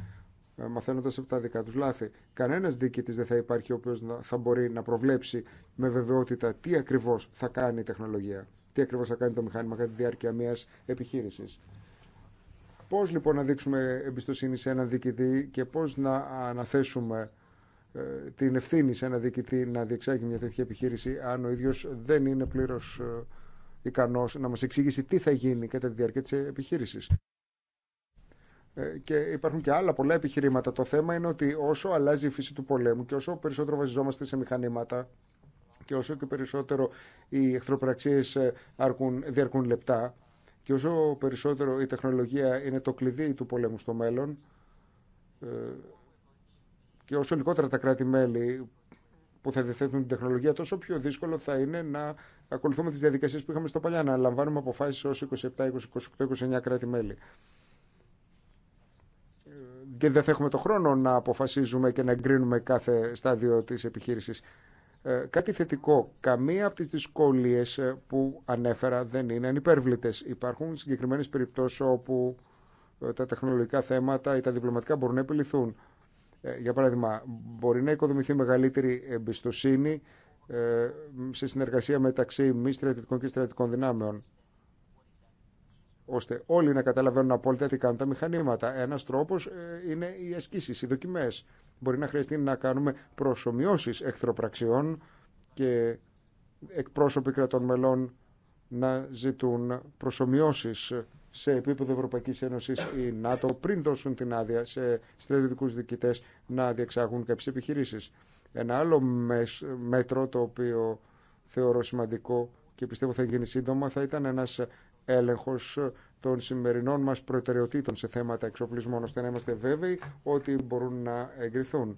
ε, μαθαίνοντας από τα δικά τους λάθη. Κανένα διοικητή δεν θα υπάρχει ο οποίο θα μπορεί να προβλέψει με βεβαιότητα τι ακριβώς θα κάνει η τεχνολογία, τι ακριβώς θα κάνει το μηχάνημα κατά τη διάρκεια μιας επιχείρηση. Πώς λοιπόν να δείξουμε εμπιστοσύνη σε έναν διοικητή και πώ να αναθέσουμε ε, την ευθύνη σε ένα διοικητή να διεξάγει μια τέτοια επιχείρηση αν ο ίδιος δεν είναι πλήρω ε, ικανός να μας εξηγήσει τι θα γίνει κατά τη διάρκεια τη επιχείρηση. Ε, και υπάρχουν και άλλα πολλά επιχειρήματα. Το θέμα είναι ότι όσο αλλάζει η φύση του πολέμου και όσο περισσότερο βασιζόμαστε σε μηχανήματα και όσο και περισσότερο οι εχθροπραξίε διαρκούν λεπτά και όσο περισσότερο η τεχνολογία είναι το κλειδί του πολέμου στο μέλλον, και όσο λιγότερα τα κράτη-μέλη που θα διαθέτουν την τεχνολογία, τόσο πιο δύσκολο θα είναι να ακολουθούμε τι διαδικασίε που είχαμε στο παλιά, να λαμβάνουμε αποφάσει ω 27, 28, 29 κράτη-μέλη. Και δεν θα έχουμε το χρόνο να αποφασίζουμε και να εγκρίνουμε κάθε στάδιο τη επιχείρηση. Ε, κάτι θετικό. Καμία από τις δυσκολίες ε, που ανέφερα δεν είναι ανυπέρβλητες. Υπάρχουν συγκεκριμένες περιπτώσεις όπου ε, τα τεχνολογικά θέματα ή τα διπλωματικά μπορούν να επιληθούν. Ε, για παράδειγμα, μπορεί να οικοδομηθεί μεγαλύτερη εμπιστοσύνη ε, σε συνεργασία μεταξύ μη στρατιωτικών και στρατιωτικών δυνάμεων ώστε όλοι να καταλαβαίνουν απόλυτα τι κάνουν τα μηχανήματα. Ένας τρόπος ε, είναι οι ασκήσεις, οι δοκιμές. Μπορεί να χρειαστεί να κάνουμε προσωμιώσεις εχθροπραξιών και εκπρόσωποι κρατών μελών να ζητούν προσωμιώσεις σε επίπεδο Ευρωπαϊκής Ένωση ή ΝΑΤΟ πριν δώσουν την άδεια σε στρατιωτικούς διοικητέ να διεξάγουν κάποιε επιχειρήσει. Ένα άλλο μέτρο το οποίο θεωρώ σημαντικό και πιστεύω θα γίνει σύντομα θα ήταν ένας έλεγχος των σημερινών μας προτεραιοτήτων σε θέματα εξοπλισμών ώστε να είμαστε βέβαιοι ότι μπορούν να εγκριθούν.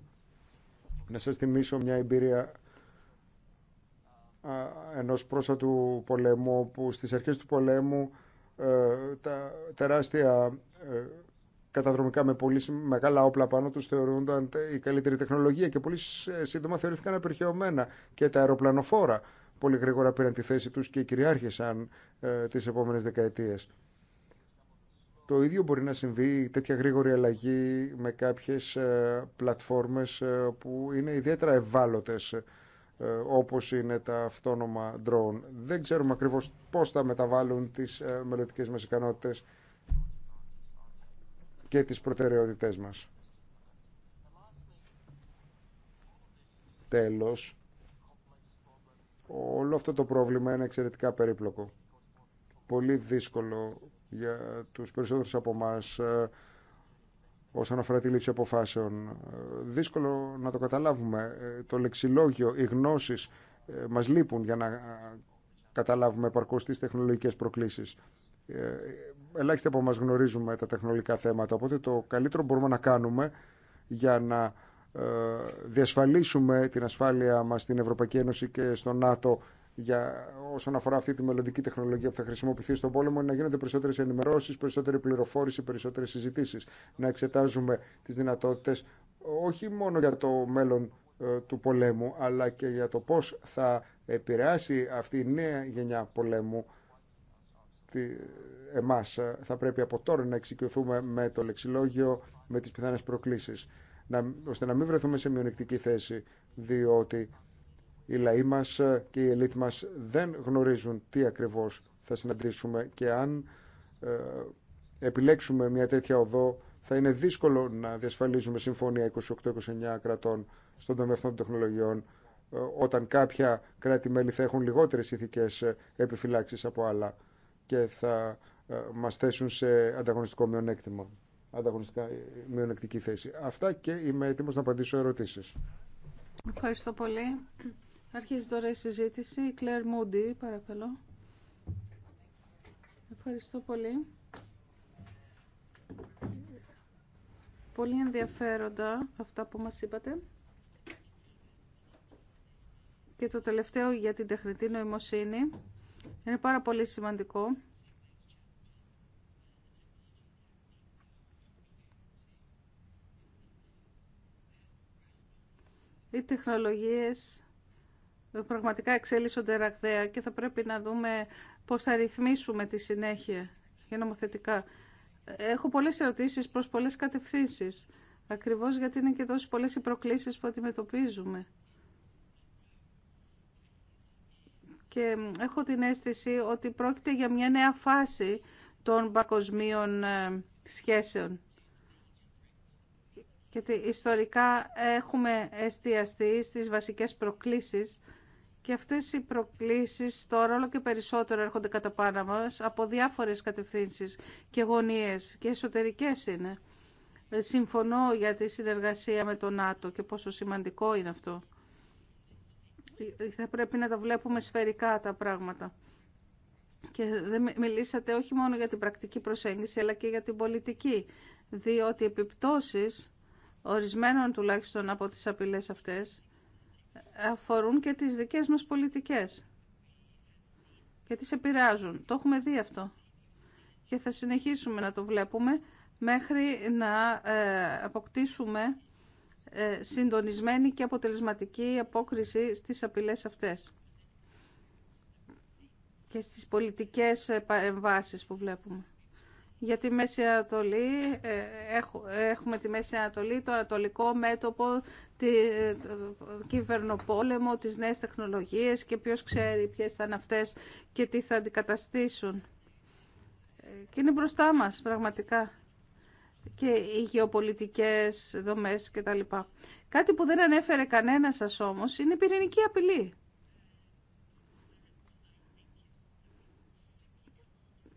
Να σα θυμίσω μια εμπειρία ενός πρόσφατου πολέμου που στις αρχές του πολέμου ε, τα τεράστια ε, καταδρομικά με πολύ μεγάλα όπλα πάνω τους θεωρούνταν η καλύτερη τεχνολογία και πολύ ε, σύντομα θεωρήθηκαν απερχαιωμένα και τα αεροπλανοφόρα πολύ γρήγορα πήραν τη θέση τους και κυριάρχησαν ε, τις επόμενες δεκαετίες. Το ίδιο μπορεί να συμβεί τέτοια γρήγορη αλλαγή με κάποιες ε, πλατφόρμες που είναι ιδιαίτερα ευάλωτες ε, όπως είναι τα αυτόνομα drone. Δεν ξέρουμε ακριβώς πώς θα μεταβάλουν τις ε, μελλοντικές μας ικανότητες και τις προτεραιότητές μας. Τέλος, όλο αυτό το πρόβλημα είναι εξαιρετικά περίπλοκο. Πολύ δύσκολο για τους περισσότερους από μας ε, όσον αφορά τη λήψη αποφάσεων. Ε, δύσκολο να το καταλάβουμε. Ε, το λεξιλόγιο, οι γνώσεις ε, μας λείπουν για να καταλάβουμε επαρκώς τις τεχνολογικές προκλήσεις. Ελάχιστοι από εμά γνωρίζουμε τα τεχνολογικά θέματα, οπότε το καλύτερο μπορούμε να κάνουμε για να διασφαλίσουμε την ασφάλεια μας στην Ευρωπαϊκή Ένωση και στο ΝΑΤΟ για όσον αφορά αυτή τη μελλοντική τεχνολογία που θα χρησιμοποιηθεί στον πόλεμο είναι να γίνονται περισσότερε ενημερώσει, περισσότερη πληροφόρηση, περισσότερε συζητήσει. Να εξετάζουμε τι δυνατότητε όχι μόνο για το μέλλον ε, του πολέμου, αλλά και για το πώ θα επηρεάσει αυτή η νέα γενιά πολέμου εμάς. Ε, θα πρέπει από τώρα να εξοικειωθούμε με το λεξιλόγιο, με τις πιθανές προκλήσεις, να, ώστε να μην βρεθούμε σε μειονεκτική θέση, διότι οι λαοί μας και η ελίτ μας δεν γνωρίζουν τι ακριβώς θα συναντήσουμε και αν ε, επιλέξουμε μια τέτοια οδό θα είναι δύσκολο να διασφαλίζουμε συμφωνία 28-29 κρατών στον τομέα αυτών των τεχνολογιών ε, όταν κάποια κράτη-μέλη θα έχουν λιγότερες ηθικές ε, επιφυλάξεις από άλλα και θα μας θέσουν σε ανταγωνιστικό μειονέκτημα, ανταγωνιστικά μειονεκτική θέση. Αυτά και είμαι έτοιμος να απαντήσω ερωτήσεις. Ευχαριστώ πολύ. Αρχίζει τώρα η συζήτηση. Η Κλέρ Μούντι, παρακαλώ. Ευχαριστώ πολύ. Πολύ ενδιαφέροντα αυτά που μας είπατε. Και το τελευταίο για την τεχνητή νοημοσύνη. Είναι πάρα πολύ σημαντικό. Οι τεχνολογίες πραγματικά εξέλισσονται ραγδαία και θα πρέπει να δούμε πώς θα ρυθμίσουμε τη συνέχεια για νομοθετικά. Έχω πολλές ερωτήσεις προς πολλές κατευθύνσεις, ακριβώς γιατί είναι και τόσες πολλές οι προκλήσεις που αντιμετωπίζουμε. Και έχω την αίσθηση ότι πρόκειται για μια νέα φάση των παγκοσμίων ε, σχέσεων. Γιατί ιστορικά έχουμε εστιαστεί στις βασικές προκλήσεις και αυτές οι προκλήσεις τώρα όλο και περισσότερο έρχονται κατά πάνω μας από διάφορες κατευθύνσεις και γωνίες και εσωτερικές είναι. Ε, συμφωνώ για τη συνεργασία με τον ΝΑΤΟ και πόσο σημαντικό είναι αυτό. Ε, ε, θα πρέπει να τα βλέπουμε σφαιρικά τα πράγματα. Και δεν μιλήσατε όχι μόνο για την πρακτική προσέγγιση, αλλά και για την πολιτική, διότι επιπτώσεις ορισμένων τουλάχιστον από τις απειλές αυτές αφορούν και τις δικές μας πολιτικές και τις επηρεάζουν. Το έχουμε δει αυτό και θα συνεχίσουμε να το βλέπουμε μέχρι να ε, αποκτήσουμε ε, συντονισμένη και αποτελεσματική απόκριση στις απειλές αυτές και στις πολιτικές ε, παρεμβάσεις που βλέπουμε για τη Μέση Ανατολή. Ε, έχουμε τη Μέση Ανατολή, το Ανατολικό Μέτωπο, το κυβερνοπόλεμο, τις νέες τεχνολογίες και ποιος ξέρει ποιες θα είναι αυτές και τι θα αντικαταστήσουν. Και είναι μπροστά μας πραγματικά και οι γεωπολιτικές δομές κτλ. Κάτι που δεν ανέφερε κανένα σας όμως είναι η πυρηνική απειλή.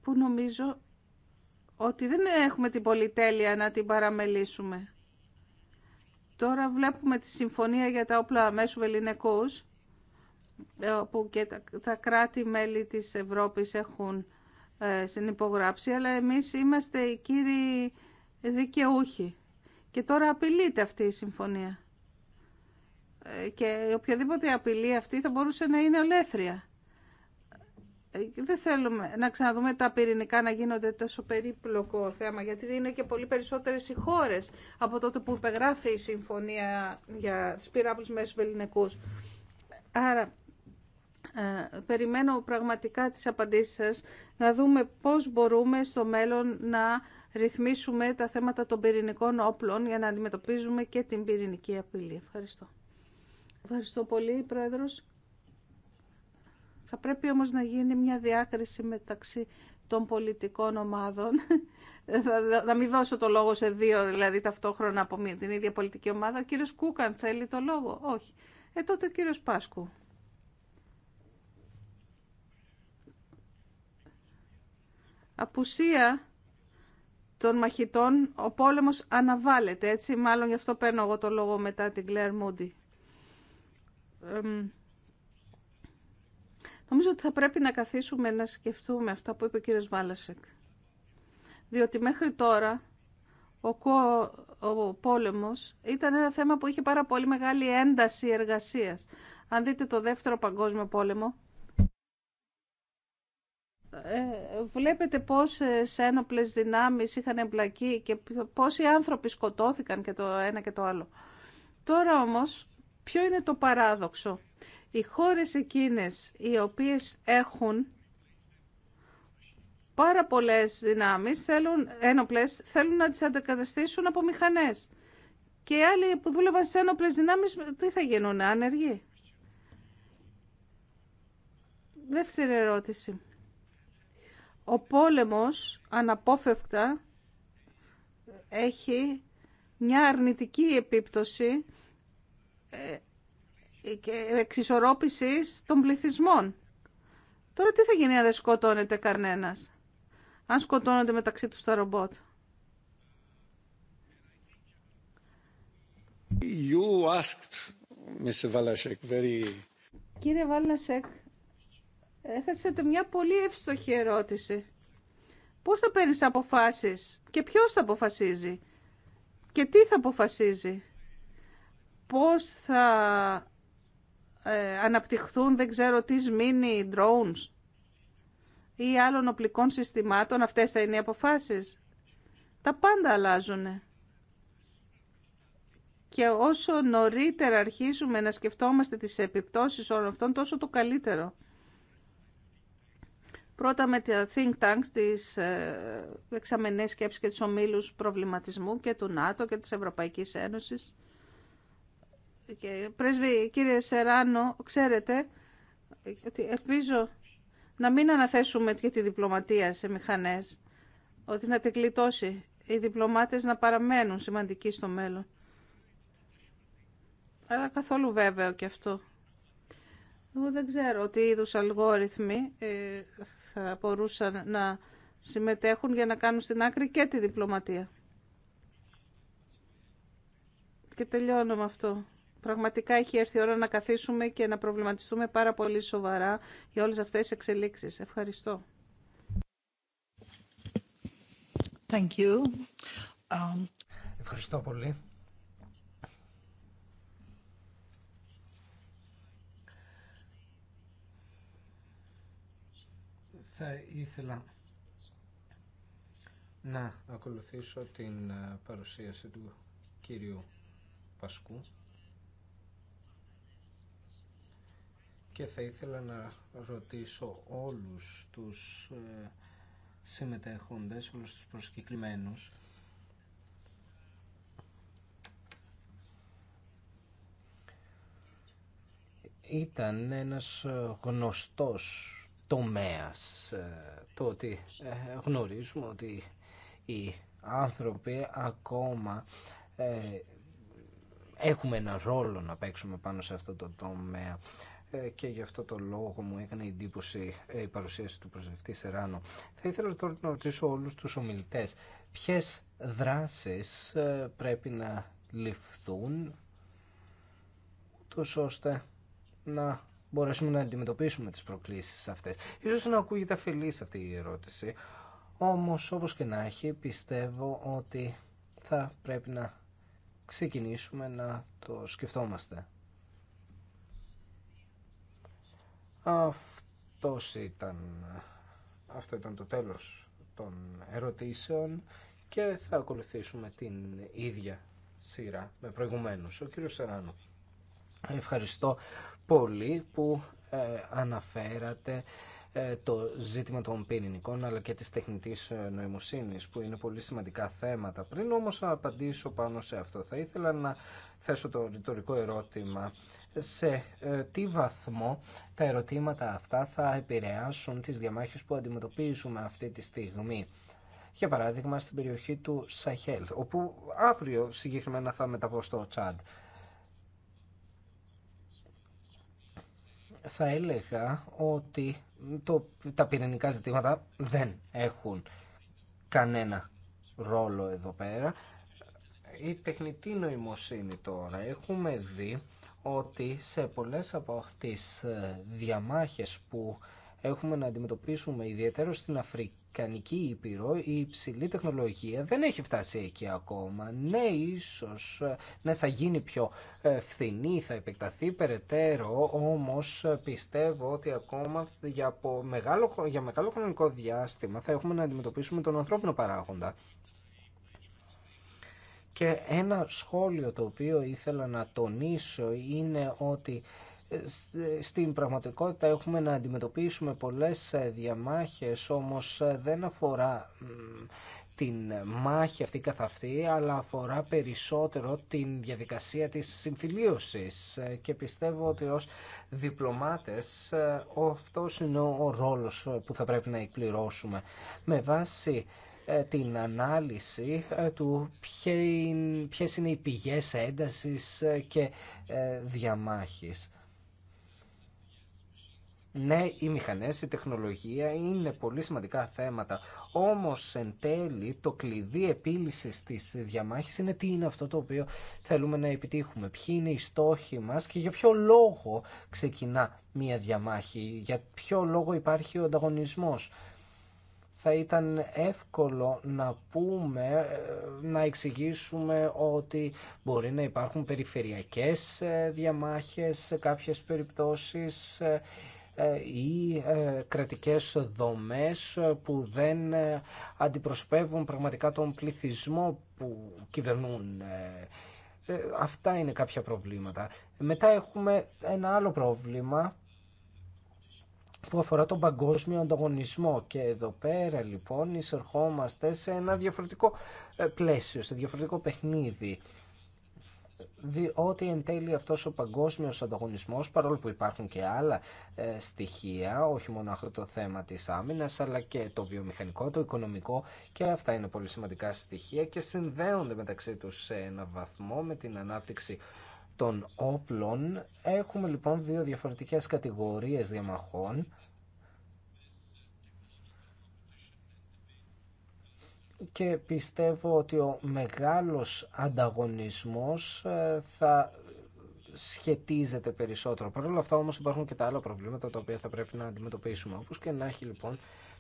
Που νομίζω ότι δεν έχουμε την πολυτέλεια να την παραμελήσουμε. Τώρα βλέπουμε τη συμφωνία για τα όπλα αμέσου ελληνικούς, ε, όπου και τα κράτη-μέλη της Ευρώπης έχουν ε, συνυπογράψει, αλλά εμείς είμαστε οι κύριοι δικαιούχοι. Και τώρα απειλείται αυτή η συμφωνία. Ε, και οποιαδήποτε απειλή αυτή θα μπορούσε να είναι ολέθρια δεν θέλουμε να ξαναδούμε τα πυρηνικά να γίνονται τόσο περίπλοκο θέμα, γιατί είναι και πολύ περισσότερες οι χώρε από τότε που υπεγράφει η συμφωνία για του πυράβλου μέσου ελληνικού. Άρα, ε, περιμένω πραγματικά τις απαντήσεις σας, να δούμε πώς μπορούμε στο μέλλον να ρυθμίσουμε τα θέματα των πυρηνικών όπλων για να αντιμετωπίζουμε και την πυρηνική απειλή. Ευχαριστώ. Ευχαριστώ πολύ, Πρόεδρος. Θα πρέπει όμως να γίνει μια διάκριση μεταξύ των πολιτικών ομάδων. να μην δώσω το λόγο σε δύο, δηλαδή ταυτόχρονα από την ίδια πολιτική ομάδα. Ο κύριος Κούκαν θέλει το λόγο. Όχι. Ε, τότε ο κύριος Πάσκου. Απουσία των μαχητών, ο πόλεμος αναβάλλεται, έτσι, μάλλον γι' αυτό παίρνω εγώ το λόγο μετά την Κλέρ Μούντι. Νομίζω ότι θα πρέπει να καθίσουμε να σκεφτούμε αυτά που είπε ο κύριος Βάλασεκ. Διότι μέχρι τώρα ο, κο... ο πόλεμος ήταν ένα θέμα που είχε πάρα πολύ μεγάλη ένταση εργασίας. Αν δείτε το δεύτερο παγκόσμιο πόλεμο, ε, βλέπετε πόσες ένοπλες δυνάμεις είχαν εμπλακεί και πόσοι άνθρωποι σκοτώθηκαν και το ένα και το άλλο. Τώρα όμως, ποιο είναι το παράδοξο. Οι χώρες εκείνες οι οποίες έχουν πάρα πολλές δυνάμεις, θέλουν, ένοπλες, θέλουν να τις αντικαταστήσουν από μηχανές. Και οι άλλοι που δούλευαν σε ένοπλες δυνάμεις, τι θα γίνουν, άνεργοι. Δεύτερη ερώτηση. Ο πόλεμος αναπόφευκτα έχει μια αρνητική επίπτωση ε, και εξισορρόπησης των πληθυσμών. Τώρα τι θα γίνει αν δεν σκοτώνεται κανένας, αν σκοτώνονται μεταξύ τους τα ρομπότ. You asked, Mr. very... Κύριε Βαλασέκ, έθεσατε μια πολύ εύστοχη ερώτηση. Πώς θα παίρνεις αποφάσεις και ποιος θα αποφασίζει και τι θα αποφασίζει. Πώς θα ε, αναπτυχθούν δεν ξέρω τι σμήνει drones ή άλλων οπλικών συστημάτων. Αυτές θα είναι οι αποφάσεις. Τα πάντα αλλάζουν. Και όσο νωρίτερα αρχίσουμε να σκεφτόμαστε τις επιπτώσεις όλων αυτών, τόσο το καλύτερο. Πρώτα με τα think tanks, τις ε, εξαμενές σκέψεις και τις ομίλους προβληματισμού και του ΝΑΤΟ και της Ευρωπαϊκής Ένωσης. Πρέσβη, κύριε Σεράνο, ξέρετε ότι ελπίζω να μην αναθέσουμε και τη διπλωματία σε μηχανές, ότι να τεκλιτώσει οι διπλωμάτες να παραμένουν σημαντικοί στο μέλλον. Αλλά καθόλου βέβαιο και αυτό. Εγώ δεν ξέρω τι είδου αλγόριθμοι ε, θα μπορούσαν να συμμετέχουν για να κάνουν στην άκρη και τη διπλωματία. Και τελειώνω με αυτό. Πραγματικά έχει έρθει η ώρα να καθίσουμε και να προβληματιστούμε πάρα πολύ σοβαρά για όλες αυτές τις εξελίξεις. Ευχαριστώ. Thank you. Um... Ευχαριστώ πολύ. Θα ήθελα να ακολουθήσω την ε, παρουσίαση του κύριου Πασκού. και θα ήθελα να ρωτήσω όλους τους ε, συμμετέχοντες, όλους τους προσκεκλημένους ήταν ένας ε, γνωστός τομέας ε, το ότι γνωρίζουμε ότι οι άνθρωποι ακόμα έχουμε ένα ρόλο να παίξουμε πάνω σε αυτό το τομέα ε, και γι' αυτό το λόγο μου έκανε εντύπωση η παρουσίαση του προσβευτή Σεράνο. Θα ήθελα τώρα να ρωτήσω όλους τους ομιλητές ποιες δράσεις ε, πρέπει να ληφθούν τους ώστε να μπορέσουμε να αντιμετωπίσουμε τις προκλήσεις αυτές. Ίσως να ακούγεται φιλίς αυτή η ερώτηση, όμως όπως και να έχει πιστεύω ότι θα πρέπει να ξεκινήσουμε να το σκεφτόμαστε Αυτός ήταν, αυτό ήταν το τέλος των ερωτήσεων και θα ακολουθήσουμε την ίδια σειρά με προηγουμένους. Ο κύριος Σεράνο, ευχαριστώ πολύ που ε, αναφέρατε ε, το ζήτημα των πυρηνικών αλλά και της τεχνητής ε, νοημοσύνης που είναι πολύ σημαντικά θέματα. Πριν όμως απαντήσω πάνω σε αυτό θα ήθελα να θέσω το ρητορικό ερώτημα σε ε, τι βαθμό τα ερωτήματα αυτά θα επηρεάσουν τις διαμάχες που αντιμετωπίζουμε αυτή τη στιγμή. Για παράδειγμα στην περιοχή του Σαχέλ, όπου αύριο συγκεκριμένα θα μεταβώ στο Τσάντ. Θα έλεγα ότι το, τα πυρηνικά ζητήματα δεν έχουν κανένα ρόλο εδώ πέρα. Η τεχνητή νοημοσύνη τώρα έχουμε δει ότι σε πολλές από αυτές τις ε, διαμάχες που έχουμε να αντιμετωπίσουμε ιδιαίτερα στην Αφρικανική Ήπειρο η υψηλή τεχνολογία δεν έχει φτάσει εκεί ακόμα. Ναι, ίσως ε, ναι, θα γίνει πιο ε, φθηνή, θα επεκταθεί περαιτέρω, όμως πιστεύω ότι ακόμα για, μεγάλο, για μεγάλο χρονικό διάστημα θα έχουμε να αντιμετωπίσουμε τον ανθρώπινο παράγοντα. Και ένα σχόλιο το οποίο ήθελα να τονίσω είναι ότι ε, ε, στην πραγματικότητα έχουμε να αντιμετωπίσουμε πολλές ε, διαμάχες, όμως δεν αφορά την μάχη αυτή καθ' αυτή, αλλά αφορά περισσότερο την διαδικασία της συμφιλίωσης. Και πιστεύω ότι ως διπλωμάτες αυτός είναι ο ρόλος που θα πρέπει να εκπληρώσουμε. Με βάση ε, την ανάλυση ε, του ποιες είναι οι πηγές έντασης ε, και διαμάχης. Ναι, οι μηχανές, η τεχνολογία είναι πολύ σημαντικά θέματα. Όμως εν τέλει το κλειδί επίλυσης της διαμάχης είναι τι είναι αυτό το οποίο θέλουμε να επιτύχουμε. Ποιοι είναι οι στόχοι μας και για ποιο λόγο ξεκινά μία διαμάχη. Για ποιο λόγο υπάρχει ο ανταγωνισμός θα ήταν εύκολο να πούμε, ε, να εξηγήσουμε ότι μπορεί να υπάρχουν περιφερειακές ε, διαμάχες σε κάποιες περιπτώσεις ε, ή κρατικές δομές που δεν αντιπροσωπεύουν πραγματικά τον πληθυσμό που κυβερνούν. Αυτά είναι κάποια προβλήματα. Μετά έχουμε ένα άλλο πρόβλημα που αφορά τον παγκόσμιο ανταγωνισμό. Και εδώ πέρα λοιπόν εισερχόμαστε σε ένα διαφορετικό ε, πλαίσιο, σε διαφορετικό παιχνίδι διότι εν τέλει αυτός ο παγκόσμιος ανταγωνισμός, παρόλο που υπάρχουν και άλλα ε, στοιχεία, όχι μόνο αυτό το θέμα της άμυνας, αλλά και το βιομηχανικό, το οικονομικό και αυτά είναι πολύ σημαντικά στοιχεία και συνδέονται μεταξύ τους σε ένα βαθμό με την ανάπτυξη των όπλων έχουμε λοιπόν δύο διαφορετικές κατηγορίες διαμαχών και πιστεύω ότι ο μεγάλος ανταγωνισμός ε, θα σχετίζεται περισσότερο. Παρ' όλα αυτά όμως υπάρχουν και τα άλλα προβλήματα τα οποία θα πρέπει να αντιμετωπίσουμε. Όπως και να έχει λοιπόν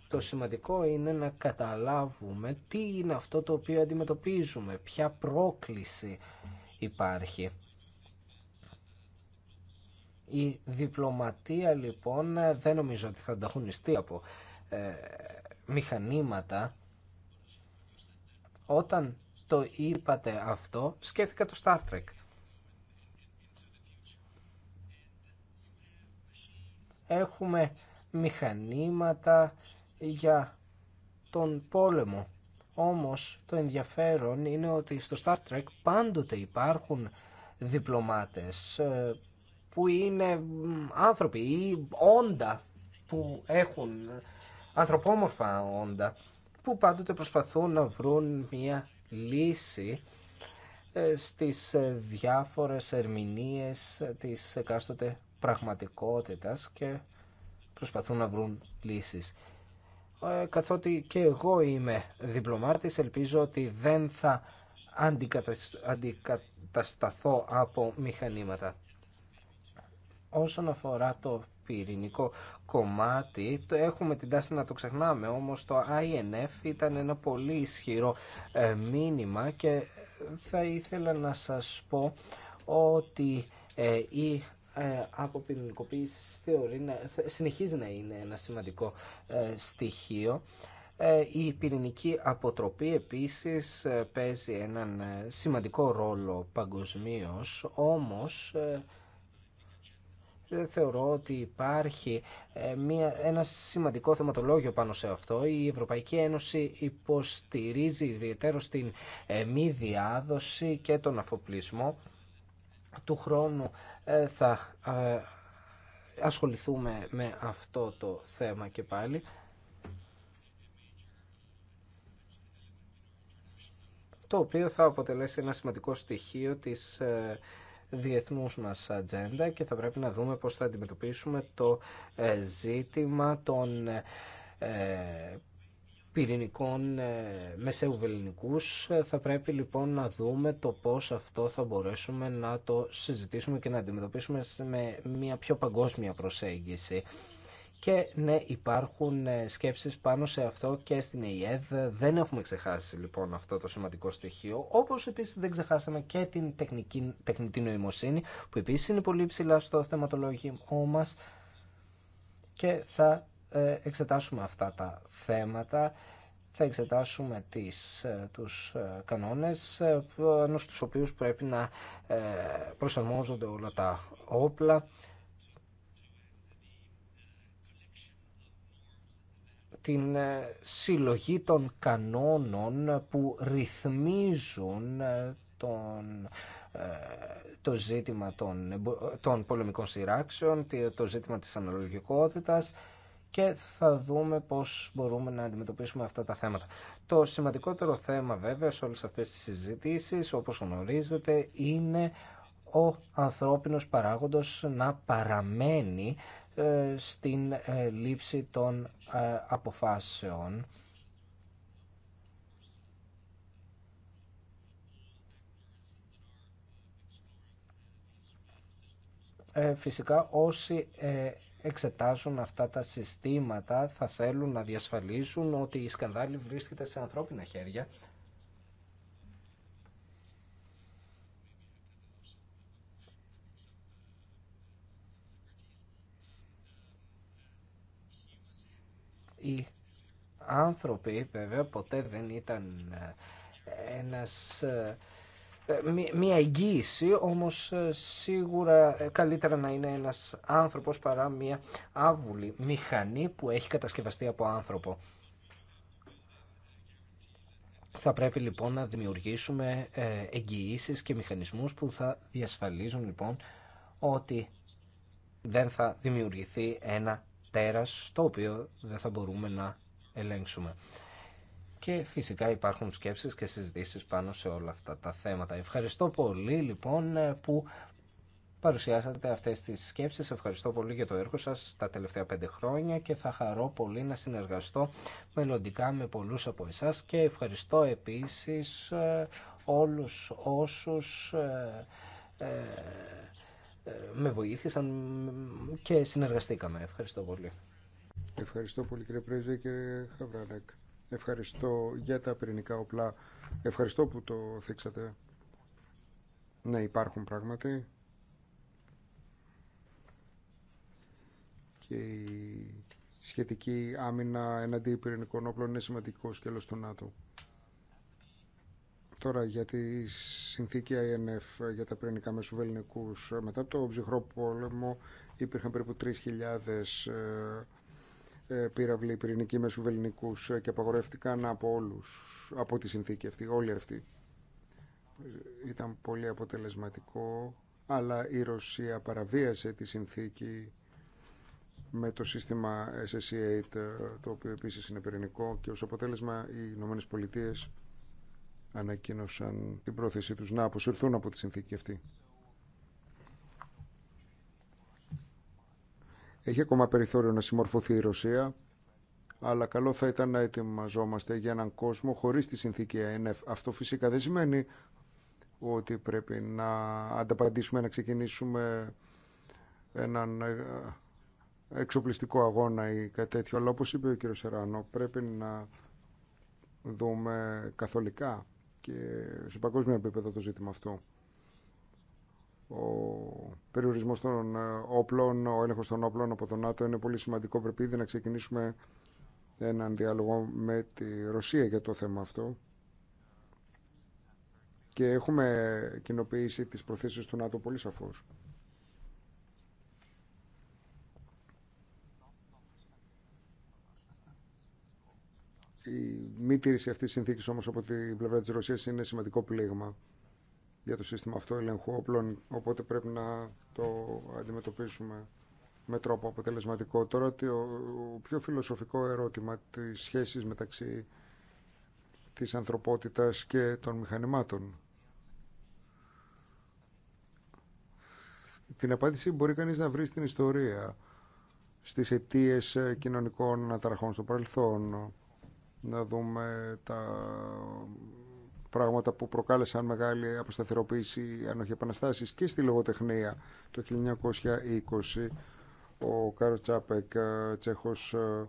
το σημαντικό είναι να καταλάβουμε τι είναι αυτό το οποίο αντιμετωπίζουμε, ποια πρόκληση υπάρχει. Η διπλωματία λοιπόν δεν νομίζω ότι θα ανταγωνιστεί από ε, μηχανήματα. Όταν το είπατε αυτό, σκέφτηκα το Star Trek. Έχουμε μηχανήματα για τον πόλεμο. Όμως το ενδιαφέρον είναι ότι στο Star Trek πάντοτε υπάρχουν διπλωμάτες ε, που είναι άνθρωποι ή όντα που έχουν ανθρωπόμορφα όντα που πάντοτε προσπαθούν να βρουν μια λύση ε, στις ε, διάφορες ερμηνείες της εκάστοτε πραγματικότητας και προσπαθούν να βρουν λύσεις. Ε, καθότι και εγώ είμαι διπλωμάτης, ελπίζω ότι δεν θα αντικατασταθώ από μηχανήματα. Όσον αφορά το πυρηνικό κομμάτι, το έχουμε την τάση να το ξεχνάμε, όμως το INF ήταν ένα πολύ ισχυρό ε, μήνυμα και θα ήθελα να σας πω ότι ε, η ε, αποπυρηνικοποίηση θεωρεί, συνεχίζει να είναι ένα σημαντικό στοιχείο. Η πυρηνική αποτροπή επίσης παίζει έναν σημαντικό ρόλο παγκοσμίως, όμως θεωρώ ότι υπάρχει ε, μια, ένα σημαντικό θεματολόγιο πάνω σε αυτό. Η Ευρωπαϊκή Ένωση υποστηρίζει ιδιαίτερο την ε, μη διάδοση και τον αφοπλισμό. Του χρόνου ε, θα ασχοληθούμε με αυτό το θέμα και πάλι. το οποίο θα αποτελέσει ένα σημαντικό στοιχείο της διεθνούς μας ατζέντα και θα πρέπει να δούμε πώς θα αντιμετωπίσουμε το ε, ζήτημα των ε, πυρηνικών ε, βελληνικού. Θα πρέπει λοιπόν να δούμε το πώς αυτό θα μπορέσουμε να το συζητήσουμε και να αντιμετωπίσουμε με μια πιο παγκόσμια προσέγγιση και ναι υπάρχουν ε, σκέψεις πάνω σε αυτό και στην ΕΙΕΔ. Δεν έχουμε ξεχάσει λοιπόν αυτό το σημαντικό στοιχείο, όπως επίσης δεν ξεχάσαμε και την τεχνική, τεχνητή νοημοσύνη που επίσης είναι πολύ ψηλά στο θεματολόγιο μας και θα ε, εξετάσουμε αυτά τα θέματα. Θα εξετάσουμε τις, ε, τους κανόνες πάνω στους οποίους πρέπει να προσαρμόζονται όλα τα όπλα την ε, συλλογή των κανόνων που ρυθμίζουν ε, τον, ε, το ζήτημα των, των πολεμικών σειράξεων, το ζήτημα της αναλογικότητας και θα δούμε πώς μπορούμε να αντιμετωπίσουμε αυτά τα θέματα. Το σημαντικότερο θέμα βέβαια σε όλες αυτές τις συζητήσεις, όπως γνωρίζετε, είναι ο ανθρώπινος παράγοντος να παραμένει ε, στην ε, λήψη των ε, αποφάσεων. Φυσικά όσοι εξετάζουν αυτά τα συστήματα θα θέλουν να διασφαλίσουν ότι η σκανδάλη βρίσκεται σε ανθρώπινα χέρια Οι άνθρωποι βέβαια ποτέ δεν ήταν ε, ένας, ε, ε, μία εγγύηση, όμως σίγουρα καλύτερα να είναι ένας άνθρωπος παρά μία άβουλη μηχανή που έχει κατασκευαστεί από άνθρωπο. Θα πρέπει λοιπόν να δημιουργήσουμε εγγυήσει και μηχανισμούς που θα διασφαλίζουν λοιπόν ότι δεν θα δημιουργηθεί ένα τέρας το οποίο δεν θα μπορούμε να ελέγξουμε. Και φυσικά υπάρχουν σκέψεις και συζητήσεις πάνω σε όλα αυτά τα θέματα. Ευχαριστώ πολύ λοιπόν που παρουσιάσατε αυτές τις σκέψεις. Ευχαριστώ πολύ για το έργο σας τα τελευταία πέντε χρόνια και θα χαρώ πολύ να συνεργαστώ μελλοντικά με πολλούς από εσάς και ευχαριστώ επίσης ε, όλους όσους ε, ε, με βοήθησαν και συνεργαστήκαμε. Ευχαριστώ πολύ. Ευχαριστώ πολύ κύριε Πρέσβη και Χαβράνεκ. Ευχαριστώ για τα πυρηνικά όπλα. Ευχαριστώ που το θίξατε. Ναι, υπάρχουν πράγματι. Και η σχετική άμυνα εναντίον πυρηνικών όπλων είναι σημαντικό σκέλος του ΝΑΤΟ. Τώρα για τη συνθήκη INF για τα πυρηνικά μεσοβελληνικούς μετά από το ψυχρό πόλεμο υπήρχαν περίπου 3.000 ε, ε, πύραυλοι πυρηνικοί μεσοβελληνικούς και απαγορεύτηκαν από όλους, από τη συνθήκη αυτή, όλοι αυτοί. Ήταν πολύ αποτελεσματικό, αλλά η Ρωσία παραβίασε τη συνθήκη με το συστημα ssc SSE8, ε, το οποίο επίσης είναι πυρηνικό και ως αποτέλεσμα οι Ηνωμένες Πολιτείες ανακοίνωσαν την πρόθεσή τους να αποσυρθούν από τη συνθήκη αυτή. Έχει ακόμα περιθώριο να συμμορφωθεί η Ρωσία, αλλά καλό θα ήταν να ετοιμαζόμαστε για έναν κόσμο χωρίς τη συνθήκη ΑΕΝΕΦ. Αυτό φυσικά δεν σημαίνει ότι πρέπει να ανταπαντήσουμε, να ξεκινήσουμε έναν ε, εξοπλιστικό αγώνα ή κάτι τέτοιο. Αλλά όπως είπε ο κύριος Σεράνο, πρέπει να δούμε καθολικά και σε παγκόσμιο επίπεδο το ζήτημα αυτό. Ο περιορισμός των ε, όπλων, ο έλεγχος των όπλων από τον ΝΑΤΟ είναι πολύ σημαντικό. Πρέπει ήδη να ξεκινήσουμε έναν διάλογο με τη Ρωσία για το θέμα αυτό. Και έχουμε κοινοποιήσει τις προθέσεις του ΝΑΤΟ πολύ σαφώς. Η μη τήρηση αυτή τη συνθήκη όμω από την πλευρά τη Ρωσία είναι σημαντικό πλήγμα για το σύστημα αυτό ελεγχού όπλων. Οπότε πρέπει να το αντιμετωπίσουμε με τρόπο αποτελεσματικό. Τώρα το πιο φιλοσοφικό ερώτημα της σχέσης μεταξύ της ανθρωπότητας και των μηχανημάτων. Την απάντηση μπορεί κανείς να βρει στην ιστορία, στις αιτίες κοινωνικών αταραχών στο παρελθόν, να δούμε τα πράγματα που προκάλεσαν μεγάλη αποσταθεροποίηση αν όχι και στη λογοτεχνία το 1920 ο Κάρο Τσάπεκ ε, τσέχος ε,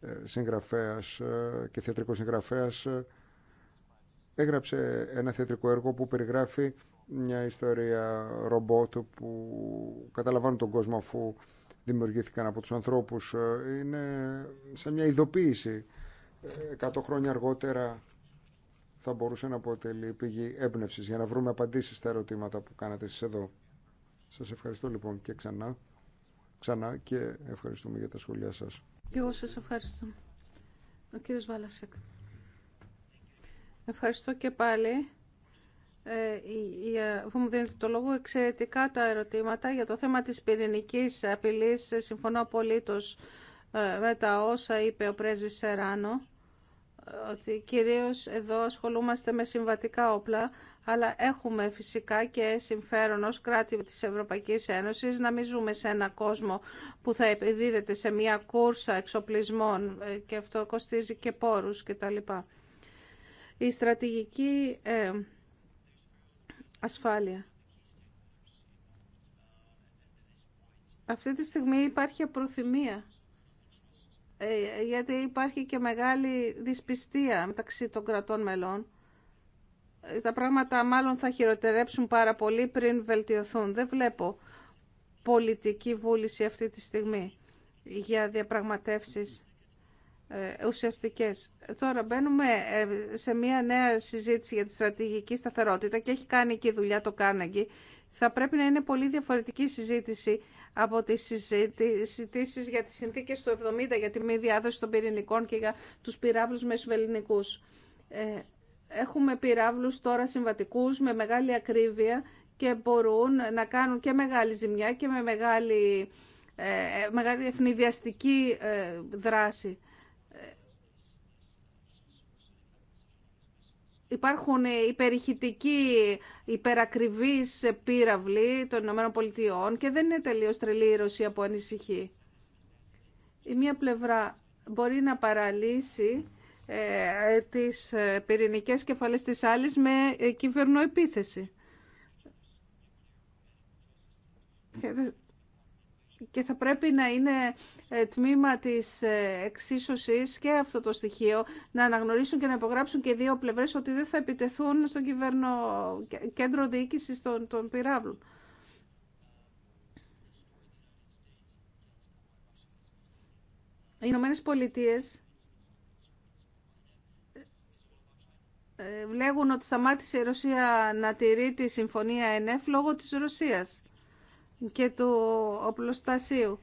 ε, συγγραφέας και θεατρικός συγγραφέας έγραψε ένα θεατρικό έργο που περιγράφει μια ιστορία ρομπότ που καταλαμβάνουν τον κόσμο αφού δημιουργήθηκαν από τους ανθρώπους είναι σαν μια ειδοποίηση 100 χρόνια αργότερα θα μπορούσε να αποτελεί πηγή έμπνευση για να βρούμε απαντήσεις στα ερωτήματα που κάνατε εσείς εδώ. Σας ευχαριστώ λοιπόν και ξανά, ξανά και ευχαριστούμε για τα σχόλιά σας. Και εγώ σας ευχαριστώ. Ο κύριος Βάλασεκ. Ευχαριστώ και πάλι που ε, ε, μου δίνετε το λόγο εξαιρετικά τα ερωτήματα για το θέμα της πυρηνικής απειλής συμφωνώ απολύτως ε, με τα όσα είπε ο πρέσβης Σεράνο ότι κυρίως εδώ ασχολούμαστε με συμβατικά όπλα, αλλά έχουμε φυσικά και συμφέρον ως κράτη της Ευρωπαϊκής Ένωσης να μην ζούμε σε ένα κόσμο που θα επιδίδεται σε μια κούρσα εξοπλισμών ε, και αυτό κοστίζει και πόρους κτλ. Η στρατηγική ε, ασφάλεια. Αυτή τη στιγμή υπάρχει προθυμία ε, γιατί υπάρχει και μεγάλη δυσπιστία μεταξύ των κρατών μελών. Ε, τα πράγματα μάλλον θα χειροτερέψουν πάρα πολύ πριν βελτιωθούν. Δεν βλέπω πολιτική βούληση αυτή τη στιγμή για διαπραγματεύσεις ε, ουσιαστικές. Τώρα μπαίνουμε σε μια νέα συζήτηση για τη στρατηγική σταθερότητα και έχει κάνει και η δουλειά το Κάναγκη. Θα πρέπει να είναι πολύ διαφορετική συζήτηση από τις συζητήσει για τις συνθήκες του 70 για τη μη διάδοση των πυρηνικών και για τους πυράβλους μεσοβελληνικούς. Ε, έχουμε πυράβλους τώρα συμβατικούς με μεγάλη ακρίβεια και μπορούν να κάνουν και μεγάλη ζημιά και με μεγάλη, ε, μεγάλη ευνηδιαστική ε, δράση. υπάρχουν ε, υπερηχητικοί υπερακριβείς πύραυλοι των Ηνωμένων Πολιτειών και δεν είναι τελείως τρελή η Ρωσία που ανησυχεί. Η μία πλευρά μπορεί να παραλύσει ε, τις ε, πυρηνικές κεφαλές της άλλης με ε, κυβερνοεπίθεση και θα πρέπει να είναι ε, τμήμα της ε, εξίσωσης και αυτό το στοιχείο να αναγνωρίσουν και να υπογράψουν και δύο πλευρές ότι δεν θα επιτεθούν στον κυβέρνο κέντρο διοίκησης των, των πυράβλων. Οι Ηνωμένε Πολιτείε ε, λέγουν ότι σταμάτησε η Ρωσία να τηρεί τη συμφωνία ΕΝΕΦ λόγω της Ρωσίας και του οπλοστασίου.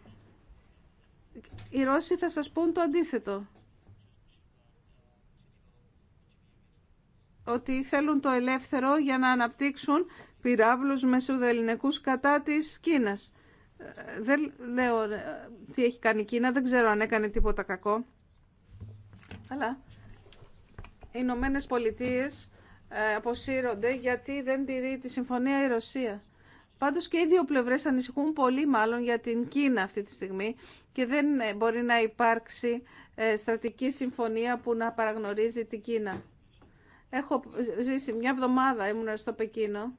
Οι Ρώσοι θα σας πούν το αντίθετο. Ότι θέλουν το ελεύθερο για να αναπτύξουν πυράβλους μεσοδελληνικούς κατά της Κίνας. Ε, δεν λέω ε, τι έχει κάνει η Κίνα, δεν ξέρω αν έκανε τίποτα κακό. Αλλά οι Ηνωμένε Πολιτείε ε, αποσύρονται γιατί δεν τηρεί τη συμφωνία η Ρωσία. Πάντω και οι δύο πλευρές ανησυχούν πολύ μάλλον για την Κίνα αυτή τη στιγμή και δεν ε, μπορεί να υπάρξει ε, στρατική συμφωνία που να παραγνωρίζει την Κίνα. Έχω ζήσει μια εβδομάδα, ήμουν στο Πεκίνο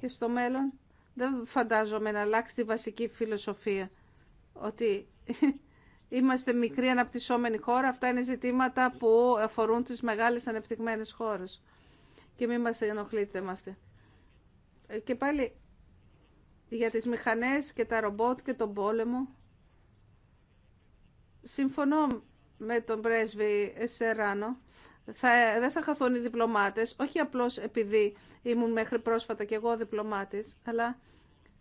και στο μέλλον δεν φαντάζομαι να αλλάξει τη βασική φιλοσοφία ότι είμαστε μικρή αναπτυσσόμενη χώρα, αυτά είναι ζητήματα που αφορούν τις μεγάλες ανεπτυγμένες χώρες και μην μας ενοχλείτε με αυτή. Ε, και πάλι για τις μηχανές και τα ρομπότ και τον πόλεμο. Συμφωνώ με τον πρέσβη Σεράνο. Θα, δεν θα χαθούν οι διπλωμάτες, όχι απλώς επειδή ήμουν μέχρι πρόσφατα και εγώ διπλωμάτης, αλλά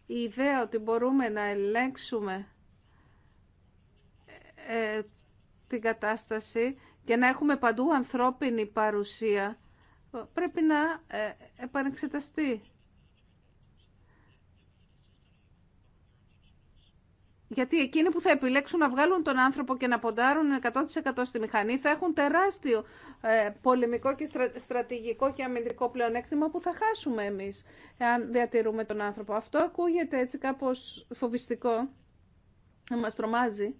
η ιδέα ότι μπορούμε να ελέγξουμε ε, την κατάσταση και να έχουμε παντού ανθρώπινη παρουσία πρέπει να ε, επανεξεταστεί. Γιατί εκείνοι που θα επιλέξουν να βγάλουν τον άνθρωπο και να ποντάρουν 100% στη μηχανή θα έχουν τεράστιο ε, πολεμικό και στρατηγικό και αμυντικό πλεονέκτημα που θα χάσουμε εμείς εάν διατηρούμε τον άνθρωπο. Αυτό ακούγεται έτσι κάπως φοβιστικό, μας τρομάζει.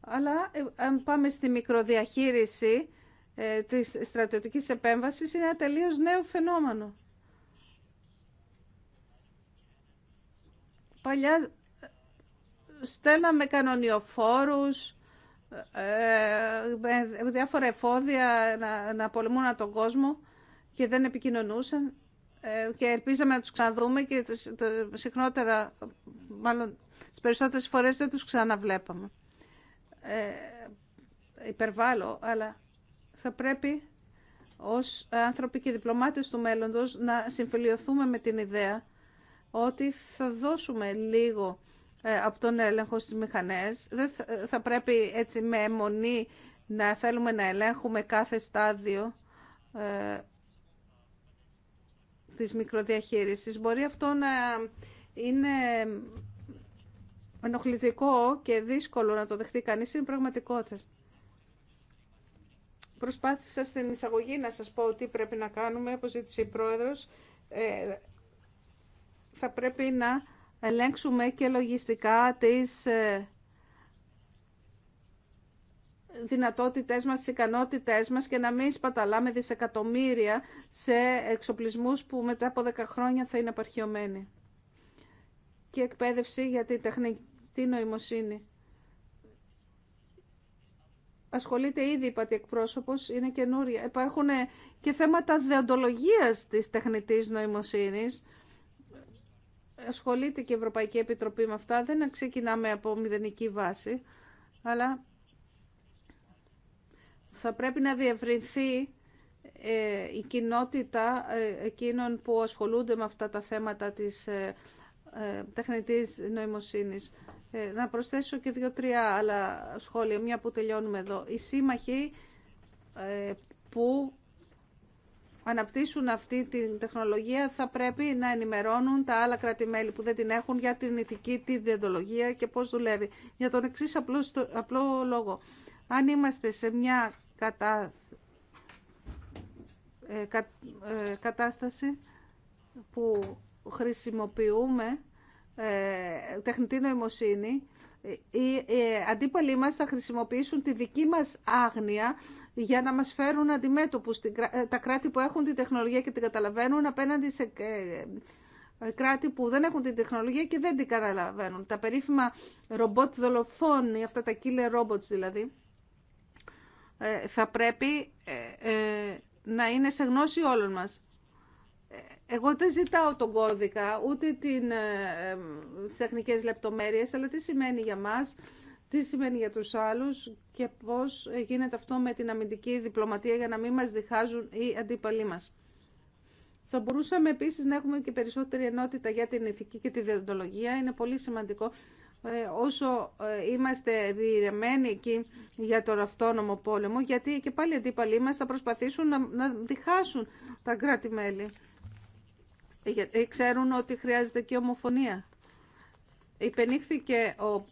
Αλλά ε, αν πάμε στη μικροδιαχείριση ε, της στρατιωτικής επέμβασης είναι ένα τελείως νέο φαινόμενο. Παλιά στέλναμε κανονιοφόρους, με ε, διάφορα εφόδια να, να πολεμούν τον κόσμο και δεν επικοινωνούσαν ε, και ελπίζαμε να τους ξαναδούμε και συχνότερα, μάλλον τις περισσότερες φορές δεν τους ξαναβλέπαμε. Ε, υπερβάλλω, αλλά θα πρέπει ως άνθρωποι και διπλωμάτες του μέλλοντος να συμφιλειωθούμε με την ιδέα ότι θα δώσουμε λίγο ε, από τον έλεγχο στις μηχανές. Δεν ε, θα πρέπει έτσι με αιμονή να θέλουμε να ελέγχουμε κάθε στάδιο ε, της μικροδιαχείρισης. Μπορεί αυτό να είναι ενοχλητικό και δύσκολο να το δεχτεί κανείς, είναι πραγματικότερο. Προσπάθησα στην εισαγωγή να σας πω τι πρέπει να κάνουμε, όπως ζήτησε η Πρόεδρος. Ε, θα πρέπει να ελέγξουμε και λογιστικά τις ε, δυνατότητές μας, τις ικανότητές μας και να μην σπαταλάμε δισεκατομμύρια σε εξοπλισμούς που μετά από 10 χρόνια θα είναι απαρχιωμένοι. Και εκπαίδευση για την τεχνητή νοημοσύνη. Ασχολείται ήδη, Πατή εκπρόσωπος, είναι καινούρια. Υπάρχουν και θέματα δεοντολογίας της τεχνητής νοημοσύνης ασχολείται και η Ευρωπαϊκή Επιτροπή με αυτά. Δεν ξεκινάμε από μηδενική βάση, αλλά θα πρέπει να διευρυνθεί ε, η κοινότητα ε, εκείνων που ασχολούνται με αυτά τα θέματα της ε, τεχνητής νοημοσύνης. Να προσθέσω και δύο-τρία άλλα σχόλια, μια που τελειώνουμε εδώ. Η σύμμαχοι που αναπτύσσουν αυτή την τεχνολογία θα πρέπει να ενημερώνουν τα άλλα κράτη-μέλη που δεν την έχουν για την ηθική, τη διεντολογία και πώς δουλεύει. Για τον εξής απλό, απλό λόγο. Αν είμαστε σε μια κατά, ε, ε, κατάσταση που χρησιμοποιούμε ε, τεχνητή νοημοσύνη, οι αντίπαλοι μας θα χρησιμοποιήσουν τη δική μας άγνοια για να μας φέρουν αντιμέτωπους ε, τα κράτη που έχουν την τεχνολογία και την καταλαβαίνουν απέναντι σε ε, ε, κράτη που δεν έχουν την τεχνολογία και δεν την καταλαβαίνουν. Τα περίφημα ρομπότ δολοφόνοι, αυτά τα killer robots δηλαδή, θα πρέπει να είναι σε γνώση όλων μας. Εγώ δεν ζητάω τον κώδικα, ούτε την, τις τεχνικές λεπτομέρειες, αλλά τι σημαίνει για μας τι σημαίνει για τους άλλους και πώς γίνεται αυτό με την αμυντική διπλωματία για να μην μας διχάζουν οι αντίπαλοι μας. Θα μπορούσαμε επίσης να έχουμε και περισσότερη ενότητα για την ηθική και τη διοντολογία. Είναι πολύ σημαντικό ε, όσο ε, είμαστε διηρεμένοι εκεί για τον αυτόνομο πόλεμο, γιατί και πάλι οι αντίπαλοι μας θα προσπαθήσουν να, διχάσουν τα κράτη-μέλη. Ε, ξέρουν ότι χρειάζεται και ομοφωνία. Υπενήχθηκε ο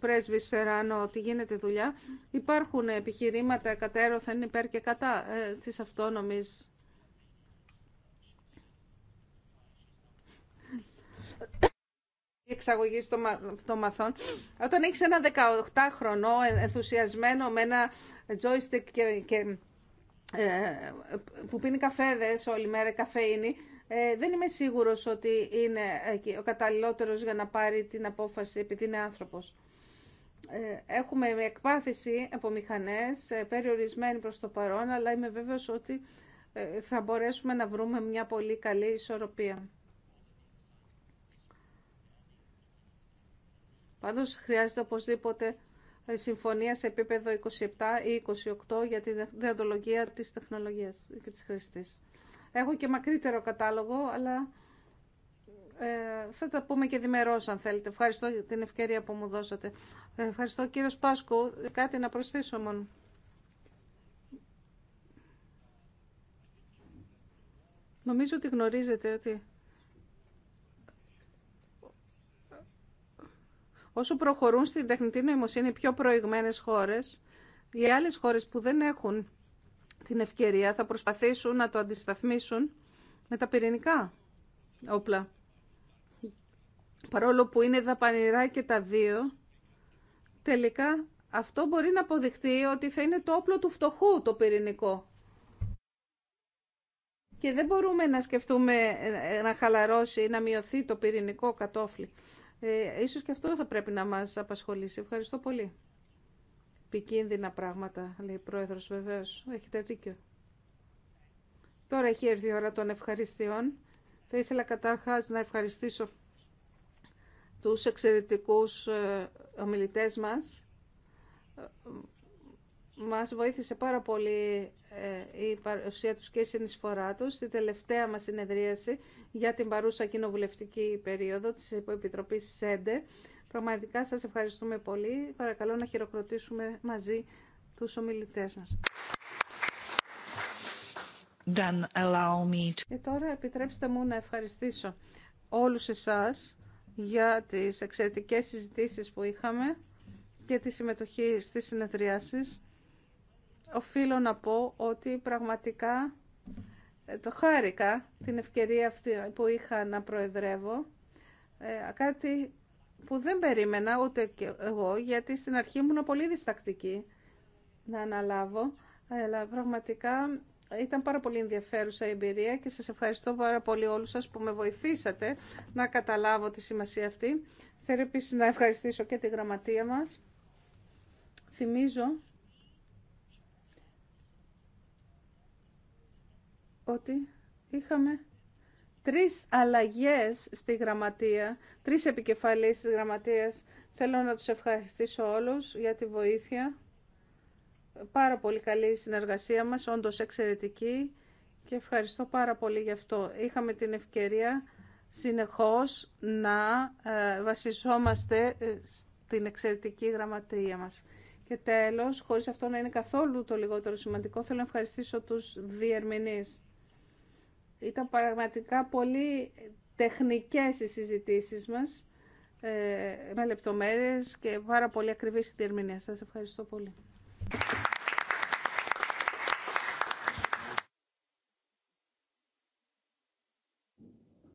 Πρέσβη Σεράνο ότι γίνεται δουλειά. Υπάρχουν επιχειρήματα κατέρωθεν υπέρ και κατά ε, της αυτόνομης εξαγωγή των μαθών. Όταν έχει ένα 18χρονο ενθουσιασμένο με ένα joystick και, ε, που πίνει καφέδες όλη μέρα καφέινη, ε, δεν είμαι σίγουρος ότι είναι ο καταλληλότερος για να πάρει την απόφαση επειδή είναι άνθρωπος. Ε, έχουμε εκπάθηση από μηχανές, ε, περιορισμένη προς το παρόν, αλλά είμαι βέβαιος ότι θα μπορέσουμε να βρούμε μια πολύ καλή ισορροπία. Πάντως χρειάζεται οπωσδήποτε συμφωνία σε επίπεδο 27 ή 28 για τη διαδολογία της τεχνολογίας και της χρηστής. Έχω και μακρύτερο κατάλογο, αλλά ε, θα τα πούμε και διμερώς αν θέλετε. Ευχαριστώ για την ευκαιρία που μου δώσατε. Ευχαριστώ κύριο Πάσκο Κάτι να προσθέσω μόνο. Νομίζω ότι γνωρίζετε ότι όσο προχωρούν στην τεχνητή νοημοσύνη πιο προηγμένες χώρες, οι άλλες χώρες που δεν έχουν την ευκαιρία θα προσπαθήσουν να το αντισταθμίσουν με τα πυρηνικά όπλα. Παρόλο που είναι δαπανηρά και τα δύο, τελικά αυτό μπορεί να αποδειχθεί ότι θα είναι το όπλο του φτωχού το πυρηνικό. Και δεν μπορούμε να σκεφτούμε ε, να χαλαρώσει ή να μειωθεί το πυρηνικό κατόφλι. Ε, ίσως και αυτό θα πρέπει να μας απασχολήσει. Ευχαριστώ πολύ επικίνδυνα πράγματα, λέει η Πρόεδρος βεβαίως. Έχετε δίκιο. Τώρα έχει έρθει η ώρα των ευχαριστειών. Θα ήθελα καταρχάς να ευχαριστήσω τους εξαιρετικούς ε, ομιλητές μας. Μας βοήθησε πάρα πολύ ε, η παρουσία τους και η συνεισφορά τους στη τελευταία μας συνεδρίαση για την παρούσα κοινοβουλευτική περίοδο της Υποεπιτροπής ΣΕΝΤΕ Πραγματικά σας ευχαριστούμε πολύ. Παρακαλώ να χειροκροτήσουμε μαζί τους ομιλητές μας. Then allow me Και τώρα επιτρέψτε μου να ευχαριστήσω όλους εσάς για τις εξαιρετικές συζητήσεις που είχαμε και τη συμμετοχή στις συνεδριάσεις. Οφείλω να πω ότι πραγματικά ε, το χάρηκα την ευκαιρία αυτή που είχα να προεδρεύω. Ε, κάτι που δεν περίμενα ούτε και εγώ, γιατί στην αρχή ήμουν πολύ διστακτική να αναλάβω, αλλά πραγματικά ήταν πάρα πολύ ενδιαφέρουσα η εμπειρία και σας ευχαριστώ πάρα πολύ όλους σας που με βοηθήσατε να καταλάβω τη σημασία αυτή. Θέλω επίσης να ευχαριστήσω και τη γραμματεία μας. Θυμίζω ότι είχαμε τρεις αλλαγές στη γραμματεία, τρεις επικεφαλής της γραμματείας. Θέλω να τους ευχαριστήσω όλους για τη βοήθεια. Πάρα πολύ καλή η συνεργασία μας, όντως εξαιρετική και ευχαριστώ πάρα πολύ γι' αυτό. Είχαμε την ευκαιρία συνεχώς να ε, βασιζόμαστε ε, στην εξαιρετική γραμματεία μας. Και τέλος, χωρίς αυτό να είναι καθόλου το λιγότερο σημαντικό, θέλω να ευχαριστήσω τους διερμηνείς ήταν πραγματικά πολύ τεχνικές οι συζητήσεις μας ε, με λεπτομέρειες και πάρα πολύ ακριβή η διερμηνία. Σας ευχαριστώ πολύ.